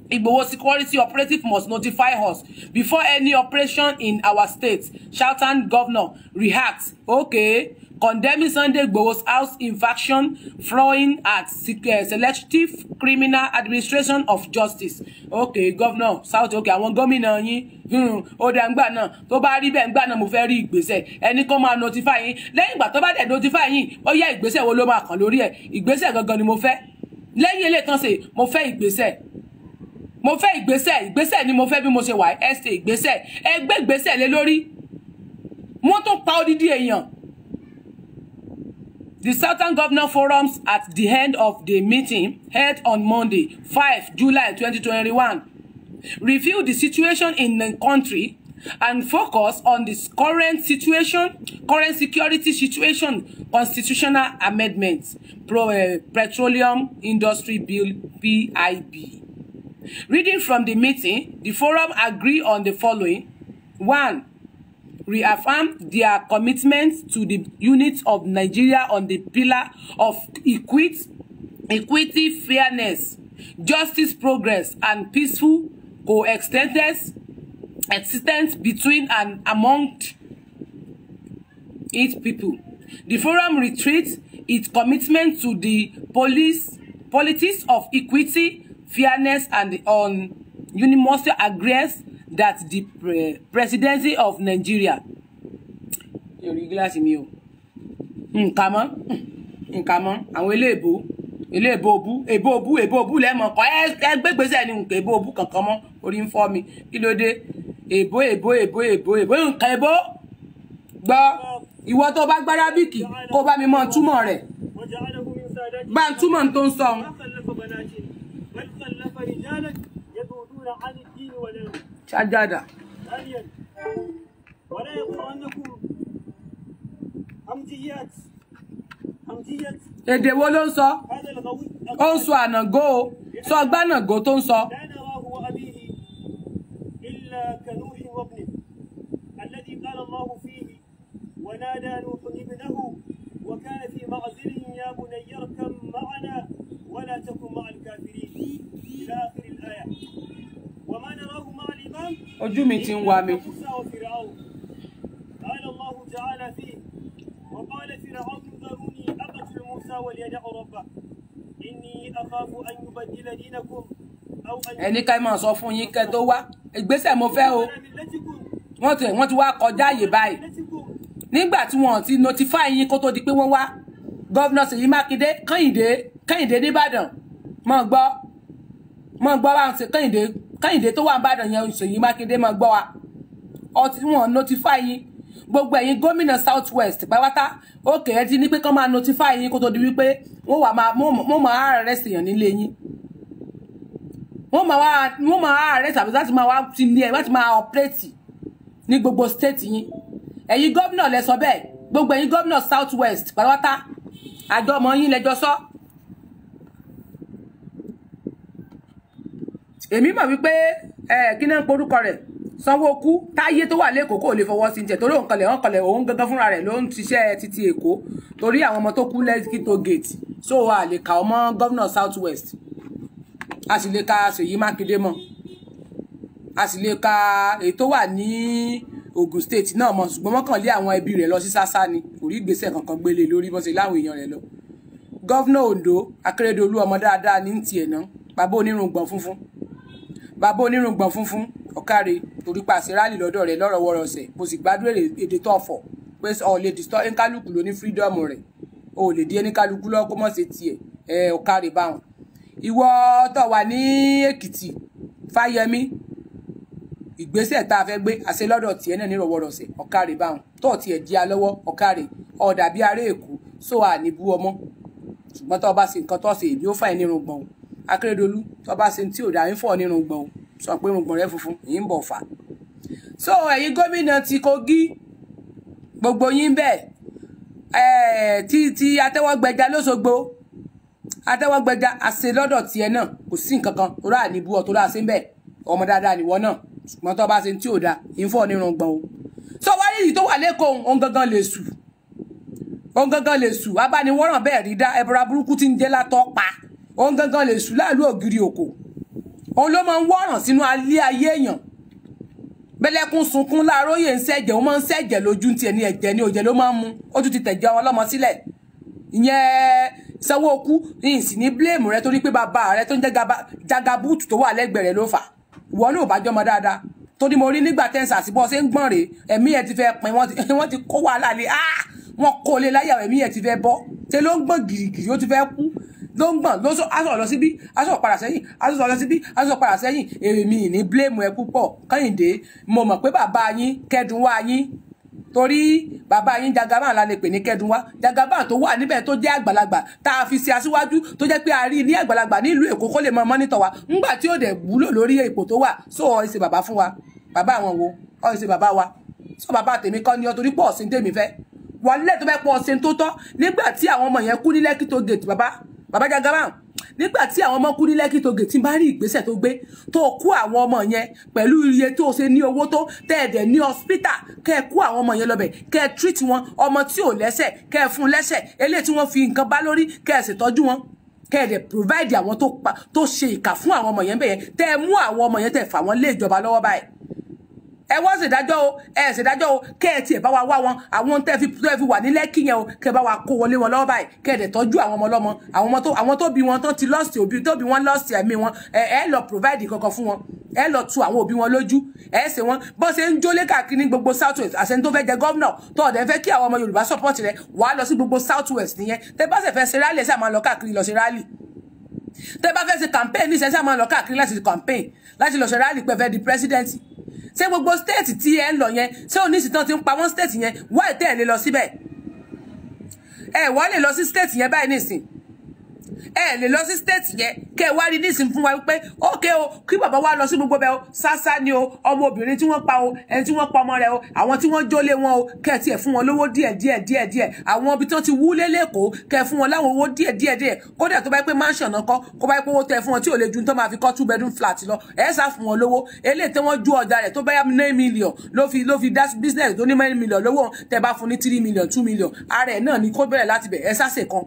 Igboho security operative must notify us before any operation in our state shouting governor react okay condemning Sunday Igboho's house infraction flowing at eh, selective criminal administration of justice. Okay, governor, South okay, àwọn gómìnà yín hmm, ó dá ngbà náà tó bá rí bẹ́ẹ̀ ngbà náà mo fẹ́ rí ìgbésẹ̀ ẹni kan máa notify yín lẹ́yìn ìgbà tó bá dẹ̀ notify yín ó yẹ ìgbésẹ̀ wo ló máa kàn lórí ẹ̀ ìgbésẹ̀ gangan ni mo fẹ́ lẹ́yìn eléyìí tán ṣe mo fẹ́ ìgbésẹ̀ mo fẹ́ ìgbésẹ̀ ìgbésẹ̀ ni mo fẹ́ bí mo ṣe wà ẹ ṣe ìgbésẹ̀ ẹ gbé ìgbésẹ̀ lé lórí wọ́n tún pa odidi èèyàn The Southern Governor Forums at the end of the meeting held on Monday, 5 July 2021, reviewed the situation in the country and focus on the current situation, current security situation, constitutional amendments, pro, uh, Petroleum Industry Bill PIB. Reading from the meeting, the forum agreed on the following. 1 reaffirm their commitment to the unity of Nigeria on the pillar of equity, equity fairness, justice, progress, and peaceful coexistence between and among its people. The forum retreats its commitment to the police, politics of equity, fairness, and on unanimous agrees that the pre presidency of Nigeria yorì gíláàsì mi o nǹkan mọ́ nǹkan mọ́ àwọn eléèbó eléèbó òbú èbó òbú èbó òbú lẹ́mọ̀ kọ́ ẹ gbégbèsè ni nǹkan èbó òbú kankan mọ́ orí ń fọ́ mi kí ló dé èbó èbó èbó èbó èbó nǹkan èbó gbọ́ ìwọ tó bá gbára bíkì kó bá mi mọ túmọ̀ rẹ̀ bá ń túmọ̀ tó ń sọ ọ́n. Chajada. ولا يغرنكم همزيات همزيات èdè wo ló ń sọ ó ń sọ ànàgó o sọ gbànàgó tó ń sọ. ojú mi ti ń wa mi. وقال فرعون ذروني أقتل موسى وليدع ربه إني أخاف أن ẹni ká máa sọ fún yín kẹ tó wá ìgbésẹ̀ mo fẹ́ o wọ́n ti wọ́n ti wá kọjá àyè báyìí nígbà tí wọ́n ti notify yín kó tó di pé wọ́n wá gọ́vnà Ṣèyí Mákindé Kẹ́hìndé Kẹ́hìndé nìbàdàn mọ̀ gbọ́ mọ gbọ́ wa kẹ́hìndé kẹ́hìndé tó wà nìbàdàn yẹn ṣèyí mákindé mọ gbọ́ wa ọtí wọn notify yín gbogbo ẹ̀yin gómìnà south west pàápàá òkè ẹ ti ní pé kán máa notify yín kó tó di wípé wọ́n wà máa wọ́n máa arrest èèyàn nílé yín wọ́n máa wá wọ́n máa arrest àbí láti máa wá ti ní ẹ láti máa operate ní gbogbo state yín ẹ̀yin gómìnà lẹ sọ bẹ́ẹ̀ gbogbo ẹ̀yin gómìnà south west pàápàá àjọ ọmọ yín lẹjọ sọ. So èmi mọ̀ wípé kí náà ń porúkọ rẹ̀ sanwó-okú táyé tó wà lẹ́kọ̀ọ́ kò lè fọwọ́ sí jẹ torí òun kanlẹ̀ òun kanlẹ̀ òun gangan fúnra rẹ̀ ló ń ṣiṣẹ́ títí èkó torí àwọn ọmọ tó kú lẹ́kì tó gate so a lè kà ọmọ gómìnà south west a sì lè ka Ṣèyí Mákindé mọ́ a sì lè ka èyí tó wà ní Ògùn state náà mọ́ ṣùgbọ́n wọ́n kàn lé àwọn ẹbí rẹ̀ lọ sí sásá ni kò rí ìgbésẹ̀ kankan gbélé lórí bọ́sẹ̀ láwọn èèyàn rẹ̀ lọ gómìnà Ondo Akérèdọ́lù ọmọ dáadáa ní tiẹ̀ náà bàbá onírùngbọ̀n funfun bàbá onírùngbọ̀n funfun ọ̀káre torí pa àṣírálì lọ́dọ̀ rẹ̀ lọ́rọ̀ wọ́rọ̀ọ̀sẹ̀ mo sì gbádùn èdè tọ̀fọ̀ pé ọ̀ lè distọ́ ẹ̀ńkálùkù ló ní fírídọ́ọ̀mù rẹ̀ o lè di ẹ̀ńkálùkù lọ́wọ́ kó mọ̀ ṣe tiẹ̀ ẹ̀ ọ̀káre báwọn. ìwọ tó wà ní èkìtì fáyẹmí ìgbésẹ̀ tá a fẹ́ gbé àṣẹ lọ́dọ̀ tiẹ̀ náà ní rọ̀wọ̀rọ̀sẹ̀ ọ̀káre báwọn tó tiẹ̀ di alọ́wọ́ ọ̀káre ọ̀dàbí ará èkó sóhà níbú ọmọ ṣùgbọ́n tó bá ṣe nǹkan tó ṣe èbí ó fà ẹ́ nírun gbọ̀n akérèdọ́lù tó bá ṣe tí ò dá yín fọ̀ nírun gbọ̀n o sọ pé irun rẹ funfun yìí ń bọ̀ fà. so ẹ̀yin gómìnà ti Kogi gbogbo yín bẹ́ẹ̀ ẹ̀ẹ́ eh, ti ti atẹ́wọ́gbẹja lọ́sọ̀gbọ́ atẹ́wọ́gbẹja àṣẹ lọ́dọ̀ tiẹ̀ náà kò sí nǹkan kan tó rà níbú ọ̀ tó rà sí bẹ́ẹ̀ ọmọ dáadáa nìwọ náà ṣùgbọ́n tó bá ṣe tí ò dá yín fọ̀ nírun o so wá nídìí tó wà lẹ́kọ̀ọ́ òun gangan lè sùn òun gangan lè sùn abániwọ́ràn bẹ́ẹ̀ rí dá ẹbọra burúkú ti ń jẹ́ látọ́ pa òun gangan lè sùn láàlú ògiri òkò òun ló máa ń wọ̀ràn sínú alé ayé èèyàn bẹ́lẹ́kún sunkún láàróyè ń ṣẹ̀jẹ̀ ó máa ń ṣẹ̀jẹ̀ lójú tiẹ̀ ní ẹ̀jẹ̀ ní òjẹ̀ ló máa ń mu ó tún ti tẹ̀jẹ̀ wọn lọ́mọ sílẹ̀ ìyẹn sanwó-okú ìyìn sì ní bíléèmù rẹ torí pé bàbá rẹ tó ń jẹ́ jagabúùtù tó wà lẹ́gbẹ̀ẹ́ rẹ ló fà wọ́n ní òbájọ́ mọ́ dáadáa torí mo rí nígbà tẹ́ǹsà sí bọ́ ṣe ń gbọ̀n rè ẹ̀mí ẹ̀ ti fẹ́ pin wọ́n ti kó wàhálà lé ah wọ́n kó lé láyà ẹ̀mí ẹ̀ ti fẹ́ bọ́ ṣe ló ń gbọ̀n gìrìgìrì ó ti fẹ́ kú ló ń gbọ̀n ló sọ aṣọ lọ síbí aṣọ padà sẹ́yìn aṣọ lọ síbí aṣọ padà sẹ́yìn èmi ní blame ẹ púpọ̀ kẹ́hìndé mo mọ̀ pé bàbá yín kẹ́dùn wá yín torí bàbá yín jagaban la lè pè ní kẹ́dùn wá jagaban tó wà níbẹ̀ tó jẹ́ àgbàlagbà tá a fi ṣe aṣíwájú tó jẹ́ pé a rí ní àgbàlagbà ní ìlú èkó kó lè mọ mọ́nítọ̀ wa ńgbà tí ó dẹ̀ wúlò lórí ipò tó wà sọ ọ ṣe bàbá fún wa bàbá àwọn wo ọ ṣe bàbá wa sọ bàbá tèmi kọ́ ni ọ torí pọ̀ sí tèmi fẹ́ wọlé tó fẹ́ pọ̀ sí tó tọ́ nígbà tí àwọn ọmọ yẹn kú ní lẹ́kító gèètì bàbá bàbá Jagaban nígbà tí àwọn ọmọ kú ní lẹ́kì tó gè tí n bá rí ìgbésẹ̀ tó gbé tó kú àwọn ọmọ yẹn pẹ̀lú iye tó ṣe ní owó tó tẹ̀ẹ̀dẹ̀ ní ọ̀sìpítà kẹ́ ẹ kú àwọn ọmọ yẹn lọ́bẹ̀ kẹ́ ẹ treat wọn ọmọ tí ò lẹ́sẹ̀ kẹ́ ẹ fún lẹ́sẹ̀ eléyìí tí wọ́n fi nǹkan bá lórí kẹ́ ẹ ṣètọ́jú wọn kẹ́ ẹ dẹ̀ provide àwọn tó ṣe ìkà fún àwọn ọmọ yẹn bẹ́ẹ̀ tẹ́ ẹ mú àwọn ọmọ yẹn tẹ́ fà wọ́n lé ìjọba lọ́wọ́ báyìí ẹ wá ṣèdájọ́ o ẹ ṣèdájọ́ o kẹ́ ẹ tiẹ̀ bá wa wá wọn àwọn tẹ́ fi tẹ́ fi wà ní lẹ́kì yẹn o kẹ́ ẹ bá wa kó wọlé wọn lọ́wọ́ báyìí kẹ́ ẹ dẹ̀ tọ́jú àwọn ọmọ ọlọ́mọ àwọn ọmọ tó àwọn tó bí wọn tó ti lọ́ọ̀sì òbí tó bí wọn lọ́ọ̀sì ẹ̀mí wọn ẹ ẹ lọ provide kankan fún wọn ẹ lọ tu àwọn òbí wọn lójú ẹ ṣe wọn bó ṣe ń jólé káàkiri gbogbo south west àṣẹ tó fẹ́ jẹ gómìnà tó ọ̀dẹ̀ fẹ́ kí àwọn ọmọ yorùbá support rẹ wàá lọ sí gbogbo south west nìyẹn tẹ bá ṣe fẹ́ ṣe rally ẹ ṣáà máa lọ káàkiri lọ ṣe rally tẹ bá fẹ́ ṣe campaign ní ṣe ṣáà máa lọ káàkiri láti ṣe campaign láti lọ ṣe rally pé fẹ́ di president ṣé gbogbo state tí ẹ ń lọ yẹn ṣé oníṣìtàn ti ń pa wọ́n state yẹn wọ́n ẹ̀ tẹ́ ẹ̀ lè lọ síbẹ̀ ẹ̀ wọ́n lè state yẹn báyìí nísìnyí ẹ lè lọ sí state yẹn kẹ wá rí nísìnyí fún wa wípé ókè o kí bàbá wa lọ sí gbogbo bẹ o sásá ni o ọmọbìnrin tí wọ́n pa o ẹni tí wọ́n pa ọmọ rẹ̀ o àwọn tí wọ́n jólé wọn o kẹ tiẹ̀ fún wọn lówó díẹ̀ díẹ̀ díẹ̀ díẹ̀ àwọn ibi tí wọ́n ti wú lélẹkọọ kẹ fún wọn láwọn owó díẹ̀ díẹ̀ díẹ̀ kódà tó bá pé mansion náà kọ kó bá pé owó tẹ fún wọn tí ò lè ju tó máa fi kọ́ two bedroom flat lọ ẹ sá fún wọn lówó eléyìí tí wọ́n ju ọjà rẹ̀ tó bá yá nine million ló fi ló fi dá business tó ní nine million lówó tẹ bá fún ní three million two million ara ẹ̀ náà ni kó bẹ̀rẹ̀ láti bẹ̀ ẹ sá ṣe kan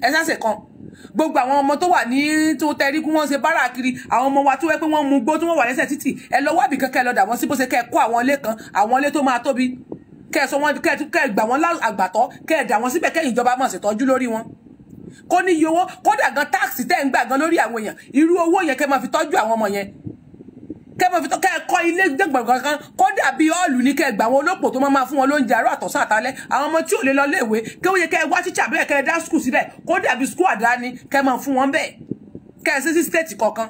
ẹ sá ṣe kan gbogbo àwọn ọmọ tó wà ní tó tẹríkú wọn ṣe bára kiri àwọn ọmọ wa tó wẹ pé wọn mu gbó tó wọn wà lẹ́sẹ̀ títì ẹ lọ wábì kankan ẹ lọ dà wọn sí bó ṣe kẹ kó àwọn ilé kan àwọn ilé tó máa tóbi kẹ sọ wọn kẹ kẹ gbà wọn àgbàtọ́ kẹ dà wọn síbẹ̀ kẹ ìjọba mọ ṣètọ́jú lórí wọn kó ní iye owó kódà gan táàsì tẹ ń gbà gan lórí àwọn èèyàn irú owó yẹn kẹ máa fi tọ́jú àwọn ọmọ yẹn kẹ máa fi tọ kẹ ilé gbẹ̀gbọ̀n kankan kódà bíi ọ́ọ̀lù ní kẹ́ gbà àwọn olóòpò tó máa fún wọn lóúnjẹ àárọ̀ àtọ̀sán àtàlẹ́ àwọn ọmọ tí ò lè lọ léèwé kí ó yẹ kẹ́ wá tíṣà bẹ́ẹ̀ kẹ́ dá skul síbẹ̀ kódà bíi skul àdáni kẹ́ máa fún wọn bẹ́ẹ̀ kẹ́ ẹ sí sí stéètì kankan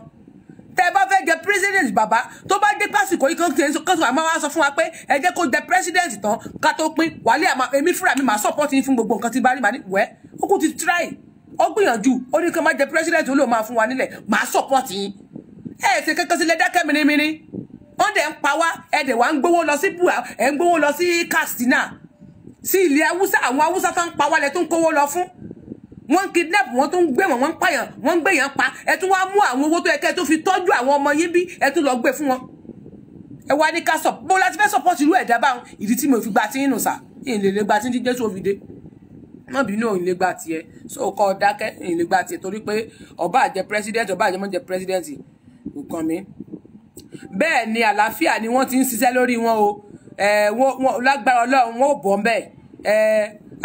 tẹ bá fẹ́ jẹ president bàbá tó bá dé pásìkò yìí kan tó àmọ́ wá sọ fún wa pé ẹ jẹ́ kó jẹ president tán ká tó pín wálé èmi fúnra mi màá support yín ṣe kankan sílẹ̀ dákẹ́ mìíràn mìíràn wọ́n dẹ̀ ń pa wá ẹ̀dẹ̀ wá ń gbowó lọ sí bua ẹ̀ ń gbowó lọ sí Katsina sí ilẹ̀ haúsá àwọn haúsá tó ń pa wá lẹ̀ tó ń kówó lọ fún wọ́n ń kidnap wọ́n tó ń gbé wọn wọ́n ń pààyàn wọ́n ń gbé yàn pa ẹ tún wá mú àwọn owó tó yẹ kẹ́ ẹ tó fi tọ́jú àwọn ọmọ yín bí ẹ tún lọ gbé fún wọn ẹ wá ní ká sọ bó láti fẹ́ support ìlú ẹ̀dá báwọn ìdí tí mo fi gba tí ń nù sá ìlèlè gba tí ń díje tó fi dé wọn bínú òun lè gba tiẹ̀ so kọ dákẹ́ ìlè gba tiẹ̀ torí pé ọba àjẹ president ọba àjẹmọ jẹ president kò kàn mí bẹ́ẹ̀ ni àlàáfíà ni wọ́n ti ń ṣiṣẹ́ lórí wọn o lágbára ọlọ́run wọn ò bọ́ mbẹ́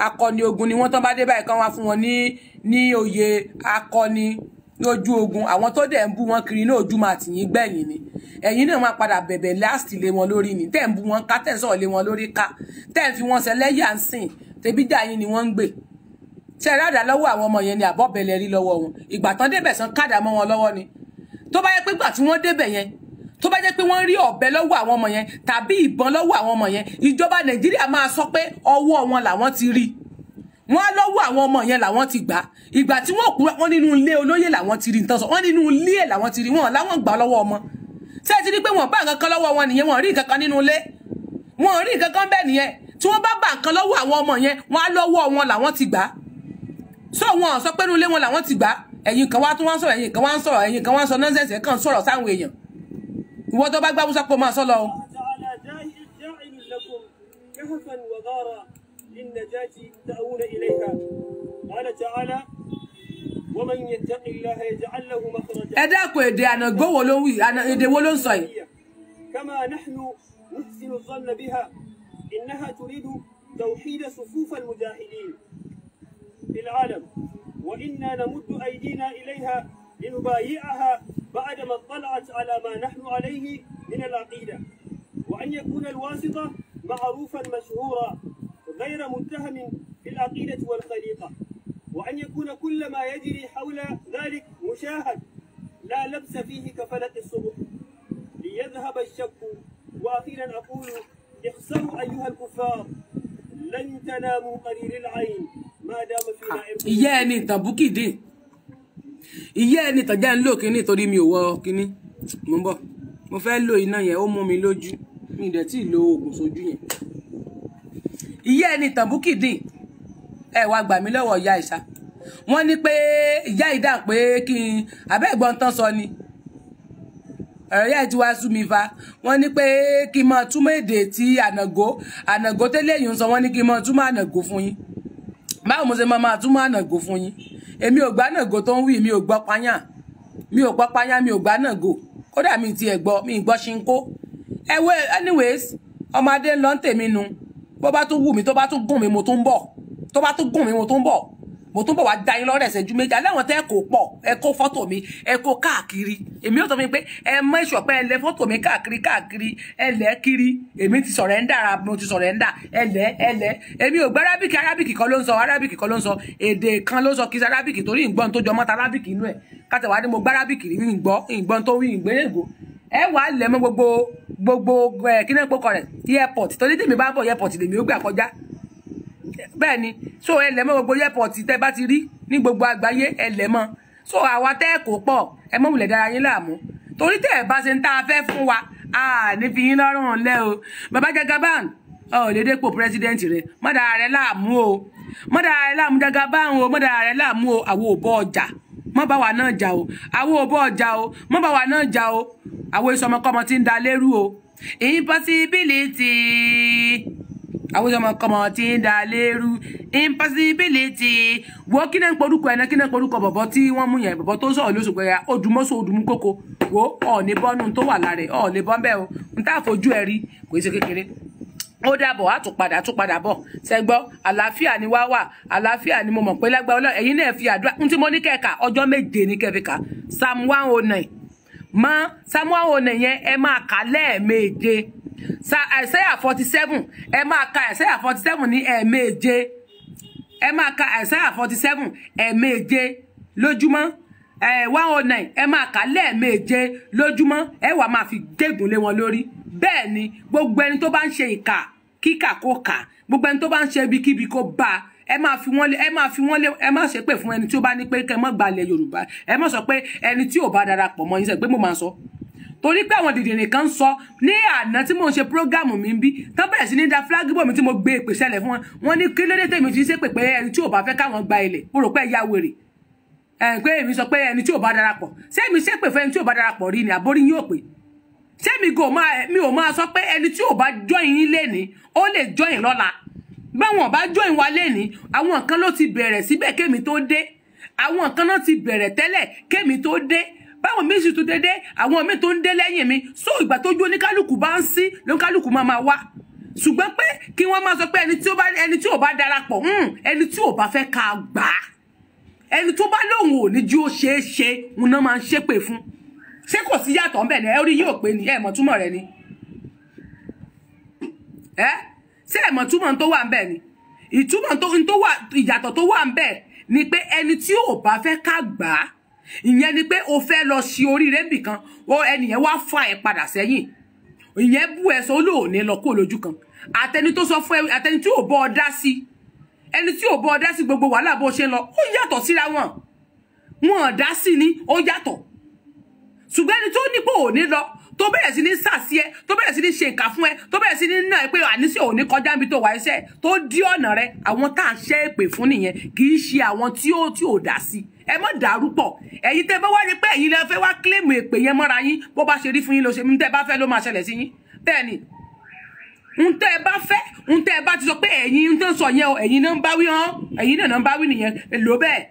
akọni ogun ni wọ́n tán bá dé báyìí kan wá fún wọn ní ní oyè akọni lójú ogun àwọn tó dẹ̀ ń bú wọn kiri ní máa tì yín gbẹ̀yìn ni ẹ̀yin náà máa padà bẹ̀bẹ̀ láàsì lé wọn lórí ni tẹ́ ń bú wọn ká tẹ́ ń sọ̀rọ̀ lé wọn lórí ká tẹ́ ń fi wọn ṣẹlẹ́yà ń sìn tẹbí dà yín ni wọ́n ń gbè ṣe rádà lọ́wọ́ àwọn ọmọ yẹn ni àbọ̀bẹ̀lẹ̀ rí lọ́wọ́ wọn ìgbà tán débẹ̀ sàn kádà mọ́ wọn lọ́wọ́ ni tó bá yẹ pé gbà tí wọ́n débẹ̀ yẹn tó bá jẹ́ pé wọ́n rí ọ̀bẹ lọ́wọ́ àwọn ọmọ yẹn tàbí ìbọn lọ́wọ́ àwọn ọmọ yẹn ìjọba nàìjíríà máa sọ pé ọwọ́ wọn làwọn ti rí wọn á lọ́wọ́ àwọn ọmọ yẹn làwọn ti gbà ìgbà tí wọ́n kú wọn nínú ilé olóyè làwọn ti rí nǹkan sọ wọn nínú ilé ẹ̀ làwọn ti rí wọn làwọn gbà lọ́wọ́ ọmọ ṣé ẹ ti rí pé wọn bá nǹkan kan lọ́wọ́ wọn nìyẹn wọn rí nǹkan kan nínú ilé wọn rí nǹkan kan bẹ́ẹ̀ nìyẹn tí wọ́n bá bá nǹkan lọ́wọ́ àwọn ọmọ yẹn wọn á lọ́wọ́ wọn làwọn ti gbà so wọn sọ pé nínú ilé wọn làwọn ti gbà ẹ̀yin kan wá tún wá ń sọ̀rọ̀ ẹ̀yin kan wá sọ̀rọ̀ ẹ̀yin kan wá sọ nọ́ńsẹ̀sì ẹ̀ sọ̀rọ̀ sáwọn èèyàn ìwọ tó bá gbá Musa kó máa sọ lọ. ẹ dákun èdè ànágbó wo ló ń wí èdè wo ló ń sọ yìí. كما نحن نحسن الظن بها إنها تريد توحيد صفوف المجاهدين في العالم وإنا نمد أيدينا إليها لنبايعها بعدما اطلعت على ما نحن عليه من العقيدة وأن يكون الواسطة معروفا مشهورا غير متهم في العقيدة والخليقة وأن يكون كل ما يجري حول ذلك مشاهد لا لبس فيه كفلة الصبح ليذهب الشك وأخيرا أقول اخسروا أيها الكفار لن تناموا قليل العين ما دام في نائمكم يعني تبوكي دي Iye ẹni tọ̀já ń lò kíní torí mi ò wọ kíní mo ń bọ̀ mo fẹ́ lo iná yẹn ó mú mi lójú mi ì dẹ̀ tí ì lo oògùn sójú yẹn ìyá ẹni tàbúkìdìn ẹ wá gbà mí lọ́wọ́ ìyá ìṣá wọ́n ní pé ìyá ìdá pé kí n abẹ́gbọ́n tán sọ ni ọ̀rọ̀ yá ti wá sú mi fa wọ́n ní pé kí n máa túmọ̀ èdè tí ànàgó ànàgó tẹ́lẹ̀ yìí ń sọ wọ́n ní kí n máa túmọ̀ ànàgó fún yín báwo mo ṣe máa máa túmọ̀ ànàgó fún yín èmi ò gbá nàgò tó ń wí mi ò gbọ́ payán mi ò gbọ́ payán mi ò gbá nàgò kódà mi ti ẹ̀ gbọ́ mi ì gbọ́ ṣinkó ẹ wé anyways ọmọdé ń lọ ń tèmi nu bó bá tún wù mí tó bá tún gùn mí mo tún bọ̀ tó bá tún gùn mí mo tún bọ̀ mo tún bọ̀ wá dá yín lọ́rẹ̀ ẹ̀sẹ̀jú méjì aláwọn tẹ́ kó pọ̀ ẹ kó fọ́tò mi ẹ kó káàkiri èmi ò tọ́ mi pé ẹ mọ ìṣọ̀ pé ẹ lẹ fọ́tò mi káàkiri káàkiri ẹ lẹ́ kiri èmi ti sọ̀rẹ́ndà ara mo ti sọ̀rẹ́ndà ẹ lẹ́ ẹ lẹ́ èmi ò gbọ́ arábìkì arábìkì kan ló ń sọ arábìkì kan ló ń sọ èdè kan ló ń sọ kí arábìkì torí ìgbọ́n tó jọmọ́ta arábìkì inú ẹ̀ kátàwá ni mo gbọ́ arábìkì rí ìgbọ́n ìgbọ́n tó wí ìgbélégo ẹ wà á lẹ̀ mọ́ gbogbo gbogbo ẹ kí náà pọkọ rẹ airport torí tèmi bá bọ̀ airport lèmi ó gbà kọjá bẹ́ẹ̀ so so ẹlẹ́mọ gbogbo airport tẹ́ bá ti rí ní gbogbo àgbáyé ẹlẹ́mọ so àwa tẹ́ kó pọ̀ ẹ mọ̀ wùlẹ̀ dára yín láàmú torí tẹ́ ẹ bá ṣe ń tá a fẹ́ fún wa a ní fi yín lọ́rùn lẹ́ o bàbá Jagaban ọ̀ lè dépò president rẹ mọ́dà rẹ láàmú o mọ́dà rẹ láàmú Jagaban o mọ́dà rẹ láàmú o àwọn òbọ̀ ọjà mọ́ bá wa náà jà o àwọn òbọ̀ ọjà o mọ́ bá wa náà jà o àwọn ìsọmọkọmọ ti ń da lérú o impossibility àwòjọmọ kọmọ tí ń da lérú impossibility wo kí náà ń porúkọ ẹ̀nà kí náà ń porúkọ bọ̀bọ̀ tí wọ́n mú yẹn bọ̀bọ̀ tó sọ̀rọ̀ lóṣù pé ah, odùmọ́sọ odùmú kókó wo ọ̀ọ́nì bọ́nú tó wà lára ẹ̀ ọ̀ọ́nì bọ́n bẹ́ẹ̀ o n tá àfojú ẹ̀ rí kò í ṣe kékeré ó dàbọ̀ á tún padà tún padà bọ̀ ṣẹgbọ́ àlàáfíà ni wá wà àlàáfíà ni mo mọ̀ pé lágbára ọlọ́run ẹ̀yin náà fi àdúrà ń tí mo ní kẹ́ẹ̀ka ọjọ́ méje ní kẹ́ẹ̀fíkà psalm one oh nine mọ́ psalm one oh nine yẹn ẹ máa kà lẹ́ẹ̀méje Isaiah forty seven ẹ ka Isaiah forty seven ní ẹ̀ẹ̀méje ẹ máa ka Isaiah forty seven ẹ̀ẹ̀méje lójúmọ́ one oh nine ẹ máa kà lẹ́ẹ̀méje lójúmọ́ ẹ wàá máa fi gégùn lé wọn lórí bẹ́ẹ̀ ni gbogbo ẹni tó bá ń ṣe ìkà kíkà kó kà gbogbo ẹni tó bá ń ṣe ibikíbi kó bá a ẹ máa fi wọn lé ẹ máa fi wọn lé ẹ má ṣe pé fún ẹni tí ó bá ní pé kẹ́ mọ́ gbalẹ̀ Yorùbá ẹ má sọ pé ẹni tí ò bá darapọ̀ mọ́ yín sẹ́ pé mo máa sọ torí pé àwọn dìdìrì kan ń sọ ní àná tí mò ń ṣe prógámù mi bí tán bẹ̀rẹ̀ sí ní da flagibo mi tí mo gbé ìpèsè ẹlẹ̀ fún wọn wọn ní kí lóde tèmi ti ṣe pè pé ẹni tí ò bá fẹ́ káwọn gba ilẹ̀ mo rò pé ẹ̀yà wèrè pé èmi sọ pé ẹni tí ò bá darapọ̀ ṣé èmi ṣe pè fún ẹni tí ò bá darapọ̀ rí ni àbórí yín ò pé ṣé mi kò máa mi ò máa sọ pé ẹni tí ò bá join yín lénìí ó lè join lọ́la báwọn bá join wa lénìí àwọn kan ló ti bẹ̀rẹ̀ síbẹ̀ kémi tó dé àwọn kan náà ti bẹ̀rẹ̀ tẹ́lẹ̀ kémi tó dé báwọn méjì tó dédé àwọn míì tó ń dé lẹ́yìn mi só ìgbà tójú oníkálukú bá ń sí lóníkálukú máa máa wá ṣùgbọ́n pé kí wọ́n máa sọ pé ẹni tí ó bá ẹni tí ò bá darapọ̀ hmm, ẹni tí ò bá fẹ́ ká gbà á ẹni tó bá lóun ò ní ju ó ṣeé ṣe òun náà máa ń ṣépè fún ṣé kò sí yàtọ̀ ńbẹ̀ ni ẹ orí yóò pé ni ẹ mọ̀ túmọ̀ rẹ ni ẹ ṣé ẹ mọ̀ túmọ̀ tó wà ńbẹ̀ ni ìtumọ̀ tó wà ìyàtọ̀ tó wà ńbẹ̀ ni pé ẹni tí ò bá fẹ́ ká gbà á ìyẹn ni pé o fẹ́ lọ ṣe oríire nbìkan o ẹnìyẹn wá fà ẹ́ padà sẹ́yìn ìyẹn bú ẹ sọ olóòní lọ kó lójú kan àtẹni tó sọ fún ẹ àtẹni tí ò bọ ọ dá sí ẹni tí ò bọ ọ dá sí gbogbo wàhálà bó ṣe ń lọ ó yàtọ̀ síra wọn wọn dá sí ni ó yàtọ̀ ṣùgbọ́n ẹni tó nípò òní lọ tó bẹ̀rẹ̀ sí ní sàsí ẹ tó bẹ̀rẹ̀ sí ní ṣe ìkà fún ẹ tó bẹ̀rẹ̀ sí ní nà ẹ pé àníṣe òní kọjá níbi tó wà iṣẹ́ tó dí ọ̀nà rẹ àwọn tá à ń ṣe èpè fún nìyẹn kì í ṣe àwọn tí ó tí ò dá sí i ẹ má dàrú pọ̀ ẹ̀yin tẹ́ bá wá rí pé ẹ̀yin lẹ fẹ́ wá kílèmù èpè yẹn mọ́ra yín bó bá ṣe rí fún yín ló ṣe mí tẹ́ bá fẹ́ ló máa ṣẹlẹ̀ sí yín bẹ́ẹ̀ ni ń tẹ́ ẹ bá fẹ́ ń tẹ́ ẹ bá ti sọ pé ẹ̀yin ń tẹ́ sọ yẹn o ẹ̀yin náà ń báwí hàn ẹ̀yin náà ń báwí nìyẹn èlò bẹ́ẹ̀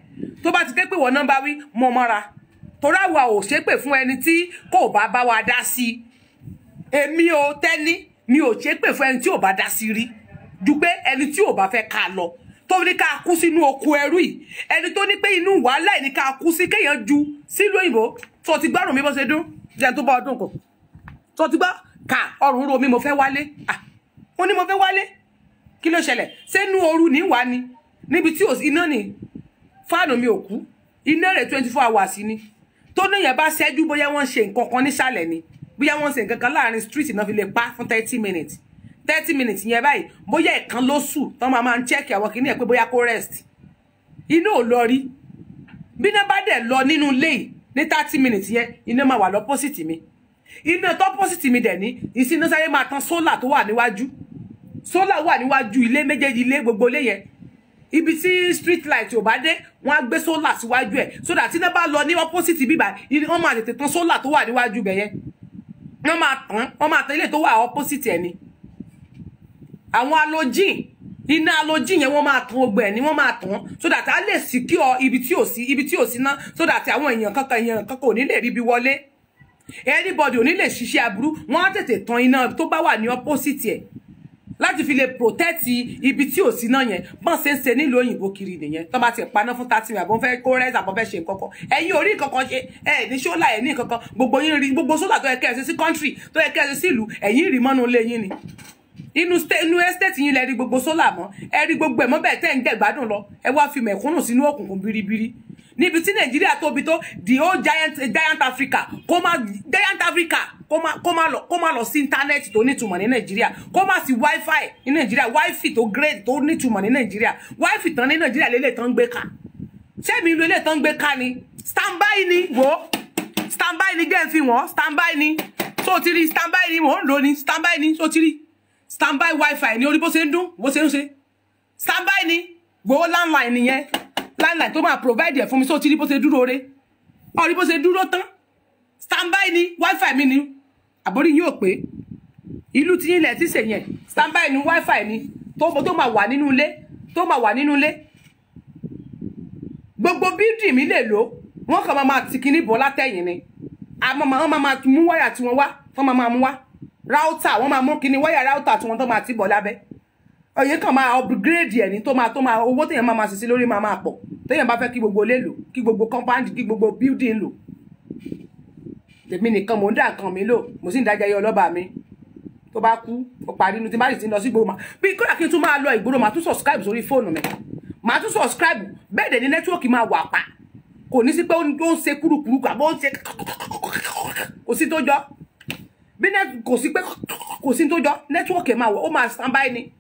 tó bá ti dé pé wọ́n náà ń báwí mọ́ mọ́ra torí àwa ò ṣépè fún ẹni tí kò bá bá wa dá sí i èmi ò tẹ́ni mi ò ṣépè fún ẹni tí ò bá dá sí rí ju pé ẹni tí ò bá fẹ́ ká lọ tó ní ká kú sínú oko ẹrú yìí ẹni tó ní pé inú wàhálà ẹ̀ ní ká kú sí kéèyàn ju sílùú òyìnbó tó ti gbárùn mi bó ṣe dún jẹ́ tó bá ọdún kò tó ti gbá ká ọrùn ro mi mo fẹ́ wálé ó ní mo fẹ́ wálé kí ló ṣẹlẹ̀ ṣé inú ooru ní wà ni níbi tí iná ni fáànù mi ò kú iná rẹ̀ twenty four hours ni tó ní yẹn bá ṣẹ́jú bóyá wọ́n ṣe nǹkan kan nísàlẹ̀ ni bóyá wọ́n ṣe nǹkan kan láàrin street náà fi lè pa fún thirty minutes thirty minutes yẹn báyìí bóyá ìkan lóṣù tán máa máa ń check àwọn kìíní ẹ̀ pé bóyá kó rest iná ò lọ rí bí iná bá dẹ̀ lọ nínú ilé yìí ní thirty minutes yẹn iná máa wà lọ́pọ́sìtì mi iná tọ́pọ́sìtì mi dẹ̀ ní ìsiná sáré máa tan sólà tó wà níwájú sólà wà níwájú ilé méjèèjì ilé gbogbo ilé yẹn ibi tí street light ò bá dé wọn á gbé sólà síwájú ẹ so that iná bá lọ ní opposite bíbá wọn máa tètè tán sólà tó wà níwájú bẹ yẹn wọn máa tán wọn máa tán ilé tó wà opposite ẹ ni àwọn alójìn iná alójìn yẹn wọ́n máa tan ogbẹ ni wọ́n máa tàn so that a lè secure ibi tí ò sí ibi tí ò sí ná so that àwọn èèyàn kankan èèyàn kankan ò ní lè ríbi wọlé anybody ò ní lè ṣiṣẹ́ aburú wọ́n á tètè tan iná tó bá wà ní opposite ẹ̀ láti fi lè protect ibi tí ò sí náà yẹn bọ́n ṣe ń ṣe nílùú òyìnbó kiri nìyẹn tó bá ti paná fún thirty minutes àbọ̀n fẹ́ kó rẹ́sì àbọ̀n fẹ́ ṣe nǹkankan ẹ̀yin orí nǹkankan ṣe ẹ̀ ní ṣọ́là ẹ̀ ní nǹkankan gbogbo yín rí gbogbo sólà tó yẹ kẹ́ ẹ̀ ṣe sí country tó yẹ kẹ́ ẹ̀ ṣe sí ìlú ẹ̀yin rí mọ́nú ilé yín ni inú inú estate yín lẹ rí gbogbo sólà mọ́ ẹ rí gbogbo ẹ̀ mọ́ bẹ́ẹ̀ tẹ́ ń gẹ̀gbádùn lọ ẹ wá fi mẹ̀kúnnù sínú òkùnkùn biribiri níbi tí nàìjíríà tóbi tó the old giant giant africa kó má giant africa kó má kó má lọ kó má lọ sí íńtánẹ́ẹ̀tì tó nítumọ̀ ní nàìjíríà kó má sí wifi ní nàìjíríà wifi tó great tó nítumọ̀ ní nàìjíríà wifi tán ní nàìjíríà lélẹ̀ tán ń gbé ká sẹ́mi ìlú ilé tán ń gbé ká ni standby ni wò standby ni jẹ́ ń fi wọ́n standby ni tó ti rí standby ni mò ń lò Stand by ni tó ti standby wifi ní orí bó ṣe ń dún bó ṣe ń ṣe standby ni gbowó landline nìyẹn landline tó máa provide ẹ̀ fún mi sóò tí rí bó ṣe dúró re orí bó ṣe dúró tán standby ni wifi mi ni àbórí yín ò pé ìlú tí yín lẹ̀ ti ṣe yẹn standby ni wifi ni tó tó máa wà nínú ilé tó máa wà nínú ilé gbogbo bídì mi lè lò wọn kàn máa máa tì kíní bọ́ látẹ̀yìn ni A wọn máa máa mú wáyà tí wọ́n wá wọ́n máa máa mú wá ráútà wọ́n máa mú kíní wáyà ráútà tí wọ́n tó máa ti bọ̀ lábẹ́ òye kan máa upgrade ẹni tó máa tó máa owó téèyàn máa máa sì sí lórí máa máa pọ̀ téèyàn bá fẹ́ kí gbogbo ilé lò gbogbo compound kí gbogbo building lo tèmi nìkan mò ń dà nǹkan mi lò mo sì ń dájẹ́ yọ ọlọ́ba mi tó bá kú ó parí inú tí bá sì ti lọ sí gbòòrò bí kódà kí n tún máa lọ ìgboro màá tún subscribe sórí fóònù mi màá tún subscribe bẹ́ẹ̀ dẹ̀ ní nẹ́tíwọ́ọ̀kì máa wà pa kò ní sí pé ó ń ṣe kúrukùrukù àbó ó ń ṣe kò sí tó jọ bí kò sí pé kò sí tó jọ nẹ́tíwọ̀kì ẹ̀ máa wọ̀ ó máa stand by ni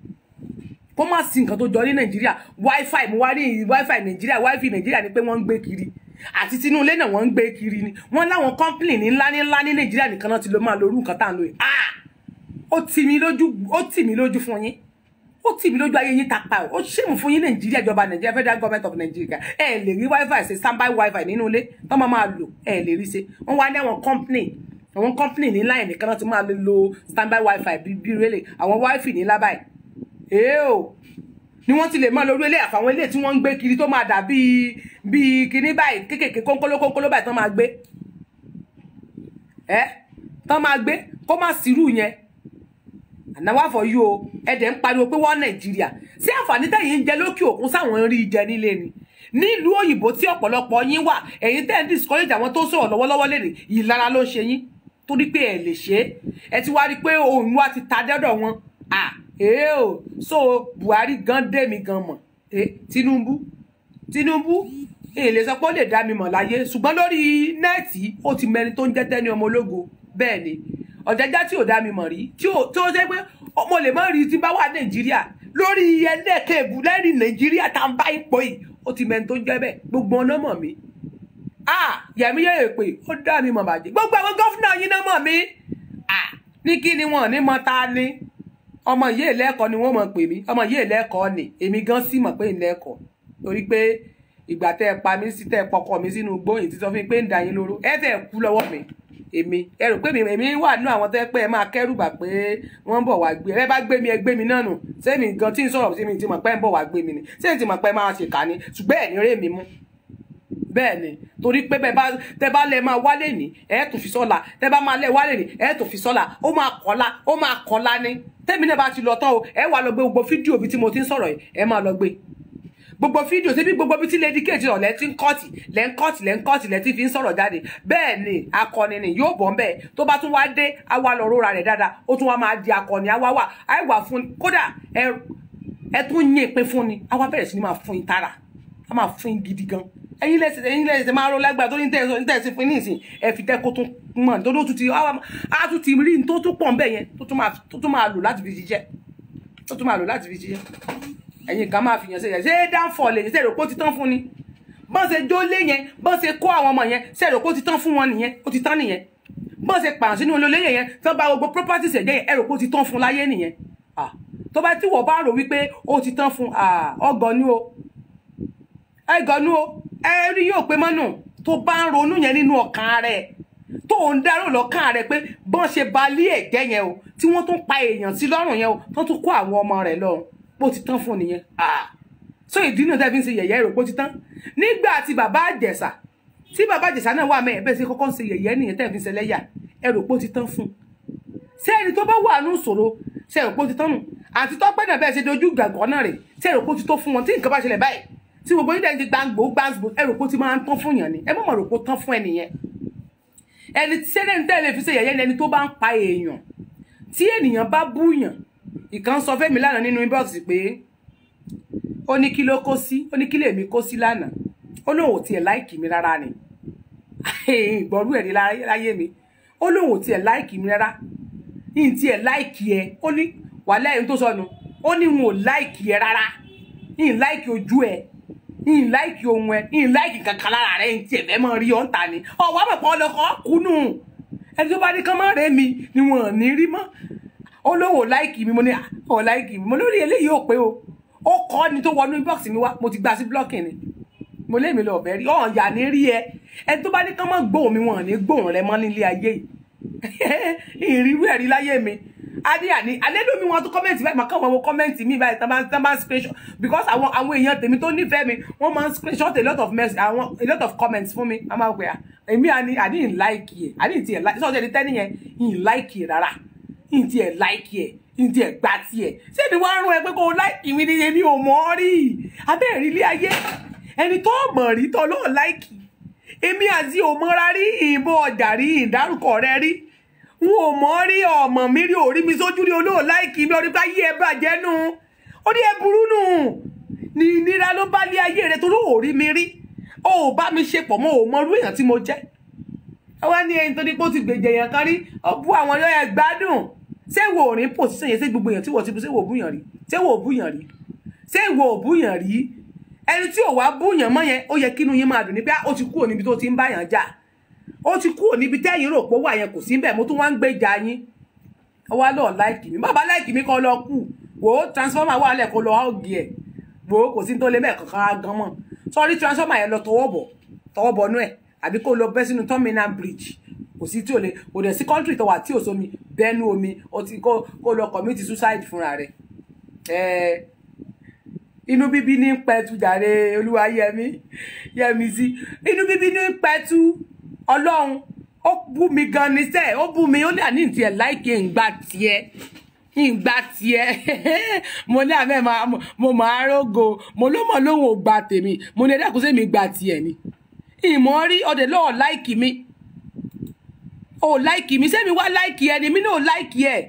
kó má sí nǹkan tó jọ ní nàìjíríà wifi mo wá rí wifi nàìjíríà wifi nàìjíríà ni pé wọ́n ń gbé kiri àti tinú ilé náà wọ́n ń gbé kiri ni wọ́n láwọn kọ́ńpìnì ńlá ńlá ní nàìjíríà nìkan náà ti lọ máa lórú nǹkan tá à ń lò yìí ah ó tì mí lójú ó tì mí lójú fún yín ó tì mí lójú ayé yín tapa ó ṣèmù fún yín nàìjíríà ìjọba nàìjíríà federal government of nigeria ẹ lè rí wifi ṣe standby wifi nínú ilé tọ́mọ máa lò ẹ lè rí ṣe wọ́n wá ní àwọn kọ́ńpìnì àwọn company ní line nìkan náà ti máa lè lo standby wifi bí rélè àwọn wifi ní lábàáyé èé o ni wọ́n ti lè máa lórí ilé àfàwọn ilé tí wọ́n ń gbé kiri tó máa dà bíi bíi kíní báyìí kékèké kónkóló kónkóló báyìí tán máa gbé ẹ tán máa gbé kó má sírù yẹn ànáwá fọ yí o ẹdẹ ń pariwo pé wọn nàìjíríà sí àǹfààní tẹ̀yin ń jẹ lókè òkun sáwọn rí jẹ nílé ni nílùú òyìnbó tí ọ̀pọ̀lọpọ̀ yín wà ẹ̀yin tẹ ń discourage àwọn tó sọ̀rọ̀ lọ́wọ́lọ́wọ́ lẹni ìlara ló ṣe yín torí pé ẹ lè ṣe é ẹ ti wá rí pé òun wá ti ta dọ́dọ̀ wọn à o so Buhari gan dé mi gan mọ̀ ẹ Tinubu Tinubu èlé sọ pé ó lè dá mi mọ̀ láyé ṣùgbọ́n lórí nẹ́ẹ̀tì ó ti mẹni tó ń jẹ́ Tẹ́ni ọmọ ológo bẹ́ẹ̀ ni ọ̀jẹ̀já tí ò dá mi mọ̀ rí tí ó tó ṣe pé mo lè mọ̀ rí tí bá wà Nàìjíríà lórí ẹlẹ́ẹ̀kẹ́ẹ̀bù lẹ́rìn Nàìjíríà tá à ń bá ipò yìí ó ti mẹni tó ń jẹ́ bẹ́ẹ̀ gbogbo ọ̀nà mọ̀ mi yẹmi yẹ èpè ó dá mi mọ̀ bàjẹ́ gbogbo àwọn gọ́fúnà yín náà mọ̀ mí ah, ní kí ni wọn ní mọ ta ni ọmọ yìí lẹ́kọ̀ọ́ ni wọ́n mọ̀ pè mí ọmọ yìí lẹ́kọ̀ọ́ ni èmi gan sì mọ̀ pé ìlẹ́kọ̀ọ́ torí pé ìgbà tẹ́ ẹ pa mí sí tẹ́ ẹ pọkọ mi sínú igbó yìí títọ́ fún mi pé ń da yín lóró ẹ tẹ́ ẹ kú lọ́wọ́ mi èmi ẹ pé èmi wà nínú àwọn tẹ́ pé ẹ máa kẹ́rù bà pé wọ́n ń wá gbé ẹ bá gbé mi ẹ gbé mi náà nù sẹ́mi gan tí ń sọ̀rọ̀ sí mi ti mọ̀ pé ń bọ̀ wá gbé mi ni sẹ́mi ti mọ̀ pé máa ṣèkà ni ṣùgbọ́n ẹ̀ ní rèé mi mú bẹ́ẹ̀ ni torí pé bẹ́ẹ̀ bá tẹ́ bá lẹ máa wálé ní ẹ tún fi sọ́la tẹ́ bá máa lẹ wálé ní ẹ tún fi sọ́la ó máa kọ́la ó máa kọ́la ni tẹ́mi náà bá ti lọ tán o ẹ wà lọ gbé gbogbo fídíò bíi tí mo ti ń sọ̀rọ̀ yìí ẹ máa lọ gbé gbogbo fídíò síbi gbogbo bíi tí lady kejì ọ̀lẹ́ ti ń kọ́ọ̀tì lẹ́ ń kọ́ọ̀tì lẹ́ ń kọ́ọ̀tì lẹ́ ti fi ń sọ̀rọ̀ jáde bẹ́ẹ̀ ni akọni ni yóò bọ̀ ń bẹ́ẹ̀ tó bá tún wá dé àwa lọ rora rẹ̀ dáadáa ó tún wá máa di akọni àwa wà àìwà fún kódà ẹ tún yín pé fún ni àwa bẹ̀rẹ̀ sí ni máa fún yín tára a máa fún yín gidi gan ẹ̀yin lẹsẹ ẹ̀yin lẹsẹ máa rọ lágbára tó ní tẹsọ ní tẹsí fún yín nísìn ẹ fi tẹkọ tó mọ nítorí ó tún ti á tún ti rí tó tún pọ̀ nbẹ yẹn tó tún máa lò láti fi jíjẹ tó tún máa lò láti fi jíjẹ ẹ̀yin kan máa fi yàn sẹ́yìn ṣé dáńfọ̀ lè ṣe èrò kó ti tán fún ni bọ́n ṣe jólé yẹn bọ́n ṣe kó àwọn ọmọ yẹn ṣe èrò kó ti tán fún wọn nìyẹn ó ti tán nìyẹn bọ́n ṣe pààrọ̀ sínú olóléyè yẹn tó bá gbogbo properties ẹ̀jẹ̀ yẹn èrò kó ti tán fún láyé nìyẹn tó bá tí wọ́n bá rò wípé ó ti tán fún ọgọ́ ni o ẹ gànú o ẹ rí yóò pé mọ́nù tó bá ń ronú yẹn nínú ọkàn rẹ̀ tó ń dárò lọ́kàn rẹ̀ pé bọ́n ṣe balí ẹ̀gẹ́ yẹn o tí wọ́n tún pa èèyàn sí lọ́rùn yẹn o tó tún kó àwọn ọmọ rẹ̀ lọ bó ti tán fún nìyẹn so ìdí náà tẹ́ fi ń ṣe yẹ̀yẹ́ rò bó ti tán nígbà tí bàbá àjẹsà tí bàbá àjẹsà náà wà mẹ́ẹ̀ bẹ́ẹ̀ sí kọ́kọ́ ń ṣe yẹ̀yẹ́ nìyẹn tẹ́ fi ń ṣe lẹ́yà ẹ rò bó ti tán fún ṣé ẹni tó bá wà ní ìṣòro ṣe rò bó ti tán nù àti tọ́pẹ́ náà bẹ́ẹ̀ ṣe dojú gàgọ́ náà rè ṣe rò bó ti tó fún wọn tí nǹkan bá ṣẹlẹ̀ báyìí tí gbogbo yín dẹ̀ di gbàngbò gbàngbò ẹ rò pé ó ti máa ń tán fún yàn ni ẹ mọ̀ mọ̀ rò pé ó tán fún ẹ nìyẹn ẹni sẹ́dẹ̀ni tẹ́lẹ̀ fi ṣe yẹ̀yẹ́ ni ẹni tó bá ń pa èèyàn tí ènìyàn bá búyàn ìkan sọ fẹ́mi lánàá nínú inbox pé ó ní kí ló kó sí ó ní kí lèmi kó sí lánàá ó lóun ò tiẹ̀ láìkì mi rárá ni ìgbọ́rú ẹ̀rí láyé mi ó lóun ò tiẹ̀ láìkì mi rárá yìí tiẹ̀ láìkì ẹ ó ní wàhálà ẹni tó sọnù ó ní n ò láìkì ẹ rárá yìí láìkì ojú ẹ n láìkì ohun ẹ n láìkì kankan lára rẹ n tiẹ̀ fẹ́ mọ́ rí ọ̀ǹta ni ọ̀wọ́ àpapọ̀ ọlọ́kọ̀ kúnú ẹni tó bá ní kán má rẹ̀ mi ni wọn ò ní rí mọ́ olówó láìkì mi mo ní ọ̀ láìkì mi mo lórí eléyìí ò pé o ó kọ́ ni tó wọnú inbox mi wá mo ti gba sí blọ́ọ̀kì ni mo lé mi lọ ọ̀bẹ rí ọ̀hún yà ní rí ẹ ẹni tó bá ní kán má gbóhùn mi wọn ò ní gbóhùn rẹ mọ́ nílé ayé yìí ìrírú ẹ̀rí láyé mi àríyá ni àlélómi to comment. kọ́mẹ̀ntì báyìí màkà wọn wo kọ́mẹ̀ntì mi báyìí tán bá tán bá screenshot because àwọn àwọn èèyàn tèmi tó nífẹ̀ẹ́ mi wọ́n máa ń screenshot a lot of message àwọn a lot of comments for me. wọ́n máa pè á I didn't like yẹ I didn't tiẹ̀ like So ẹni tẹ́ni yẹn ì like yẹ rárá ì tiẹ̀ like yẹ ìdí ẹ̀gbá tiẹ̀ ṣé èmi wá rún ẹ pé kó o láìkì mi nìyẹn mi ò mọ̀ ọ́ rí abẹ́rẹ́ ilé ayé ẹni tó mọ̀ rí tọ́ lọ́ọ̀ láìkì èmi àti òmọ́ra rí ìbò ọjà rí ìdárúkọ rẹ rí n ò mọ̀ rí ọmọ mi rí orí mi sójú rí olóò láìkí mi orí báyé ẹ bàjẹ́ nu orí ẹ burú nù ní ìnira ló bá lé ayé rẹ torí orí mi rí o ò bá mi ṣe pọ̀ mọ́ o mọ irú èèyàn tí mo jẹ́ ẹ wá ní ẹni tó ní kó ti gbèjẹ èèyàn kan rí ó bú àwọn ọ̀rẹ́ ẹ ṣé wo ò ní pò sí sẹ́yìn sí gbogbo èèyàn tí wọ́n ti bu ṣé wo búyàn rí ṣé wo búyàn rí ṣé wo búyàn rí ẹni tí ò wá búyàn mọ́ yẹn ó yẹ kínú yín máa dùn ní pé ah, ó ti kúrò níbi tó ti ń báyàn jà ó ti kúrò níbi tẹ́yìn rò pé ó wà yẹn kò sí bẹ́ẹ̀ mo tún wá ń gbèjà yín wá lọ́ọ̀ láìkì mi bàbá láìkì mi kọ́ lọ kù wò ó transformer wà lẹ̀ kó lọ ọ̀gì ẹ̀ wò ó kò sí tó lé bẹ́ẹ̀ kankan gan mọ̀ sọ́ọ́rí transformer yẹn lọ tọwọ́ bọ̀ tọwọ́ bọ̀ nú ẹ̀ àbí kó lọ bẹ́ sínú terminal bridge kò sí tí ò lè kò dẹ̀ sí country tó wà tí ò sómi bẹ́nu omi ó ti kó kó lọ commit suicide fúnra rẹ̀ ẹ̀ẹ́ inú bíbí ní pẹ́tù jàre olúwa yẹmi yẹmi sí inú bíbí ní pẹ́tù ọlọ́run ó bú mi gan ni sẹ́ẹ̀ ó bú mi ó ní àní tiẹ̀ láìkè ńgbà tiẹ̀ ìgbà tiẹ̀ mo ní àmẹ́ mo máa rógo mo ló mọ̀ lóhùn ògbà tèmi mo ní ẹ̀dá kó sẹ́mi gbà tiẹ̀ ni ìmọ̀ rí ọdẹ lọ́ọ̀ láìkì mi ò láìkì mi sẹ́mi wá láìkì ẹ ni mi náà láìkì ẹ̀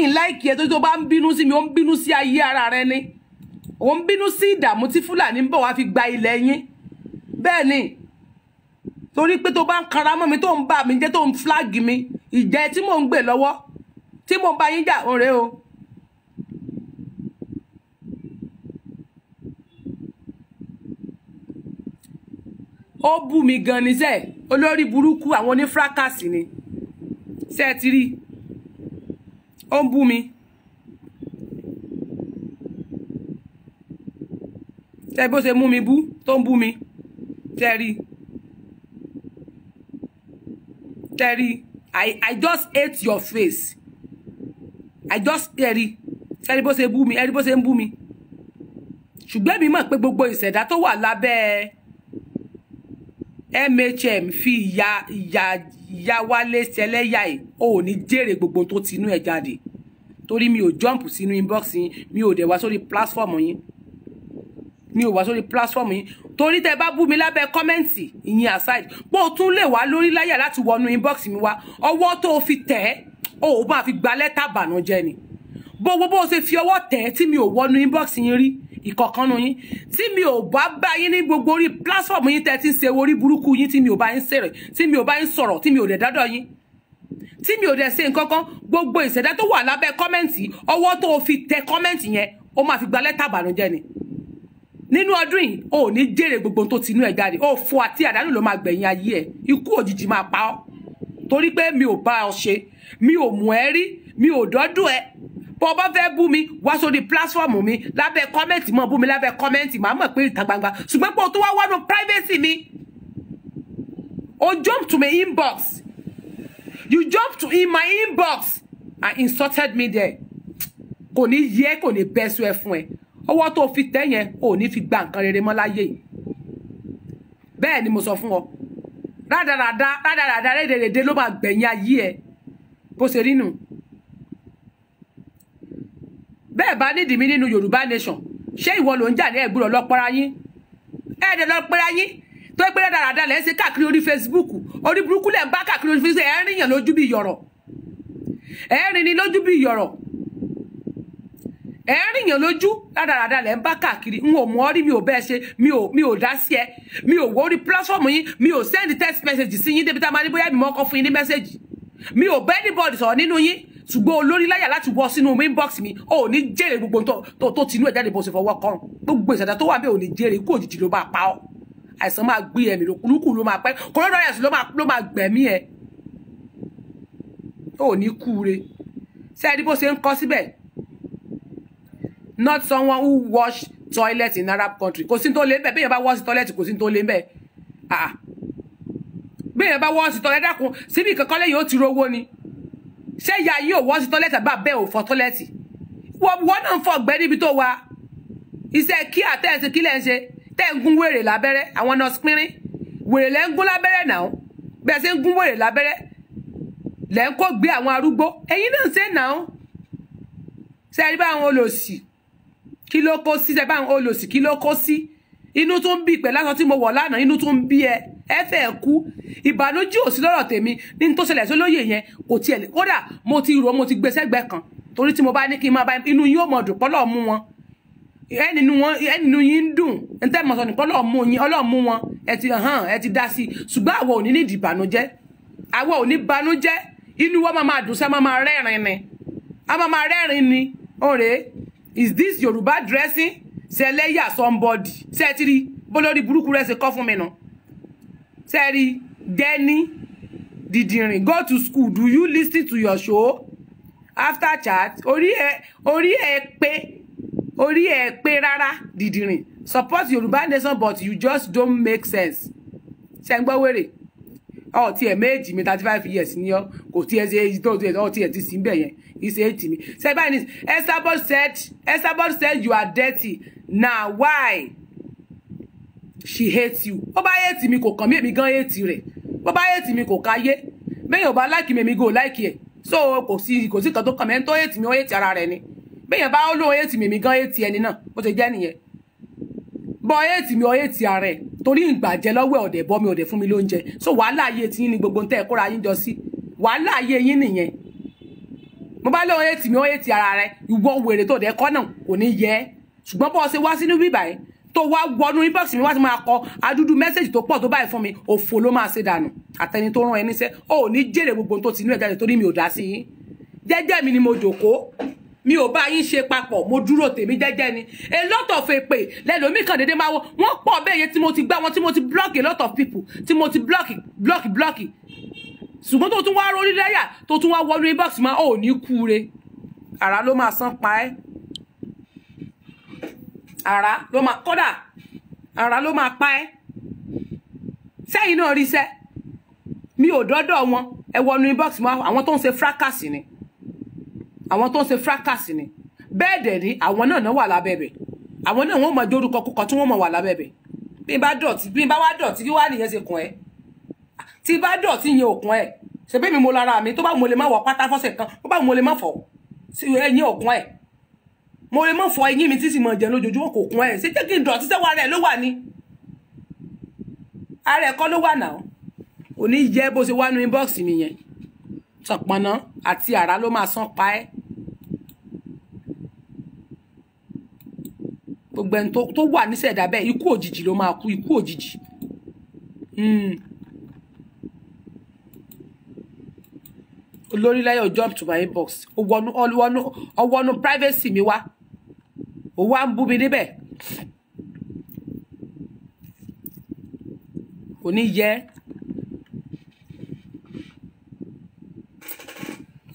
ń láìkì ẹ tó tó bá ń bínú sí mi ó ń bínú sí ayé ara rẹ ni ó ń bínú sí ìdààmú tí fúlàní ń bọ̀ wá fi gba ilẹ̀ yín bẹ́ẹ̀ ni torí pé tó bá ń kanra mọ́ mi tó ń bà mí jẹ́ tó ń flag mi ìjẹ́ tí mò ń gbè lọ́wọ́ tí mo bá yín jà ọ̀rẹ́ o. ó bù mí gan ni sẹ́ẹ̀ olórí burúkú àwọn onífrákàsì ni sẹ́ẹ̀ ti rí ó ń bù mí. tẹ bó ṣe mú mi bú tó ń bú mi tẹ rí i. Terry, I, I just hate your face. I just Terry. Terry say ṣe bú mi, Terry bó ṣe ń bú mi. Ṣùgbọ́n mi mọ̀ pé gbogbo ìṣẹ̀dá tó wà lábẹ́ MHM fi ya ya. ìyá wálé ṣẹlẹ́yà ẹ̀ ò ní jèrè gbogbo to tinú ẹ̀ jáde. Torí mi ò jump sínú inbox yín, mi ò dẹ̀ wá sórí platform yín. Mi ò wá sórí platform yín torí tẹ bá bú mi lábẹ́ kọ́mẹ́ǹtì ìyìn aside pé o tún lè wá lórí láyà láti wọnú inbox mi wá ọwọ́ tó o fi tẹ̀ ẹ́ o ò máa fi gba lẹ́tà bànújẹ́ ni bó bó o ṣe fi ọwọ́ tẹ̀ ẹ́ tí mi ò wọnú inbox yín rí ìkọ̀kànnú yín tí mi ò bá bá yín ní gbogbo orí platform yín tẹ́ ti ń ṣe orí burúkú yín tí mi ò bá yín ṣèrè tí mi ò bá yín sọ̀rọ̀ tí mi ò dẹ̀ dádọ̀ yín tí mi ò dẹ̀ ṣe nǹkan kan gbogbo ìṣẹ̀dá tó wà lábẹ́ kọ́mẹ́ǹtì ọwọ́ tó o fi tẹ kọ́mẹ́ǹtì yẹn ó máa fi gba lẹ́tà bànújẹ́ ni nínú ọdún yìí o ò ní jèrè gbogbo tó ti inú ẹ jáde o fo àti àdánù ló máa gbẹ̀yìn ayé ẹ ikú òjijì máa pa ọ́ torí pé mi ò bá ọ ṣe mi ò mú ẹ rí mi ò dọ́dún ẹ bó bá fẹ́ bú mi wá sórí platform mi lábẹ́ kọ́mẹ́ǹtì mọ́ bú mi lábẹ́ kọ́mẹ́ǹtì màá mọ̀ pé ìta gbangba ṣùgbọ́n pé o tó wá wọnú privacy mi o jump to my inbox you jump to in my inbox and insulted me there kò ní yẹ kò ní bẹ́ sọ ẹ fún ẹ ọwọ́ tó fi tẹ̀ yẹn ò ní fi gba nǹkan rere mọ́ láyé yìí bẹ́ẹ̀ ni mo sọ fún ọ rádaràda rádaràda rédèrèdè ló máa gbẹ̀yìn ayé ẹ bó ṣe rí nù bẹ́ẹ̀ bá nídìí mi nínú yorùbá nation ṣé ìwọ ló ń jà ní ẹ̀gbúrọ̀ lọ́pọ̀ra yín ẹ̀ẹ́dẹ̀ lọ́pọ̀ra yín tó pé rádaràda lẹ́ ń ṣe káàkiri orí facebook orí burúkú lẹ́ ń bá káàkiri orí facebook ẹ̀ ń rìyàn lójú bí yọ̀rọ̀ ẹ̀ ń rin ni lójú bí yọ̀rọ̀ ẹ ń rìyàn lójú rádaràda lẹ ń bá káàkiri n ò mọ rí mi ò bẹ́ẹ̀ ṣe mi ò mi ò dá sí ẹ mi ò wọ orí platform yín mi ò send text message sí yín débi tá a máa ní bóyá mi mọ́ ọkọ fún yín ní message mi ò bẹ́ẹ̀ anybody sọ̀rọ̀ nínú yín ṣùgbọ́n olórí láyà láti wọ sínú inbox mi ò ní jèrè gbogbo tó tó tinú ẹ̀ jáde bó ṣe fọwọ́ kàn gbogbo ìṣẹ̀dá tó wà bẹ́ẹ̀ ò ní jèrè kó òjijì ló máa pa ọ́ àìsàn máa gbé ẹ̀mí lókùlùkù ló máa pẹ́ coronavirus ló máa gbẹ̀mí ẹ̀ ò ní kúure ṣé ẹni bó ṣe ń kọ́ síbẹ̀ not someone who wash toilet in Arab country kò sí tó lé bẹ́ẹ̀ bẹ́ẹ̀ bá wash toilet kò sí tó lé bẹ́ẹ̀ ah, ah. bẹ́ẹ̀ bá wash toilet dákun síbi kankan lẹ́yìn ó ti rówó ni ṣé ìyá yìí ò wash toilet àbá bẹ́ẹ̀ ò fọ toilet wọ́n náà ń fọ ọ̀gbẹ́ níbi tó wa. iṣẹ́ kí àtẹ̀sí kílẹ̀ ń ṣe tẹ́ ń gún wèrè lábẹ́rẹ́ àwọn nọ́ọ̀sì pínrín wèrè lẹ́ ń gún lábẹ́rẹ́ náà bẹ́ẹ̀ ṣe ń gún wèrè lábẹ́rẹ́ lẹ́ ń kó gbé àwọn arúgbó ẹ̀yin náà ṣe náà ṣe rí bá àwọn olòṣì kí ló kó sí ṣe bá ń olòṣì kí ló kó sí inú tó ń bí ìpẹ́ lásán tí mo wọ̀ lánàá inú tó ń bí ẹ ẹ fẹ́ kú ìbànújẹ́ òsì lọ́rọ̀ tèmi ní tó ṣẹlẹ̀ sólóyè yẹn kò tiẹ̀ kódà mo ti rò mo ti gbé sẹ́gbẹ́ kan torí tí mo bá ní kí n máa bá inú yín ò mọ̀ dùn pọ́lọ́ mú wọn ẹnìnú wọn ẹnìnú yín ń dùn ní tẹ́ mọ̀ sọ nìkan lọ́ọ̀ mú yín ọlọ́ọ̀ mú wọn ẹ ti hàn ẹ ti dá sí ṣùgbọ́n àwa ò ní nídìí ìbànújẹ́ àwa ò ní banújẹ́ inú wa máa máa dùn sí a máa máa rẹ́rìn ni a is this Yoruba dressing ṣe lẹ́yà somebody ṣe ti rí bólórí burúkú rẹ̀ ṣe kọ́ fún mi nà ṣe rí Jenny Didirin go to school do you listen to your show after chat orí ẹ orí ẹ pé orí ẹ pé rárá Didirin support Yoruba nation but you just don't make sense ṣe ń gbọ́ wèrè ọ̀ tí ẹ̀ méjì mi thirty five years ni ọ́ kò tí ẹ ṣe èyí tó ọ̀ tí ẹ ti sìn bẹ̀ yẹn ìṣe ètì mi. ṣe báyìí ní said Esabod said you are dirty na why she hates you. ó bá hate mi kò kàn mí èmi gan hate rẹ̀ bó bá hate mi kò káyé bẹ́ẹ̀ ò bá like mi èmi gan ò like ẹ̀ so kò sí kò sí kan tó kàn mí ẹni tó hate mi ó hate ara rẹ̀ ni bẹ́ẹ̀ bá ó lóun hate mi èmi gan hate ẹni náà bó ṣe jẹ́ nìyẹn bọ́ éètì mi ọ éètì ara ẹ̀ torí ìgbàjẹ lọ́wọ́ ọ̀dẹ̀ bọ́ mi ọ̀dẹ̀ fún mi lóúnjẹ so wàhálà ayé tí ni gbogbo tẹ́ ẹ kóra yín jọ sí wàhálà ayé yín nìyẹn mo bá lóun éètì mi ọ éètì ara rẹ ìwọ wèrè tó dẹ̀ kọ́ náà kò ní yẹ ẹ́ ṣùgbọ́n bọ́ ọ ṣe wá sínú bíbà ẹ̀ tó wá wọnú inbox mi wá sí máa kọ adúdú mẹ́sẹ̀jì tó pọ̀ tó báyìí fún mi òfò ló máa ṣe dànù àtẹni tó rán ẹ níṣẹ́ ó ní jèrè gbogbo tó ti inú jáde torí mi ò dá sí yín jẹ́jẹ́ mi ni mo jòkó mi ò bá yín ṣe papọ̀ mo dúró tèmi jẹ́jẹ́ ni a lot of èpè lẹ́lòmíì kan déédéé máa wọ wọ́n pọ̀ bẹ́yẹ tí mo ti gbá wọn tí mo ti block a lot of people tí mo ti block block block ṣùgbọ́n tó tún wá rórí lẹ́yà tó tún wá wọnú inbox máa ò ní kúure ara ló máa san pa ẹ́ ara ló máa kódà ara ló máa pa ẹ́ sẹ́yìn náà rí sẹ́ mi ò dọ́dọ̀ wọn ẹ wọnú inbox máa àwọn tó ń ṣe fracas ni àwọn tó ń ṣe fracas ni bẹ́ẹ̀ dẹ̀ ni àwọn náà náà wà lábẹ́bẹ̀ àwọn náà wọ́n mọ dórúkọ kúkọ tí wọ́n mọ̀ wà lábẹ́bẹ̀ bí n bá dọ̀tí bí n bá wá dọ̀tí kí wá nìyẹn ṣe kàn ẹ́ tí bá dọ̀tí yẹn ò kàn ẹ́ ṣebí mi mo lára mi tó bá mo lè má wọ pátá fọ́sẹ̀ kan tó bá mo lè má fọ ẹyin ò kàn ẹ́ mo lè má fọ ẹyin mi tí sì mọ jẹ lójoojúmọ́ kò kàn ẹ́ ṣé jẹ́ kí n dọ̀tí sẹ́wọ́ ara ẹ̀ ló wà ni ara ẹ̀ kọ́ ló wà náà òní jẹ́ bó ṣe wá nu inbox mi yẹn tọ̀pọ̀nà àti àrá ló máa sán pa ẹ́ gbogbo ẹni tó wà níṣẹ̀dá bẹ́ẹ̀ ikú òjijì ló máa kú ikú òjijì. Hmm. olórílẹ̀yọ̀ jump to my inbox ọwọ́nu privacy mi wá òwò à ń bú mi níbẹ̀ kò ní yẹ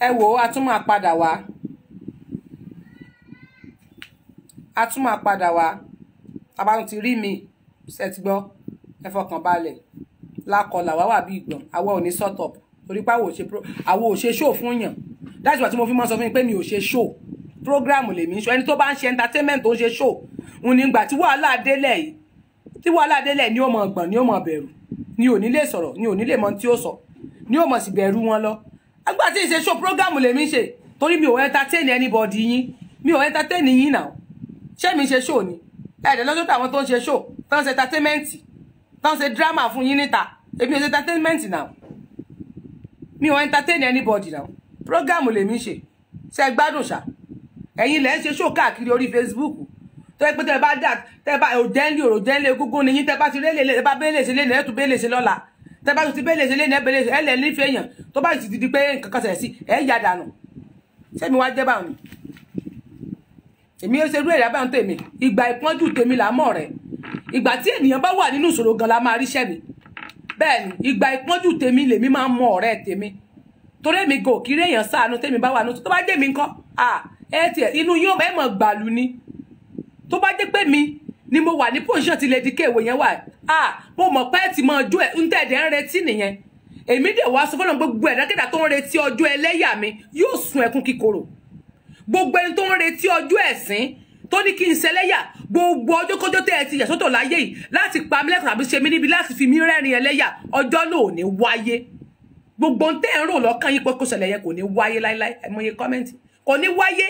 ẹ wò ó a tún máa a tún máa padà wá abánu ti rí mi ṣe ti gbọ́ ẹ fọkàn lákọlà wá wà bí ìgbọ̀n àwa ò ní sort up torí pé àwọn ò ṣe show fún yàn that's why tí mo fi máa sọ fún yín pé mi ò ṣe show program lèmi ń ṣe ẹni tó bá ń ṣe entertainment tó ń ṣe show òun ni ìgbà tí wàhálà délẹ̀ yìí tí wàhálà délẹ̀ ni ó mọ̀ gbọ̀n ni ó mọ̀ bẹ̀rù ni ò ní lè sọ̀rọ̀ ni ò ní lè mọ tí ó sọ ni ó mọ̀ sì bẹ̀rù wọn lọ agbá tí ìṣe show lèmi ṣe torí mi ò entertain anybody yín mi ò entertain yín náà ṣé mi ṣe ṣóò ni ẹ̀ẹ́dẹ̀ lọ́sọ́dọ̀ àwọn tó ń ṣe ṣóò tó ń ṣe entertainmenti tó ń ṣe drama fún yín níta èmi ò ṣe entertainmenti náà mi ò entertain anybody náà programu lèmi ṣe ṣe gbádùn ṣá ẹ̀yin lẹ́ ń ṣe ṣóò káàkiri orí Facebook tó yẹ pé tẹ bá dà tẹ bá òdẹ́ńlé òròdẹ́ńlé gúngún ni yín tẹ bá ti rélé tẹ bá bẹ́ẹ̀lẹ̀ ṣe lẹ́nu ẹ̀tún bẹ́ẹ̀lẹ̀ ṣe lọ́la tẹ bá ti bẹ́ẹ̀lẹ̀ ṣe lẹ́nu ẹ̀bẹ̀lẹ̀ ṣe ẹ̀lẹ̀ nífẹ̀ẹ́ èèyàn tó bá ti di pé nǹkan kan ṣẹlẹ̀ sí ẹ̀ yá dànù sẹ́mi wá jẹ́ báwọn ni èmi ẹ ṣerú èrè abáhùn tèmi ìgbà ìpọ́njú tèmi là mọ̀ rẹ̀ ìgbà tí ènìyàn bá wà nínú ìṣòro gan la máa ríṣẹ́ mi bẹ́ẹ̀ ni ìgbà ìpọ́njú tèmi lèmi máa ń mọ ọ̀rẹ́ tèmi torí èmi gò kí réèyàn sáànù tèmi bá wà nù tó bá jẹ́ mi ńkọ́ ẹ tiẹ̀ inú yóò ẹ mọ̀ gbàlù ni tó bá jẹ́ pé mi ni mo wà ní pòṣíọ̀ ti lè di kéèwé yẹn wà mo mọ̀ pé ẹ ti mọ ojú ẹ ń tẹ̀dẹ̀ ń retí nìyẹn èmi dẹ̀ wá sọ fọ́nà gbogbo ẹ̀dákẹ́dà tó ń retí ọjọ́ ẹlẹ́yà mi yóò sun ẹkún kíkorò gbogbo ẹni tó ń retí ọjọ́ ẹ̀sìn tó ní kí n ṣẹlẹ́yà gbogbo ọjọ́ kọjọ́ tẹ́ ẹ ti yàsọ́tọ̀ láyé yìí láti pa mí lẹ́kọ̀ọ́ àbí ṣe mí níbi láti fi mí rẹ́rìn ẹlẹ́yà ọjọ́ náà ò ní wáyé gbogbo tẹ́ ẹ̀ ń rò lọ́kàn yín pé kò ṣẹlẹ̀ yẹn kò ní wáyé láíláí ẹ̀mọye kọ́mẹ́ǹtì kò ní wáyé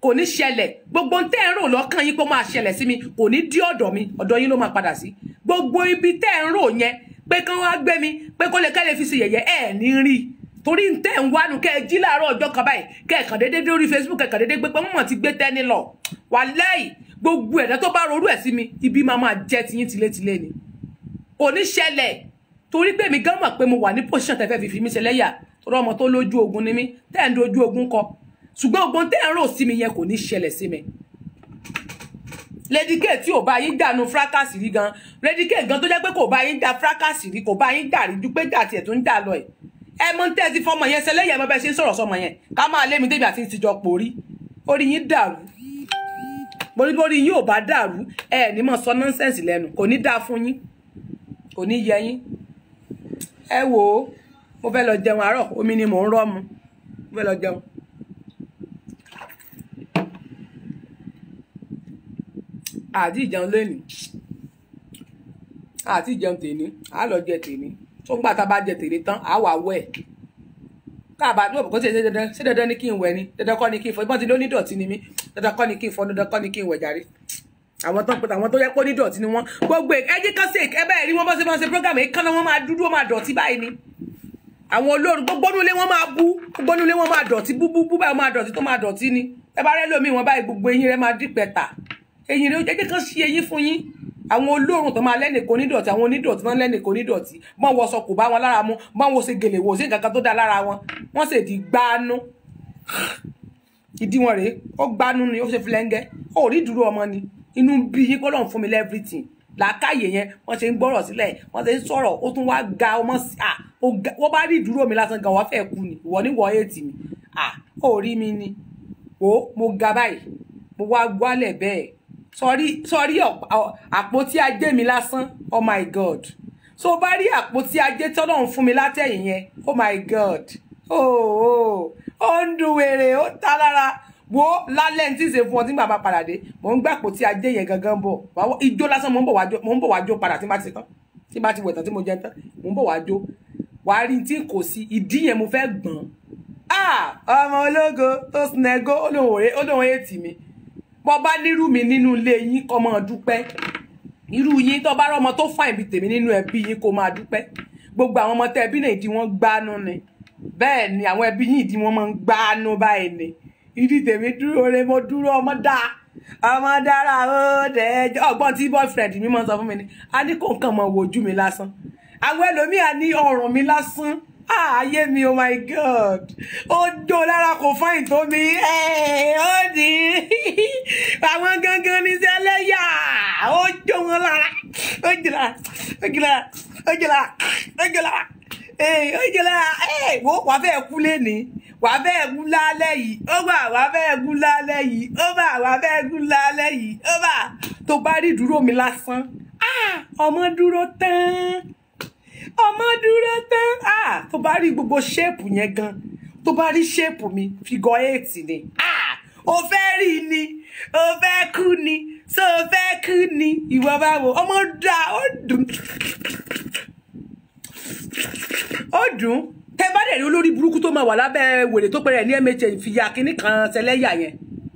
kò ní ṣẹlẹ̀ gbogbo tẹ́ ẹ̀ ń rò lọ́kàn yín pé máa ṣẹlẹ̀ sí mi kò ní dí ọ̀dọ̀ mi ọ̀dọ̀ yín ló máa padà sí gbogbo ibi tẹ́ ẹ̀ ń rò yẹn pé kán wá gbé mi pé kó lè kẹ́lẹ́ fi sí yẹ̀yẹ́ ẹ̀ ní rí torí ń tẹ̀ ń wánu kẹ́ ẹ jí láàárọ̀ ọjọ́ kan báyìí kẹ́ ẹ déédéé dé orí facebook ẹ kàn déédéé gbé pé mọ̀ ti gbé tẹ́ni lọ wàláì gbogbo ẹ̀dá tó bá rorú ẹ̀ sí mi ibi máa máa jẹ́ tiyín tilétilé ni kò ní ṣẹlẹ̀ torí pé mi gan mọ̀ pé mo wà ní pòṣíṣàn tẹ́fẹ́ fífi mi ṣe lẹ́yà torí ọmọ tó lójú ogun ni mí tẹ́ ń dojú ogun kọ ṣùgbọ́n ogun tẹ́ ń rò sí mi yẹn kò ní ṣẹlẹ̀ sí mi Lady K tí ò bá yín dànù fracas rí gan Lady gan tó jẹ́ pé kò bá yín dà fracas rí kò bá yín dà rí ju pé dà tiẹ̀ tó ń dà lọ ẹ̀ ẹ mọ ń tẹ́tí fọmọ yẹn ṣe lẹ́yìn ẹ mọ bẹ́ẹ̀ ṣe ń sọ̀rọ̀ sọmọ yẹn ká máa lé mi débi àti ìtìjọ porí orí yín dàrú borí borí yín ò bá dàrú ẹ ní mọ̀ sọ nọ́ńsẹ̀nsì lẹ́nu kò ní dáa fún yín kò ní yẹ yín ẹ wò ó mo fẹ́ lọ jẹun àárọ̀ omi ni mò ń rọ́ mu mo fẹ́ lọ jẹun. àti ìjẹun lónìí àti ìjẹun tèmi àá tèmi tó ń gbà tá a bá jẹ tèrè tán á wà wẹ̀ káàbà ní òbúkọ́ sí ṣe dandan ṣe dandan ní kí n wẹ̀ ni dandan kọ́ ni kí n fọ ibọ́n ti ló ní dọ̀tí ni mí dandan kọ́ ni kí n fọ dandan kọ́ ni kí n wẹ̀ jàre àwọn tó ń pẹ̀tà àwọn tó yẹ kó ní dọ̀tí ni wọ́n gbogbo ẹjẹ́ kan sí ẹ bẹ́ẹ̀ rí wọ́n bọ́ sí bọ́ sí program yìí kán náà wọ́n máa dúdú wọ́n máa dọ̀tí báyìí ni àwọn olórin gbogbo nulẹ̀ máa bú gbogbo nulẹ̀ máa dọ̀tí bú bú báyìí wọ́n máa dọ̀tí tó máa dọ̀tí ni àwọn olóòrùn tó máa lẹ́nìkan onídọ̀tí àwọn onídọ̀tí náà lẹ́nìkan onídọ̀tí bọ́n wọ sọ kò bá wọn lára mu bọ́n wo ṣe gèlè wò sí nǹkan kan tó dá lára wọn wọ́n sì di gbanú ìdí wọn rèé ó gbanú ni ó ṣe filẹ́ńgẹ́ ó rí dúró ọmọ ni inú ń bí yín kọ́lọ́n fún mi lẹ́fìrìtìn làákàyè yẹn wọ́n ṣe ń gbọ́rọ̀ sílẹ̀ wọ́n ṣe ń sọ̀rọ̀ ó tún wá ga ọmọ sí à wọ́n bá rí dúró mi lásán gan wọ́n fẹ́ kú ni ìwọ ní wọ́ èètì mi à ó rí mi ni ó mo ga báyìí mo wá gbálẹ̀ bẹ́ẹ̀ Sorry, sorry. àpótí ajé mi lásán oh my god so bá rí àpótí ajé tọ́lọ́run fún mi látẹ̀yìn yẹn oh my god oh, oh. ó ń dùn wèrè ó ta lára wo lálẹ́ ní tí ń ṣe fún ọ tí ń bàbá padà dé mò ń gbà àpótí ajé yẹn gangan bọ̀ ijó lásán mò ń bọ̀ wá jó padà tí n bá ti ṣe tán tí n bá ti wẹ̀ tán tí mo jẹ tán mò ń bọ̀ wá jó wàá rí tí kò sí ìdí yẹn mo fẹ́ gbọ̀n ah! ọmọ ológo tó sinẹ́gó olóhùn etí mi bọ́ bá nírú mi nínú ilé yín kọ́ máa dúpẹ́ irú yín tó bá rọ́mọ tó fà ìbí tèmi nínú ẹbí yín kó máa dúpẹ́ gbogbo àwọn ọmọ tẹ ẹbí náà ìdí wọn gbánú ni bẹ́ẹ̀ ni àwọn ẹbí yín ìdí wọn máa ń gbánú báyìí ni ìdí tèmi dúró re mo dúró ọmọ dáa ọmọ dára ó dẹjọ ọgbọ́n tí boyfriend mi máa ń sọ fún mi ni a ní kó nǹkan mọ wojú mi lásán àwọn ẹlòmíà ní ọrùn mi lásán Ah, ayé mi oh my god ó dó lára kò fáyìn tó mi eh, ó ní àwọn gangan ní sẹlẹ́yà ó jó wọn lára ó jìlá ó jìlá ó jìlá ó jìlá ó jìlá wo wà fẹ́ kú lẹ́ni wà fẹ́ kú lálẹ́ yìí ó bà wà fẹ́ kú lálẹ́ yìí ó bà wà fẹ́ kú lálẹ́ yìí ó bà tó bá rí dúró mi lásán ah, ọmọ dúró tán ọmọ dúró tán ah tó bá rí gbogbo ṣéèpù yẹn gan tó bá rí ṣéèpù mi figọ éètì ni ah o fẹ́ rí ni o fẹ́ kú ni so o fẹ́ kú ni ìwọ báwo ọmọ dá ó dùn ó dùn tẹ bá dẹ̀ rí olórí burúkú tó máa wà lábẹ́ wèrè tó pẹ̀rẹ̀ ní mh fìyà kínní kan ṣẹlẹ́yà yẹn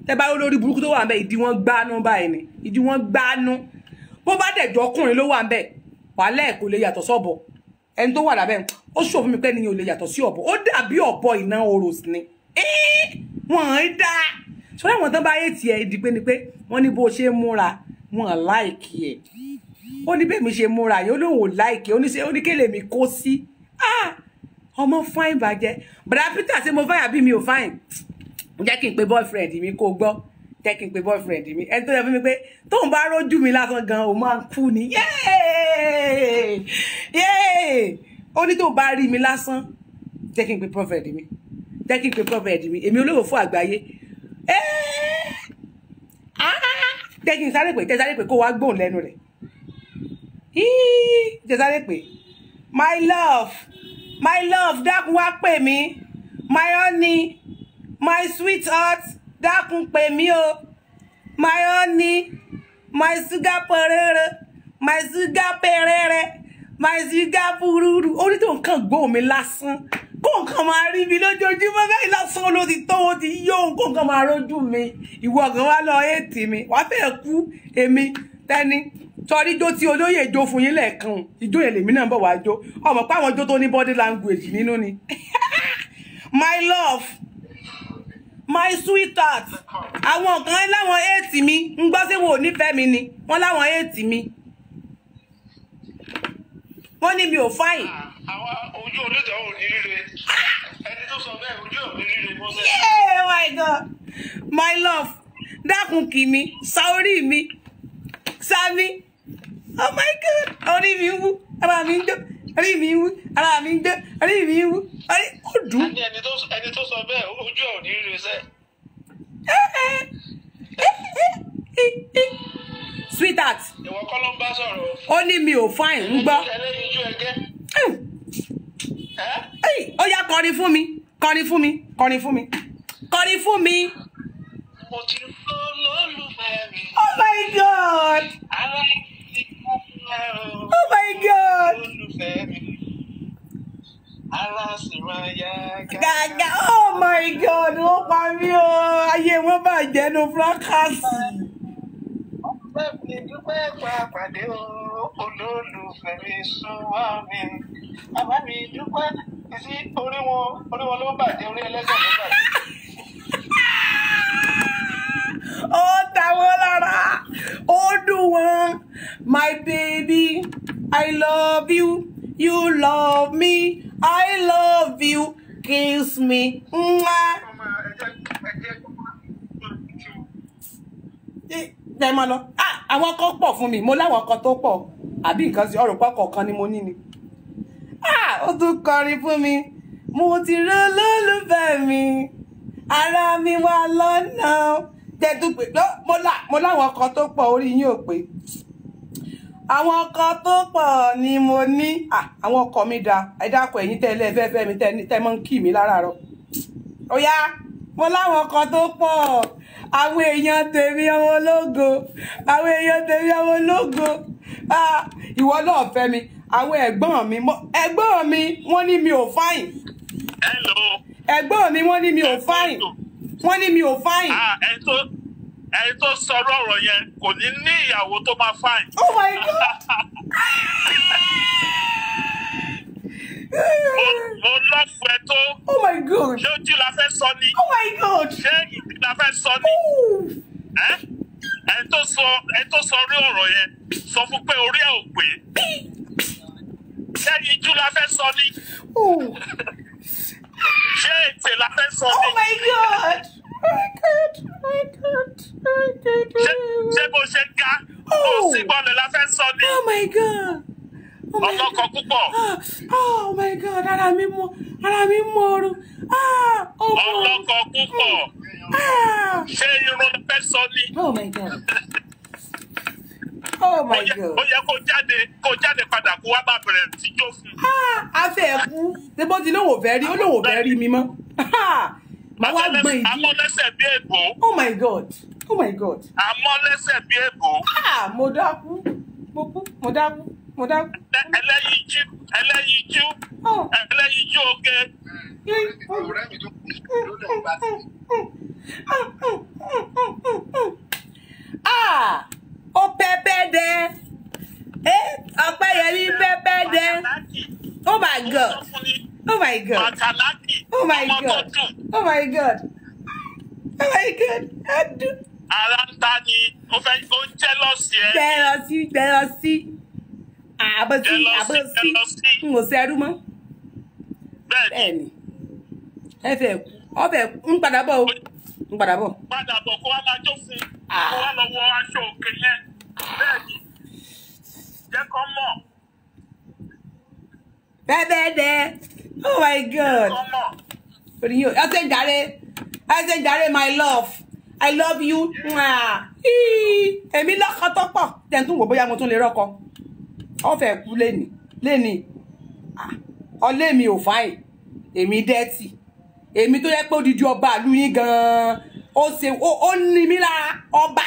tẹ bá rí olórí burúkú tó wà ń bẹ ìdí wọn gbánú báyìí ni ìdí wọn gbánú bó bá dẹ̀ jọkùnrin ló wà ń bẹ wàhálà ẹ̀ kò lè yàtọ̀ sọ́bọ̀ ẹni tó wà lábẹ́ ó ṣòro fún mi pé ẹnìyàn ò lè yàtọ̀ sí ọ̀bọ ó dàbí ọ̀bọ ìná oros ni wọ́n ń dá ṣọlá wọn tán bá yé tiẹ̀ ìdí pé ni pé wọ́n ní bó ṣe múra wọn láìkì ẹ̀ ó ní bẹ́ẹ̀ mi ṣe múra yìí ó lóun láìkì ó ní ṣe ó ní kéle mi kó sí ah! ọmọ fáìn bàjẹ́ bàdà Peter ṣe mo fáyà bí mi ò fáìn jẹ́ kí n pe boyfriend mi kó gbọ́ jẹ́ kí n boyfriend mi ẹni tó yẹ fún mi pé tóun bá rójú mi lásán gan òun máa ń kú ni ó ní tóun bá rí mi lásán jẹ́ kí n pe boyfriend mi jẹ́ kí n pe boyfriend mi èmi olówó fún àgbáyé jẹ́ kí n sáré pé jẹ́ sáré pé kó wá gbóhùn lẹ́nu rẹ̀ jẹ́ pé my love my love dákun wá pè mí my honey my sweetheart dákun pè mí o my honey my sugar pẹrẹrẹ my sugar pẹrẹrẹ my sugar burúrú orí tó nǹkan gbóhùn mi lásán kó nǹkan máa rí mi lójoojúmọ́ bẹ́ẹ̀ lásán ló ti tó ti yó kó nǹkan máa rójú mi ìwọ gan wá lọ ètì mi wá fẹ́ kú èmi tẹ́ni torí jó tí olóyè jó fún yín lẹ́ẹ̀kan ìjó yẹn lèmi náà bọ̀ wá jó ọmọ pé àwọn jó tó ní body language nínú ni my love my sweetheart àwọn kan láwọn éètì mi ń gbọ́ sí wo nífẹ̀ẹ́ mi ni wọ́n láwọn éètì mi wọ́n ní mi ò fáyìn. Ah, àwa ojú oníjà ò ní líle ẹni tó sọ bẹ́ẹ̀ ojú ò ní líle mọ́sẹ̀. yeah oh my god my love dákun kì mí sa orí mi sa mi oh my god orí mi ń wú ara mi ń jó rí mi wú ara mi gbé rí mi wú rí ó dùn. àti ẹni tó sọ bẹ́ẹ̀ ojú ẹ̀ ò ní rí sẹ́. Eh, eh, eh, sweetheart. ìwọ kọ́ ló ń bá sọ̀rọ̀. ó ní mi ò fáìn ń gbọ́. ẹlẹ́yin ojú ẹgẹ́. ó yá kọrin fún mi kọrin fún mi kọrin fún mi kọrin fún mi. mo ti lọ lọ́lùfẹ́ mi. oh my god. Oh my God. Gàgà oh my God Oh my God! o ayé wọn bàjẹ́ nu flọ́kàsì. Ọ̀pẹ́ mi Oh, ta oh, lára ó my baby i love you you love me i love you kiss me. ẹ máa lọ ah, àwọn kan pọ̀ fún mi mo láwọn kan tó pọ̀ àbí nǹkan sí ọ̀rùn pọ̀ kọ̀ọ̀kan ni mo ní ni ah, ó tún kọrin fún mi mo ti rán lólùfẹ́ mi ara mi wà lọ́nà tẹ́tùpé mo láwọn kan tó pọ̀ orí yín ò pé àwọn ọkọ tó pọ̀ ni mo ní àwọn ọkọ mi da ẹ dákọ̀ ẹ̀yin tẹ́lẹ̀ fẹ́fẹ́ mi tẹ́ mọ́ ń kì mí láràárọ̀ ó yá mo láwọn ọkọ tó pọ̀ àwọn èèyàn tèmi ọmọ ológo àwọn èèyàn tèmi ọmọ ológo ìwọ náà fẹ́ mi àwọn ẹ̀gbọ́n mi ẹ̀gbọ́n mi wọ́n ní mi ò fáyìn ẹ̀gbọ́n mi wọ́n ní mi ò fáyìn wọ́n ní mi ò fáyìn. Ah, ẹni tó ẹni tó sọ̀rọ̀ ọ̀rọ̀ yẹn kò ní ní ìyàwó tó máa fáyìn. oh my god. mo lọ́fù tó. oh my god. ṣé ojú la fẹ́ sọ ni. oh my god. ṣé ìdí la fẹ́ sọ ni. ẹni tó sọ ẹni tó sọ orí yẹn sọ fún pé orí ẹ ò pé. ṣé ìjú la fẹ́ sọ ni ṣé ètè la fẹ́ sọ oh my god my god my god my god. ṣé my God! ga bó oh. sì gbọ́dọ̀ la fẹ́ sọ oh my god. Oh ọlọ́kọ ah, oh my god ara mi mọ ara mi mọ̀ọ́rù. Ah, ọlọ́kọ púpọ̀. Hmm. Ah. ṣé irun la fẹ́ sọ oh my god. Oh ó yẹ kó jáde kó jáde padà kó wá bá bẹ̀rẹ̀ sí jó fún. a fẹ́ ẹ kú débó ti lóun ò fẹ́ rí ó lóun ò fẹ́ rí mi mọ́ mo wá bí èbó. oh my god oh my god. amọ́lẹ́sẹ̀ bí èbó. mo dákú mo kú mo dákú mo dákú. ẹlẹ́yinjú ẹlẹ́yinjú ẹlẹ́yinjú oh. oge. ọ̀rẹ́ mi tó kù ló lè gbà ó pẹ́pẹ́ dẹ ẹ ọ̀pẹ́yẹmí pẹ́pẹ́ dẹ oh, oh, oh, oh my god oh my god oh my god oh my god oh my god adùn. ara ń ta ni ó fẹ́ ó ń jẹ́ lọ sí ẹ. jẹ́ lọ sí jẹ́ lọ sí àbọ̀sí àbọ̀sí n ò sẹ́rú mọ́. bẹ́ẹ̀ ni ẹ fẹ́ kú ọbẹ̀ ń padà bọ̀ o ń padà bọ̀. padà bọ̀ kó wá máa jófin ah. kó wá lọ wọ aṣọ òkè yẹn bẹ́ẹ̀ ni jẹ́ kó mọ̀. bẹ́ẹ̀bẹ́ẹ̀dẹ́ oh my god orí yóò ẹ ṣe jàre ẹ ṣe jàre my love i love you èmi lọ́kọ tó pọ̀ tẹ̀ntún wò bóyá mo tún lè rọ́kọ ọ̀fẹ́ kú lẹ́ni lẹ́ni ah. ọ̀lẹ́mi ò fáìn èmi dẹ́tì èmi tó yẹ pé odidi ọba ìlú yín gan-an ó ṣe ó ní mí lára ọba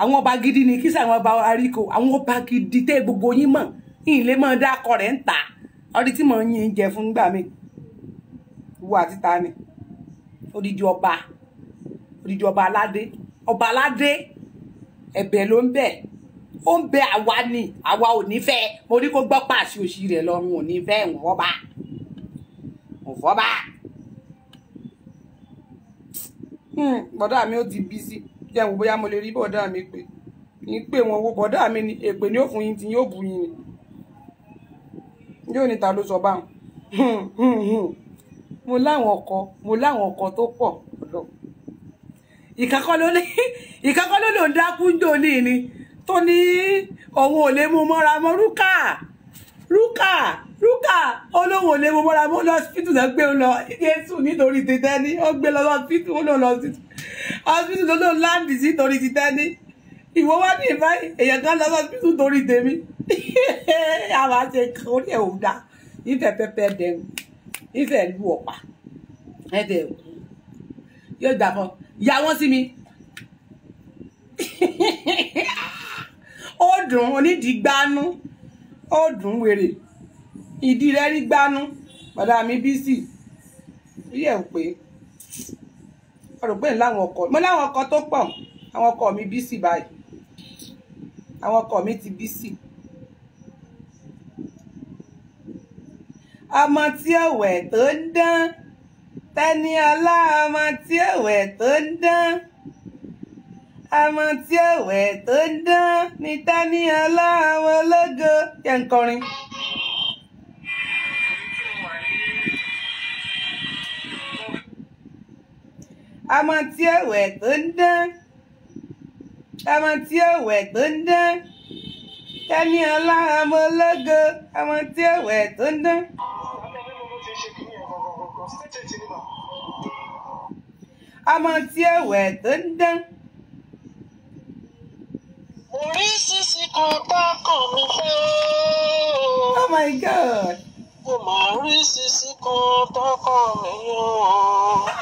àwọn ọba gidi ni kí sàwọn ọba aríko àwọn ọba gidi tẹ́ gbogbo yín mọ̀ yìí lè mọ̀ dá akọ rẹ̀ ń ta ọdí tí mò ń yin jẹ fún gbà mí wo àti ta ni odidi ọba odidi ọba aládé ọba aládé ẹ̀bẹ̀ ló ń bẹ̀ ó ń bẹ àwa ni àwa ò ní fẹ́ mo ní kó gbọ́ pàṣẹ òṣì rẹ̀ lọ́rùn ò ní fẹ́ ìwọ̀n ọba ìwọ̀n ọba. Hmm, bọ̀dá mi ó ti bí sí jẹun bóyá mo lè rí bọ̀dá mi pé ní pé wọn wo bọ̀dá mi ni èpè ni ó fún yín tí yóò bù yín ni yóò níta ló sọ báwọn hmm, hmm, mo láwọn ọkọ mo láwọn ọkọ tó pọ̀ lọ ìkákọ́ ló ló ń dákú ń jò ní ni tó ní òun ò lè mú mọ́ra mọ́ rúkà rúkà rúkà olówó lè mo mọ́ra mo lọ hospital náà gbé lọ jésù nítorí títẹ́ ní ó gbé lọ hospital ó lò lọ hospital ló lò láǹdì sí torí títẹ́ ní ìwọ wá ní ìbáyìí èèyàn kan lọ hospital torí tèmi àwọn àti ẹ̀kan orí ẹ̀ ò dá ìfẹ́ pẹ́pẹ́ dẹ̀wù ìfẹ́ lu ọ̀pá ẹ̀ dẹ̀wù yóò dàbọ̀ yà wọ́n sí mi ó dùn onídìí gbánú ó dùn wèrè ìdí rẹ rí gbánú bàdá mi bísí rí ẹ̀ pé ọ̀rọ̀ pé láwọn ọkọ mo láwọn ọkọ tó pọ̀ àwọn ọkọ mi bísí báyìí àwọn ọkọ mi ti bísí. ọmọ tí ọ̀wẹ̀ tó ń dán tẹni ọlá ọmọ tí ọ̀wẹ̀ tó ń dán ọmọ tí ọ̀wẹ̀ tó ń dán ní tẹni ọlá ọmọ ológo yẹn ọmọ tí ẹ̀wẹ̀ tó ń dán ọmọ tí ẹ̀wẹ̀ tó ń dán tẹ́ni ọlá ọmọ ológo ọmọ tí ẹ̀wẹ̀ tó ń dán. ọmọ tí ẹ̀wẹ̀ tó ń dán. kan tá a kàn mí fẹ́. Oh my God. mo máa rí sísí kan tá a kàn mí yàn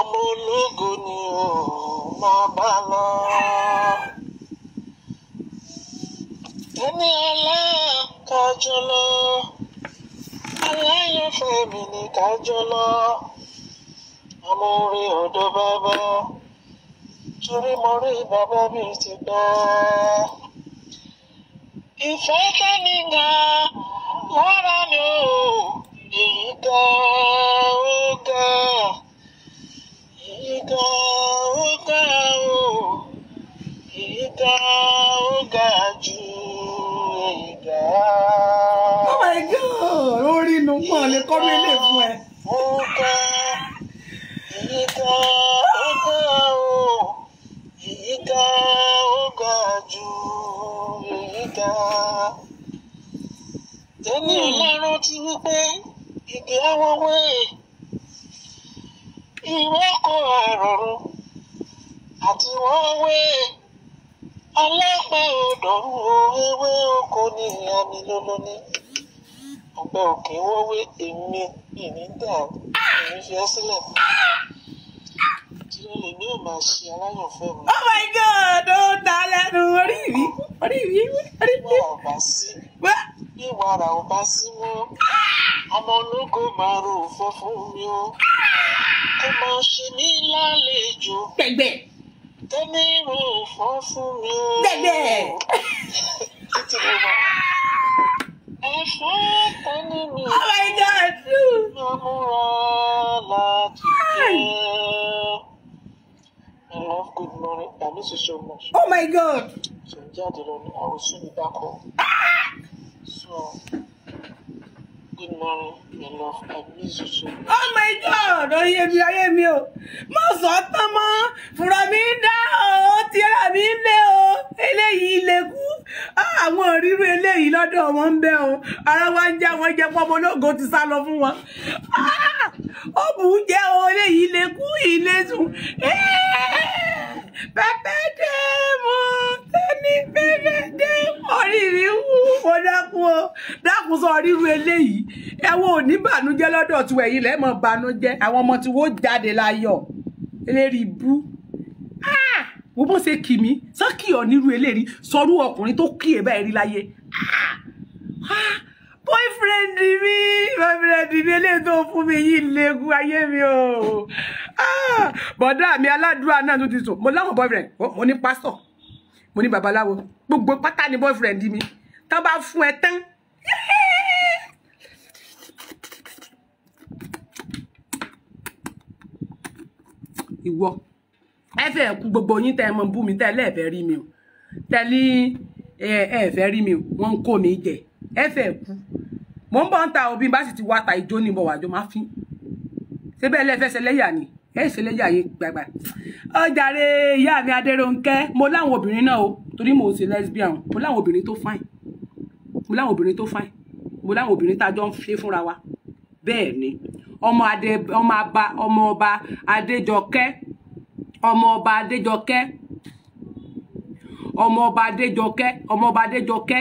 ọmọ ológo ni ó máa bá lọ. ẹni alákàjọ lọ aláyẹ̀fẹ́ mi ní kájọ lọ amóore ọ̀dọ̀ bàbá torí mo rí bàbá mi ti gbọ́. ìfẹ́ tẹ́ni gan lára mi ò èyí gan ó gan ìkà ó ga o ìkà ó ga jù ìkà. oh my god ó rí inú pọ̀ ní kọ́mílì fún ẹ. ó ga ìkà ó ga o ìkà ó ga jù ìkà. èmi ò lárọ́ ti wípé ìgbéyàwó wẹ̀ ìrókò àròrò àti wọ́n wé ọlọ́pẹ́ òdòrú ewé oko ní ìyàmì lólóní ọgbẹ́ òkè wọ́wé èmi ìnídà èmi fi ẹ́ sílẹ̀ tí ó lè ní òmà ṣe aláyọ̀fẹ́ mi. oh my god ó ta lẹ́nu orí mi orí mi orí mi. wà á bá sí bí wàrà ò bá sí mọ́ ọmọ ológo máa ro òfò fún mi o tó máa ṣe mí lálejò. gbẹgbẹ. tẹ́mi rò fọ́ fún mi o. gbẹgbẹ. títí mo máa. mi. oh my god. mo múra láti jẹ́. good morning. I miss you so much. Oh my god. So, jáde I will soon back home. Ah! So oh my god Oh yeah, me! Oh yeah, me! Oh, my mọ fúnra mi ń dá o tiẹ̀ra mi ń lé o eléyìí lè kú ah, àwọn òrírú eléyìí lọ́dọ̀ wọn ń bẹ ah, ara wa ń já wọn jẹ pọ́mọ ológo ti sá lọ fún wọn ah, ó bù ú jẹ́ o eléyìí lè bẹ́ẹ̀ dé mo tẹ́ni bẹ́ẹ̀ dé oríire wú mo dákun o dákun sọ ríru eléyìí ẹwọ ò ní bànújẹ́ lọ́dọ̀ tí wẹ̀yìn lẹ́ mọ̀ bànújẹ́ àwọn ọmọ tí wọ́n jáde láyọ̀ eléri bú ah! wo bó ṣe kì mí sọ kì ọ nírú eléyìí sọrú ọkùnrin tó kì í bẹ́ẹ̀ rí láyé. Ah! Ah! boyfriend mi boyfriend mi eléyìí tó fún mi yìí léegun ayé mi o ah, bọ̀dá mi aládùúrà náà tó ti sùn mo láwọn boyfriend mo ní pásítọ̀ mo ní babaláwo gbogbo pátá ni boyfriend mi tán bá fún ẹ tán ìwọ ẹ fẹ́ kú gbogbo yín tẹ́ ẹ mọ bú mi tẹ́ ẹ lẹ́ẹ̀fẹ́ rí mi o tẹ́lí ẹ ẹ rí mi o wọ́n ń kó mi jẹ ẹ fẹ́ kú mò ń bọ̀ ń ta òbí bá sì ti wá ta ìjó ni mo wà jọ máa fín le bẹ́ẹ̀ lẹ́fẹ́ ṣẹlẹ́yà ni ẹ ṣẹlẹ́yà yẹn gbàgbà ó jàre ìyá mi adérónkẹ́ mo láwọn obìnrin náà o torí mo se lesbian mo láwọn obìnrin tó fine mo láwọn obìnrin tó fine mo láwọn obìnrin tá a jọ ń ṣe fúnra wa bẹ́ẹ̀ ni ade adé ọmọ ọba ọmọ ọba Omo ọmọ ọba adéjọkẹ́ ọmọ ọba adéjọkẹ́ ọmọ ọba adéjọkẹ́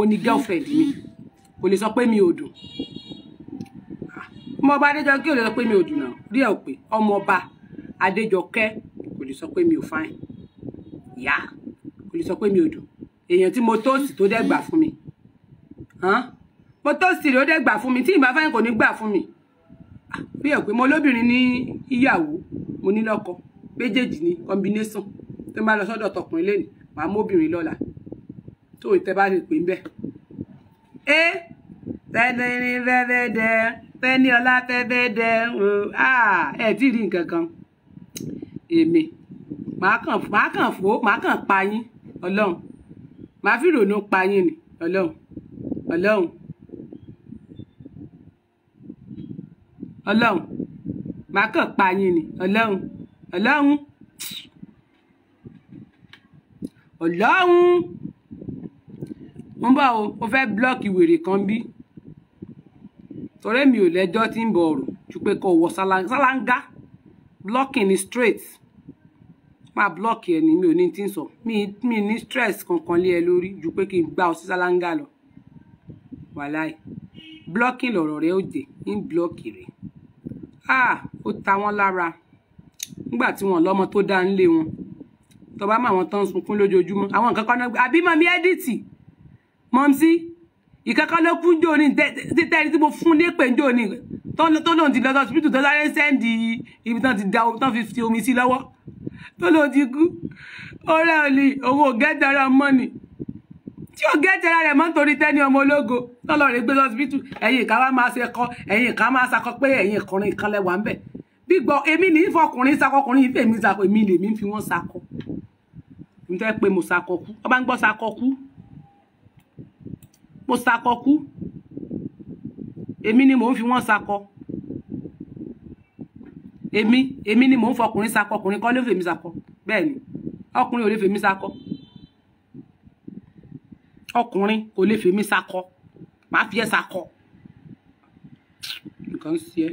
ó ní girlfriend mi kò lè sọ pé mi ò dùn ọmọọba adéjọkẹ́ ò lè sọ pé mi ò dùn náà rí ẹ̀ pé ọmọọba adéjọkẹ́ kò lè sọ pé mi ò fáìn yá kò lè sọ pé mi ò dùn èèyàn tí mo tóòsì tó dẹ́ gbà fún mi mo tóòsì ló dẹ́ gbà fún mi tí ìbá fáìn kò ní gbà fún mi bí ẹ̀ pé mo lóbìnrin ní ìyàwó mo ní lọ́kọ méjèèjì ní combination tó máa lọ sọ́dọ̀ tọkùnrin lẹ́nu màá móbìnrin lọ́la tó ìtẹ́ bá lè pè ń bẹ̀. ẹ tẹ́lẹ̀rin fẹ́fẹ́ dẹ fẹ́ni ọlá fẹ́fẹ́ dẹ mm, ah, ẹ tí ì rí nǹkan kan èmi màá kàn fò màá kàn pa yín ọlọ́run màá fi rònú pa yín ni ọlọ́run ọlọ́run ọlọ́run màá kàn pa yín ni ọlọ́run ọlọ́run ọlọ́run mo ń bọ̀ o mo fẹ́ blọ́ọ̀kì wèrè kan bí torí mi ò lẹ́jọ́ tí ń bọ̀ ọ̀rọ̀ ju pé kò wọ ṣáláńgá blocking ni straight máa blọ́ọ̀kì ẹni mi ò ní tí ń sọ mi ní stress kankan lé ẹ lórí ju pé kí n gbá ọ sí ṣáláńgá lọ wàláì blocking lọ̀rọ̀ rẹ ó dé ní blọ́ọ̀kì rẹ ah ó ta wọ́n lára nígbà tí wọn lọ́mọ tó dá ń lé wọn tọba máa wọn tán sunkún lójoojúmọ́ àwọn nǹkan kan náà àbí mọ̀ mi ẹ́díìtì mọ́mísí ìkẹ́kọ̀ọ́ ló kú jò ní títẹ́rí tí mo fún ní èpè jò ní tó lóun ti lọ́dọ̀ síbítù tó sáré sẹ́ndì ibi tán ti da omi tán fi fi omi sí lọ́wọ́ tó lóun ti kú ọ̀rẹ́ òní òun ò gẹ́ dára mọ́ ni tí ò gẹ́ dára rẹ̀ mọ́ nítorí tẹ́ni ọmọ ológo tọ́lọ̀ rẹ̀ gbé lọ síbítù ẹ̀yìn ìka wá máa ṣe kọ ẹ̀yìn ìka máa sakọ pé ẹ̀yìn ìkọrin kan lẹ́wà ń bẹ̀ gbígbọ́ èmi ní ìfọkùnrin sakọ ọkùnrin ìfẹ́ mi sakọ èmi lèmi fi wọ́n sakọ nítorí pé mo sakọ kú ọba ń gbọ́ sakọ kú mo sakọ kú èmi ni mò ń fi wọ́n sakọ èmi èmi ni mò ń fọkùnrin sakọ ọkùnrin kọ́ ló fèmi sakọ bẹ́ẹ̀ ni ọkùnrin ò lè fèmi sakọ ọkùnrin kò lè fèmi sakọ màá fi ẹ́ sakọ nǹkan ń ṣe ẹ́.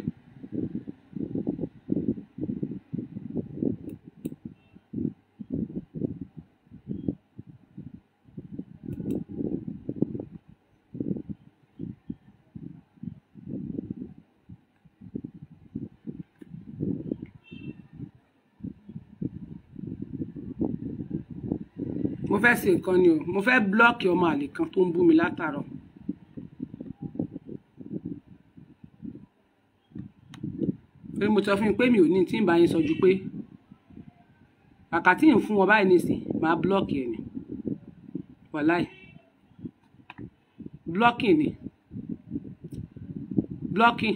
fẹ́ ṣe nǹkan ni o mo fẹ́ blọ́ọ̀kì ọmọ àlè kan tó ń bú mi látàárọ̀ pé mo sọ fún yín pé mi ò ní tí ń bá yín sọ ju pé kàkà tí ń fún wọn báyìí nísìn máa blọ́ọ̀kì ẹ̀ ni wàláì blọ́ọ̀kì ni blọ́ọ̀kì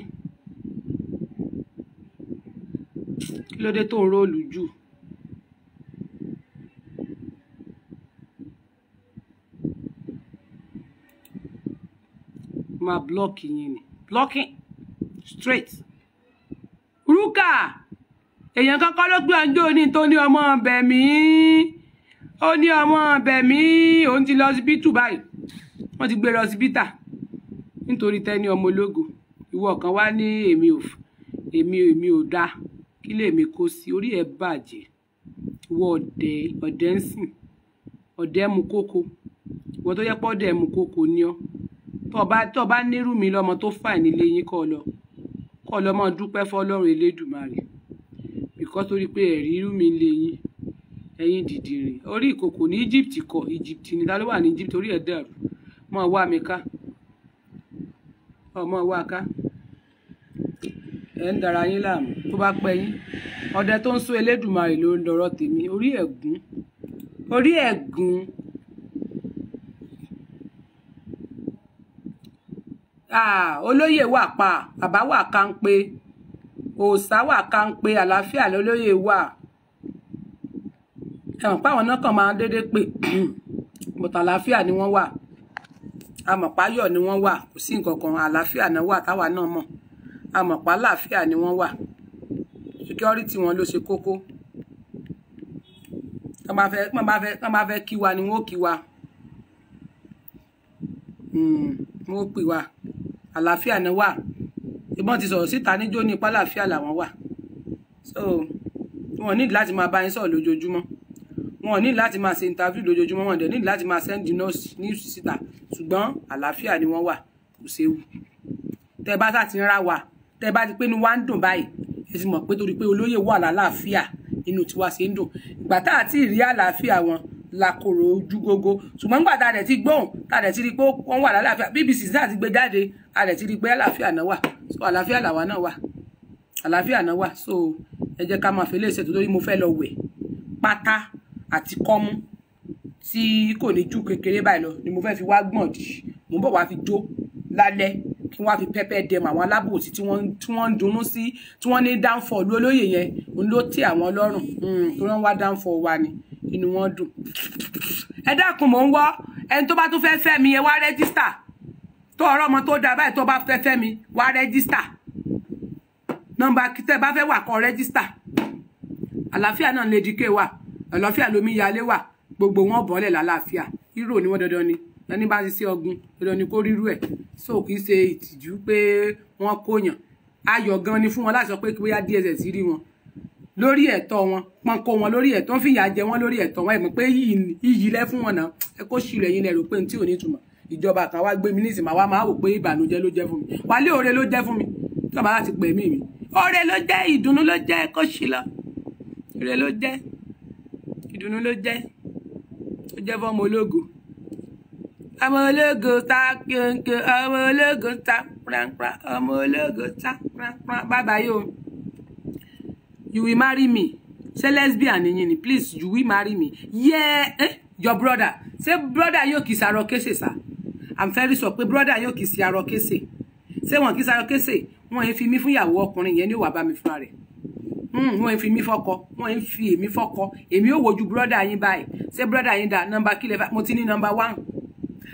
kí ló dé tó ń róòlù jù. máa blọ́ọ̀kì yín ni blocking straight Ruka, èèyàn kankan ló gbé ọjọ́ òní tó ní ọmọ ọbẹ̀ mí ó ní ọmọ ọbẹ̀ mí òun ti lọ ọsibítù báyìí wọ́n ti gbé lọ ọsibítà nítorí tẹ́ni ọmọ ológo ìwọ kan wá ní èmi ò èmi èmi ò dá kí lèmi kó sí orí ẹ̀ bàjẹ́ ìwọ ọ̀dẹ̀ ọ̀dẹ̀ ń sìn ọ̀dẹ̀ mu kókó ìwọ tó yẹ pé ọ̀dẹ̀ mu kókó ni ọ́ tọba tọba nírú mi lọmọ tó fà nílé yín kọ lọ kọ lọ mọ dúpẹ́ fọ́lọ́run elédùmarè bìkọ́ torí pé ẹ̀rí irú mi lé yín ẹ̀yin dìdìrìn orí ìkòkò ní Egypt kọ Egypt ní ta ló wà ní Egypt orí ẹ̀ dẹ̀rù mọ wá mi ká ọmọ wá ká ẹ ń dara yín láàmú tó bá pẹ́ yín ọdẹ tó ń sún elédùmarè ló ń lọ́rọ̀ tèmi orí ẹ̀gún orí ẹ̀gún. Ah, olóyè wà pa bàbá wà kánpé òòsà wà kánpé àlàáfíà lólóyè wà ẹ̀wọ̀n páwọn náà kàn máa déédéé pé bọ̀tà àlàáfíà ni wọ́n wà amọ̀páyọ̀ ni wọ́n wà kò sí nǹkan kan àlàáfíà náà wà táwa náà mọ̀ amọ̀pá àlàáfíà ni wọ́n wà security wọn ló ṣe kókó tọ́n bá fẹ́ kí wa ni wọ́n ó kí wa Hmm, wọn ó pè wá àlàáfíà ni wà ìbọn ti sọ̀rọ̀ síta níjó ní pálàfíà làwọn wà so wọn ní láti máa bá yín sọ̀rọ̀ lójoojúmọ́ wọn ní láti máa ṣe interview lójoojúmọ́ wọn dẹ̀ ní láti máa send news síta ṣùgbọ́n àlàáfíà ni wọ́n wà kò séwu tẹ bá sá ti ń ra wà tẹ bá ti pé inú wa ń dùn báyìí ẹ ti mọ̀ pé torí pé olóyè wà lálàáfíà inú tiwa ṣe ń dùn ìgbà tá àti ìrí àlàáfíà wọn làkòrò ojú gógó ṣùgbọ́n nígbà tá a dẹ̀ ti gbóhùn tá a dẹ̀ ti rí pé wọ́n wà lálàáfíà BBC náà ti gbé jáde a dẹ̀ ti rí pé àlàáfíà náà wà so àlàáfíà làwa náà wà àlàáfíà náà wà so ẹ jẹ́ ká máa fi léèṣẹ́ tó lórí mo fẹ́ lọ wẹ̀ pátá àti kọ́mú tí kò ní jù kékeré báyìí lọ ni mo fẹ́ fi wá gbọ̀n dì mo bọ̀ wá fi jó lálẹ́ kí wọ́n fi pẹ́pẹ́ dẹm àwọn alábòsí tí wọ́n ń dunnú sí tí wọ́n ní dáńfọ̀ olú olóyè yẹn òun ló tẹ àwọn ọlọ́rùn hmm, tó rán wá dáńfọ̀ wa ni inú wọn dùn ẹ dákun mò ń wọ ẹni tó bá tún fẹ́ fẹ́ mi ẹ wá rẹ́gísítà tó ọ̀rọ̀ ọmọ tó dáa báyìí tó bá fẹ́ fẹ́ mi wá rẹ́gísítà nọ́mbà tẹ́ bá fẹ́ wà kọ rẹ́gísítà àlàáfíà náà lè dikẹ́ wà àlàáfíà lomi yalé wà gbogbo wọn bọ́lẹ̀ lálàáfíà irú òní wọn dandan ni lẹni bá ti ṣe ọ̀gùn dandan ni kó rírú ẹ so kì í ṣe ìtìjú pé wọn kóyàn ayọ̀ gan ni fún wọn láti sọ pé kí bóyá DSS rí wọn lórí ẹ̀tọ́ wọn pọnko wọn lórí ẹ̀tọ́ wọn fìyà jẹ wọn lórí ẹ̀tọ́ wọn ẹ mọ̀ pé iyì lẹ fún wọn náà ẹ kó ṣìlọ ẹ̀yin lẹ pé tí ò ní túmọ̀ ìjọba kan wá gbé mi nísìnyí màá wá máa wò pé ìbànújẹ́ ló jẹ́ fún mi wálé oore ló jẹ́ fún mi tọba láti pè mí mi oore ló jẹ́ ìdùnnú ló jẹ́ kó ṣìlọ oore ló jẹ́ ìdùnnú ló jẹ́ ó jẹ́ fọmọ ológo ọmọ ológo ta kéńké ọmọ ológo ta pranpran ọmọ ológo ta pranpran bàbá yóò you will marry me Say lesbian nìyí ni please you will marry me yeah eh? your brother Say brother yóò kì í sarọ sa i'm very sure pé brother yóò kì kese. Say kése ṣé wọn kì í sarọ kése wọn yẹn fi mí fún ìyàwó ọkùnrin yẹn ní ìwà bá mi fúnra rẹ̀ hmm, wọn fi mí fọkọ wọn fi èmi fọkọ èmi ò wojú brọdà yín báyìí ṣé brọdà yín dá nọmba kílẹ mo ti ní nọmba wán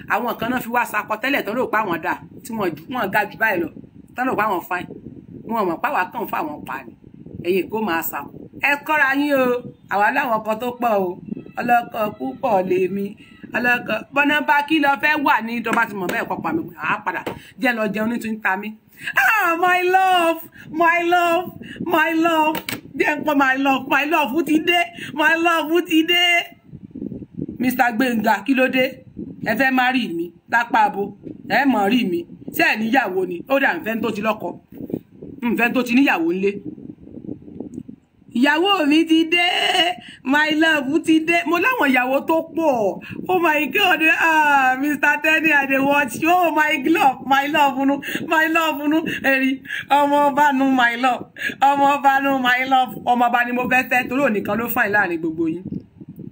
àwọn kan náà fi wá sakọ tẹ́lẹ̀ tán rò pé àwọn dà tí wọn ga jù báyìí lọ tán rò pé àwọn fain wọn mọ̀ pàwọn kan fún àwọn pa ni èyí kó máa sàkó ẹ kọ́ra yín o àwa láwọn kan to pọ̀ o ọlọ́kọ púpọ̀ lèmi ọlọ́kọ bọ́nà bá kí lọ fẹ́ wà ní ìjọba tí mọ̀ bẹ́ẹ̀ kọ́ pa mi àá padà jẹ́ lọ jẹun ní tún ta mí. ah my love my love my love jẹ́ n my love my love ó ti dé my love ó ti dé Mr. Gbénga kí ló dé ẹ fẹ́ má rí mi lápá abo ẹ mọ̀ rí mi ṣé ẹ̀ níyàwó ni ó dà nfẹ́ tó ti lọ́kọ nfẹ́ tó ti níyàwó ńlé ìyàwó mi ti dé my love ti dé mo láwọn ìyàwó tó pọ̀ oh my god ah mr tenny i dey watch you oh my love my love nu my love nu eri ọmọ ọba nu my love ọmọ ọba nu my love ọmọ ọba ni mo fẹ́ fẹ́ torí ònìkan ló fàìn láàrin gbogbo yín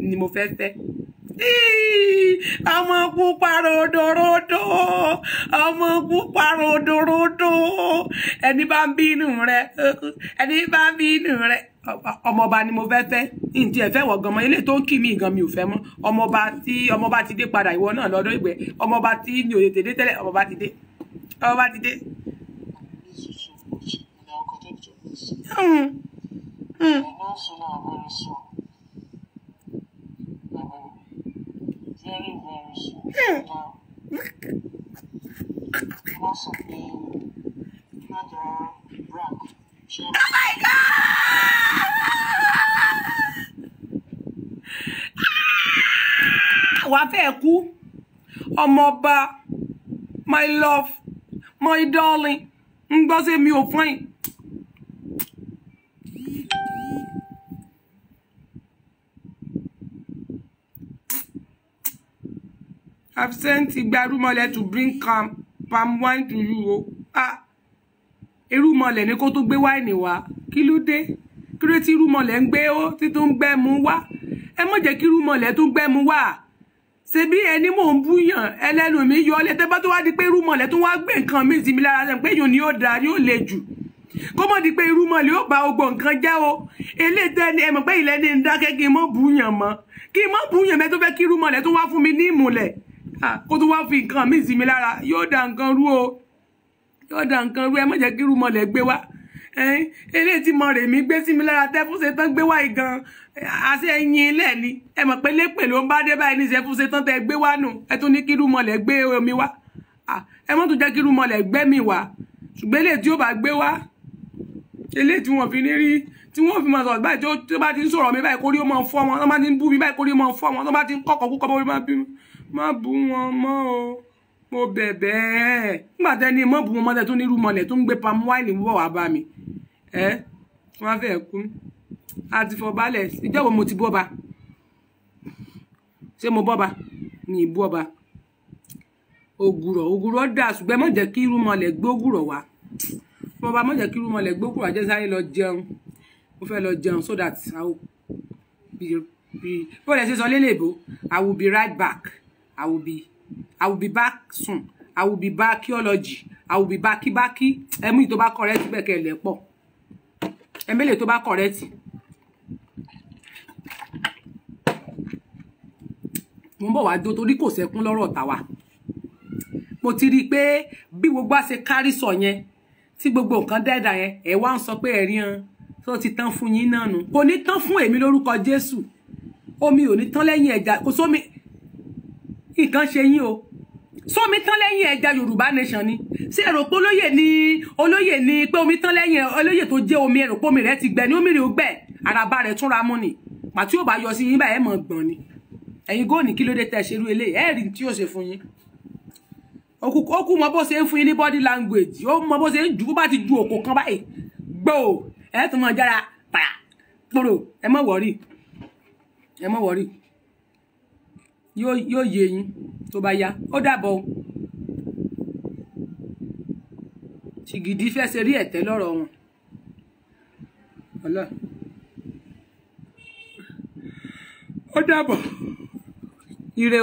ni mo fẹ́ fẹ́ ọmọ pupa rodorodo ọmọ pupa rodorodo ẹni bá ń bínú rẹ ẹni bá ń bínú rẹ ọmọọba ni mo fẹ́ fẹ́ ǹtí wọ̀ gan mọ́ ilé tó ń kì mí gan mi ò fẹ́ mọ́ ọmọọba tí ọmọọba ti dé padà ìwọ náà lọ́dọ̀ ìgbẹ́ ọmọọba tí mi ò lè tèdé tẹ́lẹ̀ ọmọọba ti dé ọmọọba ti dé. Very, very soon. Now, lots of people, Oh my God! Wà á fẹ́ kú. Ọmọọba, my love, my darling, ń gbọ́ sí mi ò fún yìí. I've sent Igbarumole to bring calm, palm wine to you. Oh. Ah irúmọlẹ̀ ni kó tó gbé wáìnì wá kí ló dé kí ló tí irúmọlẹ̀ ń gbé ó tí tó ń gbẹ́ mu wá ẹ má jẹ́ kí irúmọlẹ̀ tó ń gbẹ́ mu wá ṣebí ẹni mò ń búyàn ẹlẹ́nu mi yọ ọlẹ́ tẹ́ bá tó wá di pé irúmọlẹ̀ tó wá gbé nǹkan mi sí lára rẹ̀ pé yòó ni ó dáa ni le jù kó mọ̀ di pé irúmọlẹ̀ ó ba ogbò nǹkan jẹ́ o eléyìí tẹ́ ni ẹ mọ̀ pé ilẹ̀ ní ń dákẹ́ kí n mọ̀ búyàn mọ́ kí n mọ̀ búyàn mẹ́ tó fẹ́ kí irúmọlẹ̀ tó wá fún mi ní ìmùlẹ̀ kó tó wá fi nǹkan mi sí lára yóò da nǹkan rú o yọ̀ọ̀dà nǹkan rú ẹ má jẹ́ kí irú mọ̀lẹ́ gbé wá eléyìí tí mo rè mí gbé sí mi lára tẹ́fúnṣe tán gbé wá ìgan àṣẹ ẹyin ilẹ̀ ni ẹ mọ̀ pé lépè ló ń bá dé báyìí ní ìṣẹ́fúnṣe tán tẹ́ gbé wá nù ẹ tún ní kí irú mọ̀lẹ́ gbé omi wá ẹ mọ́ tún jẹ́ kí irú mọ̀lẹ́ gbé mi wá ṣùgbọ́n eléyìí tí ó bá gbé wá eléyìí tí wọ́n fi ní rí tí wọ́n fi máa sọ̀rọ̀ báyìí tó bá ti ń sọ̀rọ̀ mi báyìí kórí ó máa fọ́ wọn tó bá ti ń bú mi báyìí kórí ó máa fọ́ wọn tó bá ti ń kọ́kọ́ kúkọ́ bó máa bú wọn mọ́ o mo bẹ̀bẹ̀ ẹ́ nígbà tẹ́ ní mọ́ọ̀bù mo mọ́tẹ́ tó nírú mọ́lẹ̀ tó ń gbé pam wáìnì wọ̀ wá bá mi ẹ́ wọ́n fẹ́ kú àti fọ̀bálẹ̀ ìjọba mo ti bọ́ba ṣé mo bọ́ba ní ìbú ọba ògùrọ̀ ògùrọ̀ dà ṣùgbọ́n má jẹ́ kí irú mọ́lẹ̀ gbé ògùrọ̀ wá bọ́ba má jẹ́ kí irú mọ́lẹ̀ gbé ògùrọ̀ ajẹ́ sáré lọ jẹun mo fẹ́ lọ jẹun so that i will be be bó lẹ ṣe sọ lélẹ́bọ̀ i will be right back i will be I will be back soon. I will be back theology. I will be back baki. Ẹmú yìí tó bá correct bẹ́ẹ̀ kẹ́ lẹ̀ pọ̀. Ẹmẹ́lẹ̀ tó bá correct. Mo ń bọ̀ wá jó torí kò sẹ́kún lọ́rọ̀ tàwa. Mo ti rí i pé bí gbogbo àṣẹ kárí sọ yẹn tí gbogbo nǹkan dẹ́dà yẹn ẹ̀ wá ń sọ pé ẹ̀rí hàn tó ti tán fún yín náà nù. Kò ní tán fún èmi lórúkọ Jésù. Omi ò ní tán lẹ́yìn ẹja. Kò mi nǹkan ṣe yín o sómi tán lẹ́yìn ẹja yorùbá nation ni ṣé ẹ rò pé olóyè ni olóyè ni pé omi tán lẹ́yìn olóyè tó jẹ́ omi ẹ rò pé omi rẹ̀ ti gbẹ ni omi rẹ̀ ó gbẹ àràbà rẹ̀ túnra mú ni pàtí ò bá yọ sí yín báyìí ẹ mọ̀ gbọ̀n ni ẹ̀yin góòní kí ló dé tẹ̀ ṣerú eléyìí ẹ̀ rí tí yóò ṣe fún yín ó kú mọ bó ṣe ń fún yín ní body language ó mọ bó ṣe ń ju bó bá ti ju òkò kan báyìí gbò ẹ̀ tún mọ jára pàrà kúrò ẹ mọ̀ wọ̀rí ẹ mọ̀ wọ̀rí yóò yé yín tó bá yá ó dàbọ̀ ṣìgìdì fẹ́ ṣe rí ẹ̀tẹ́ lọ́rọ̀ wọn. ó dàbọ̀ ire o.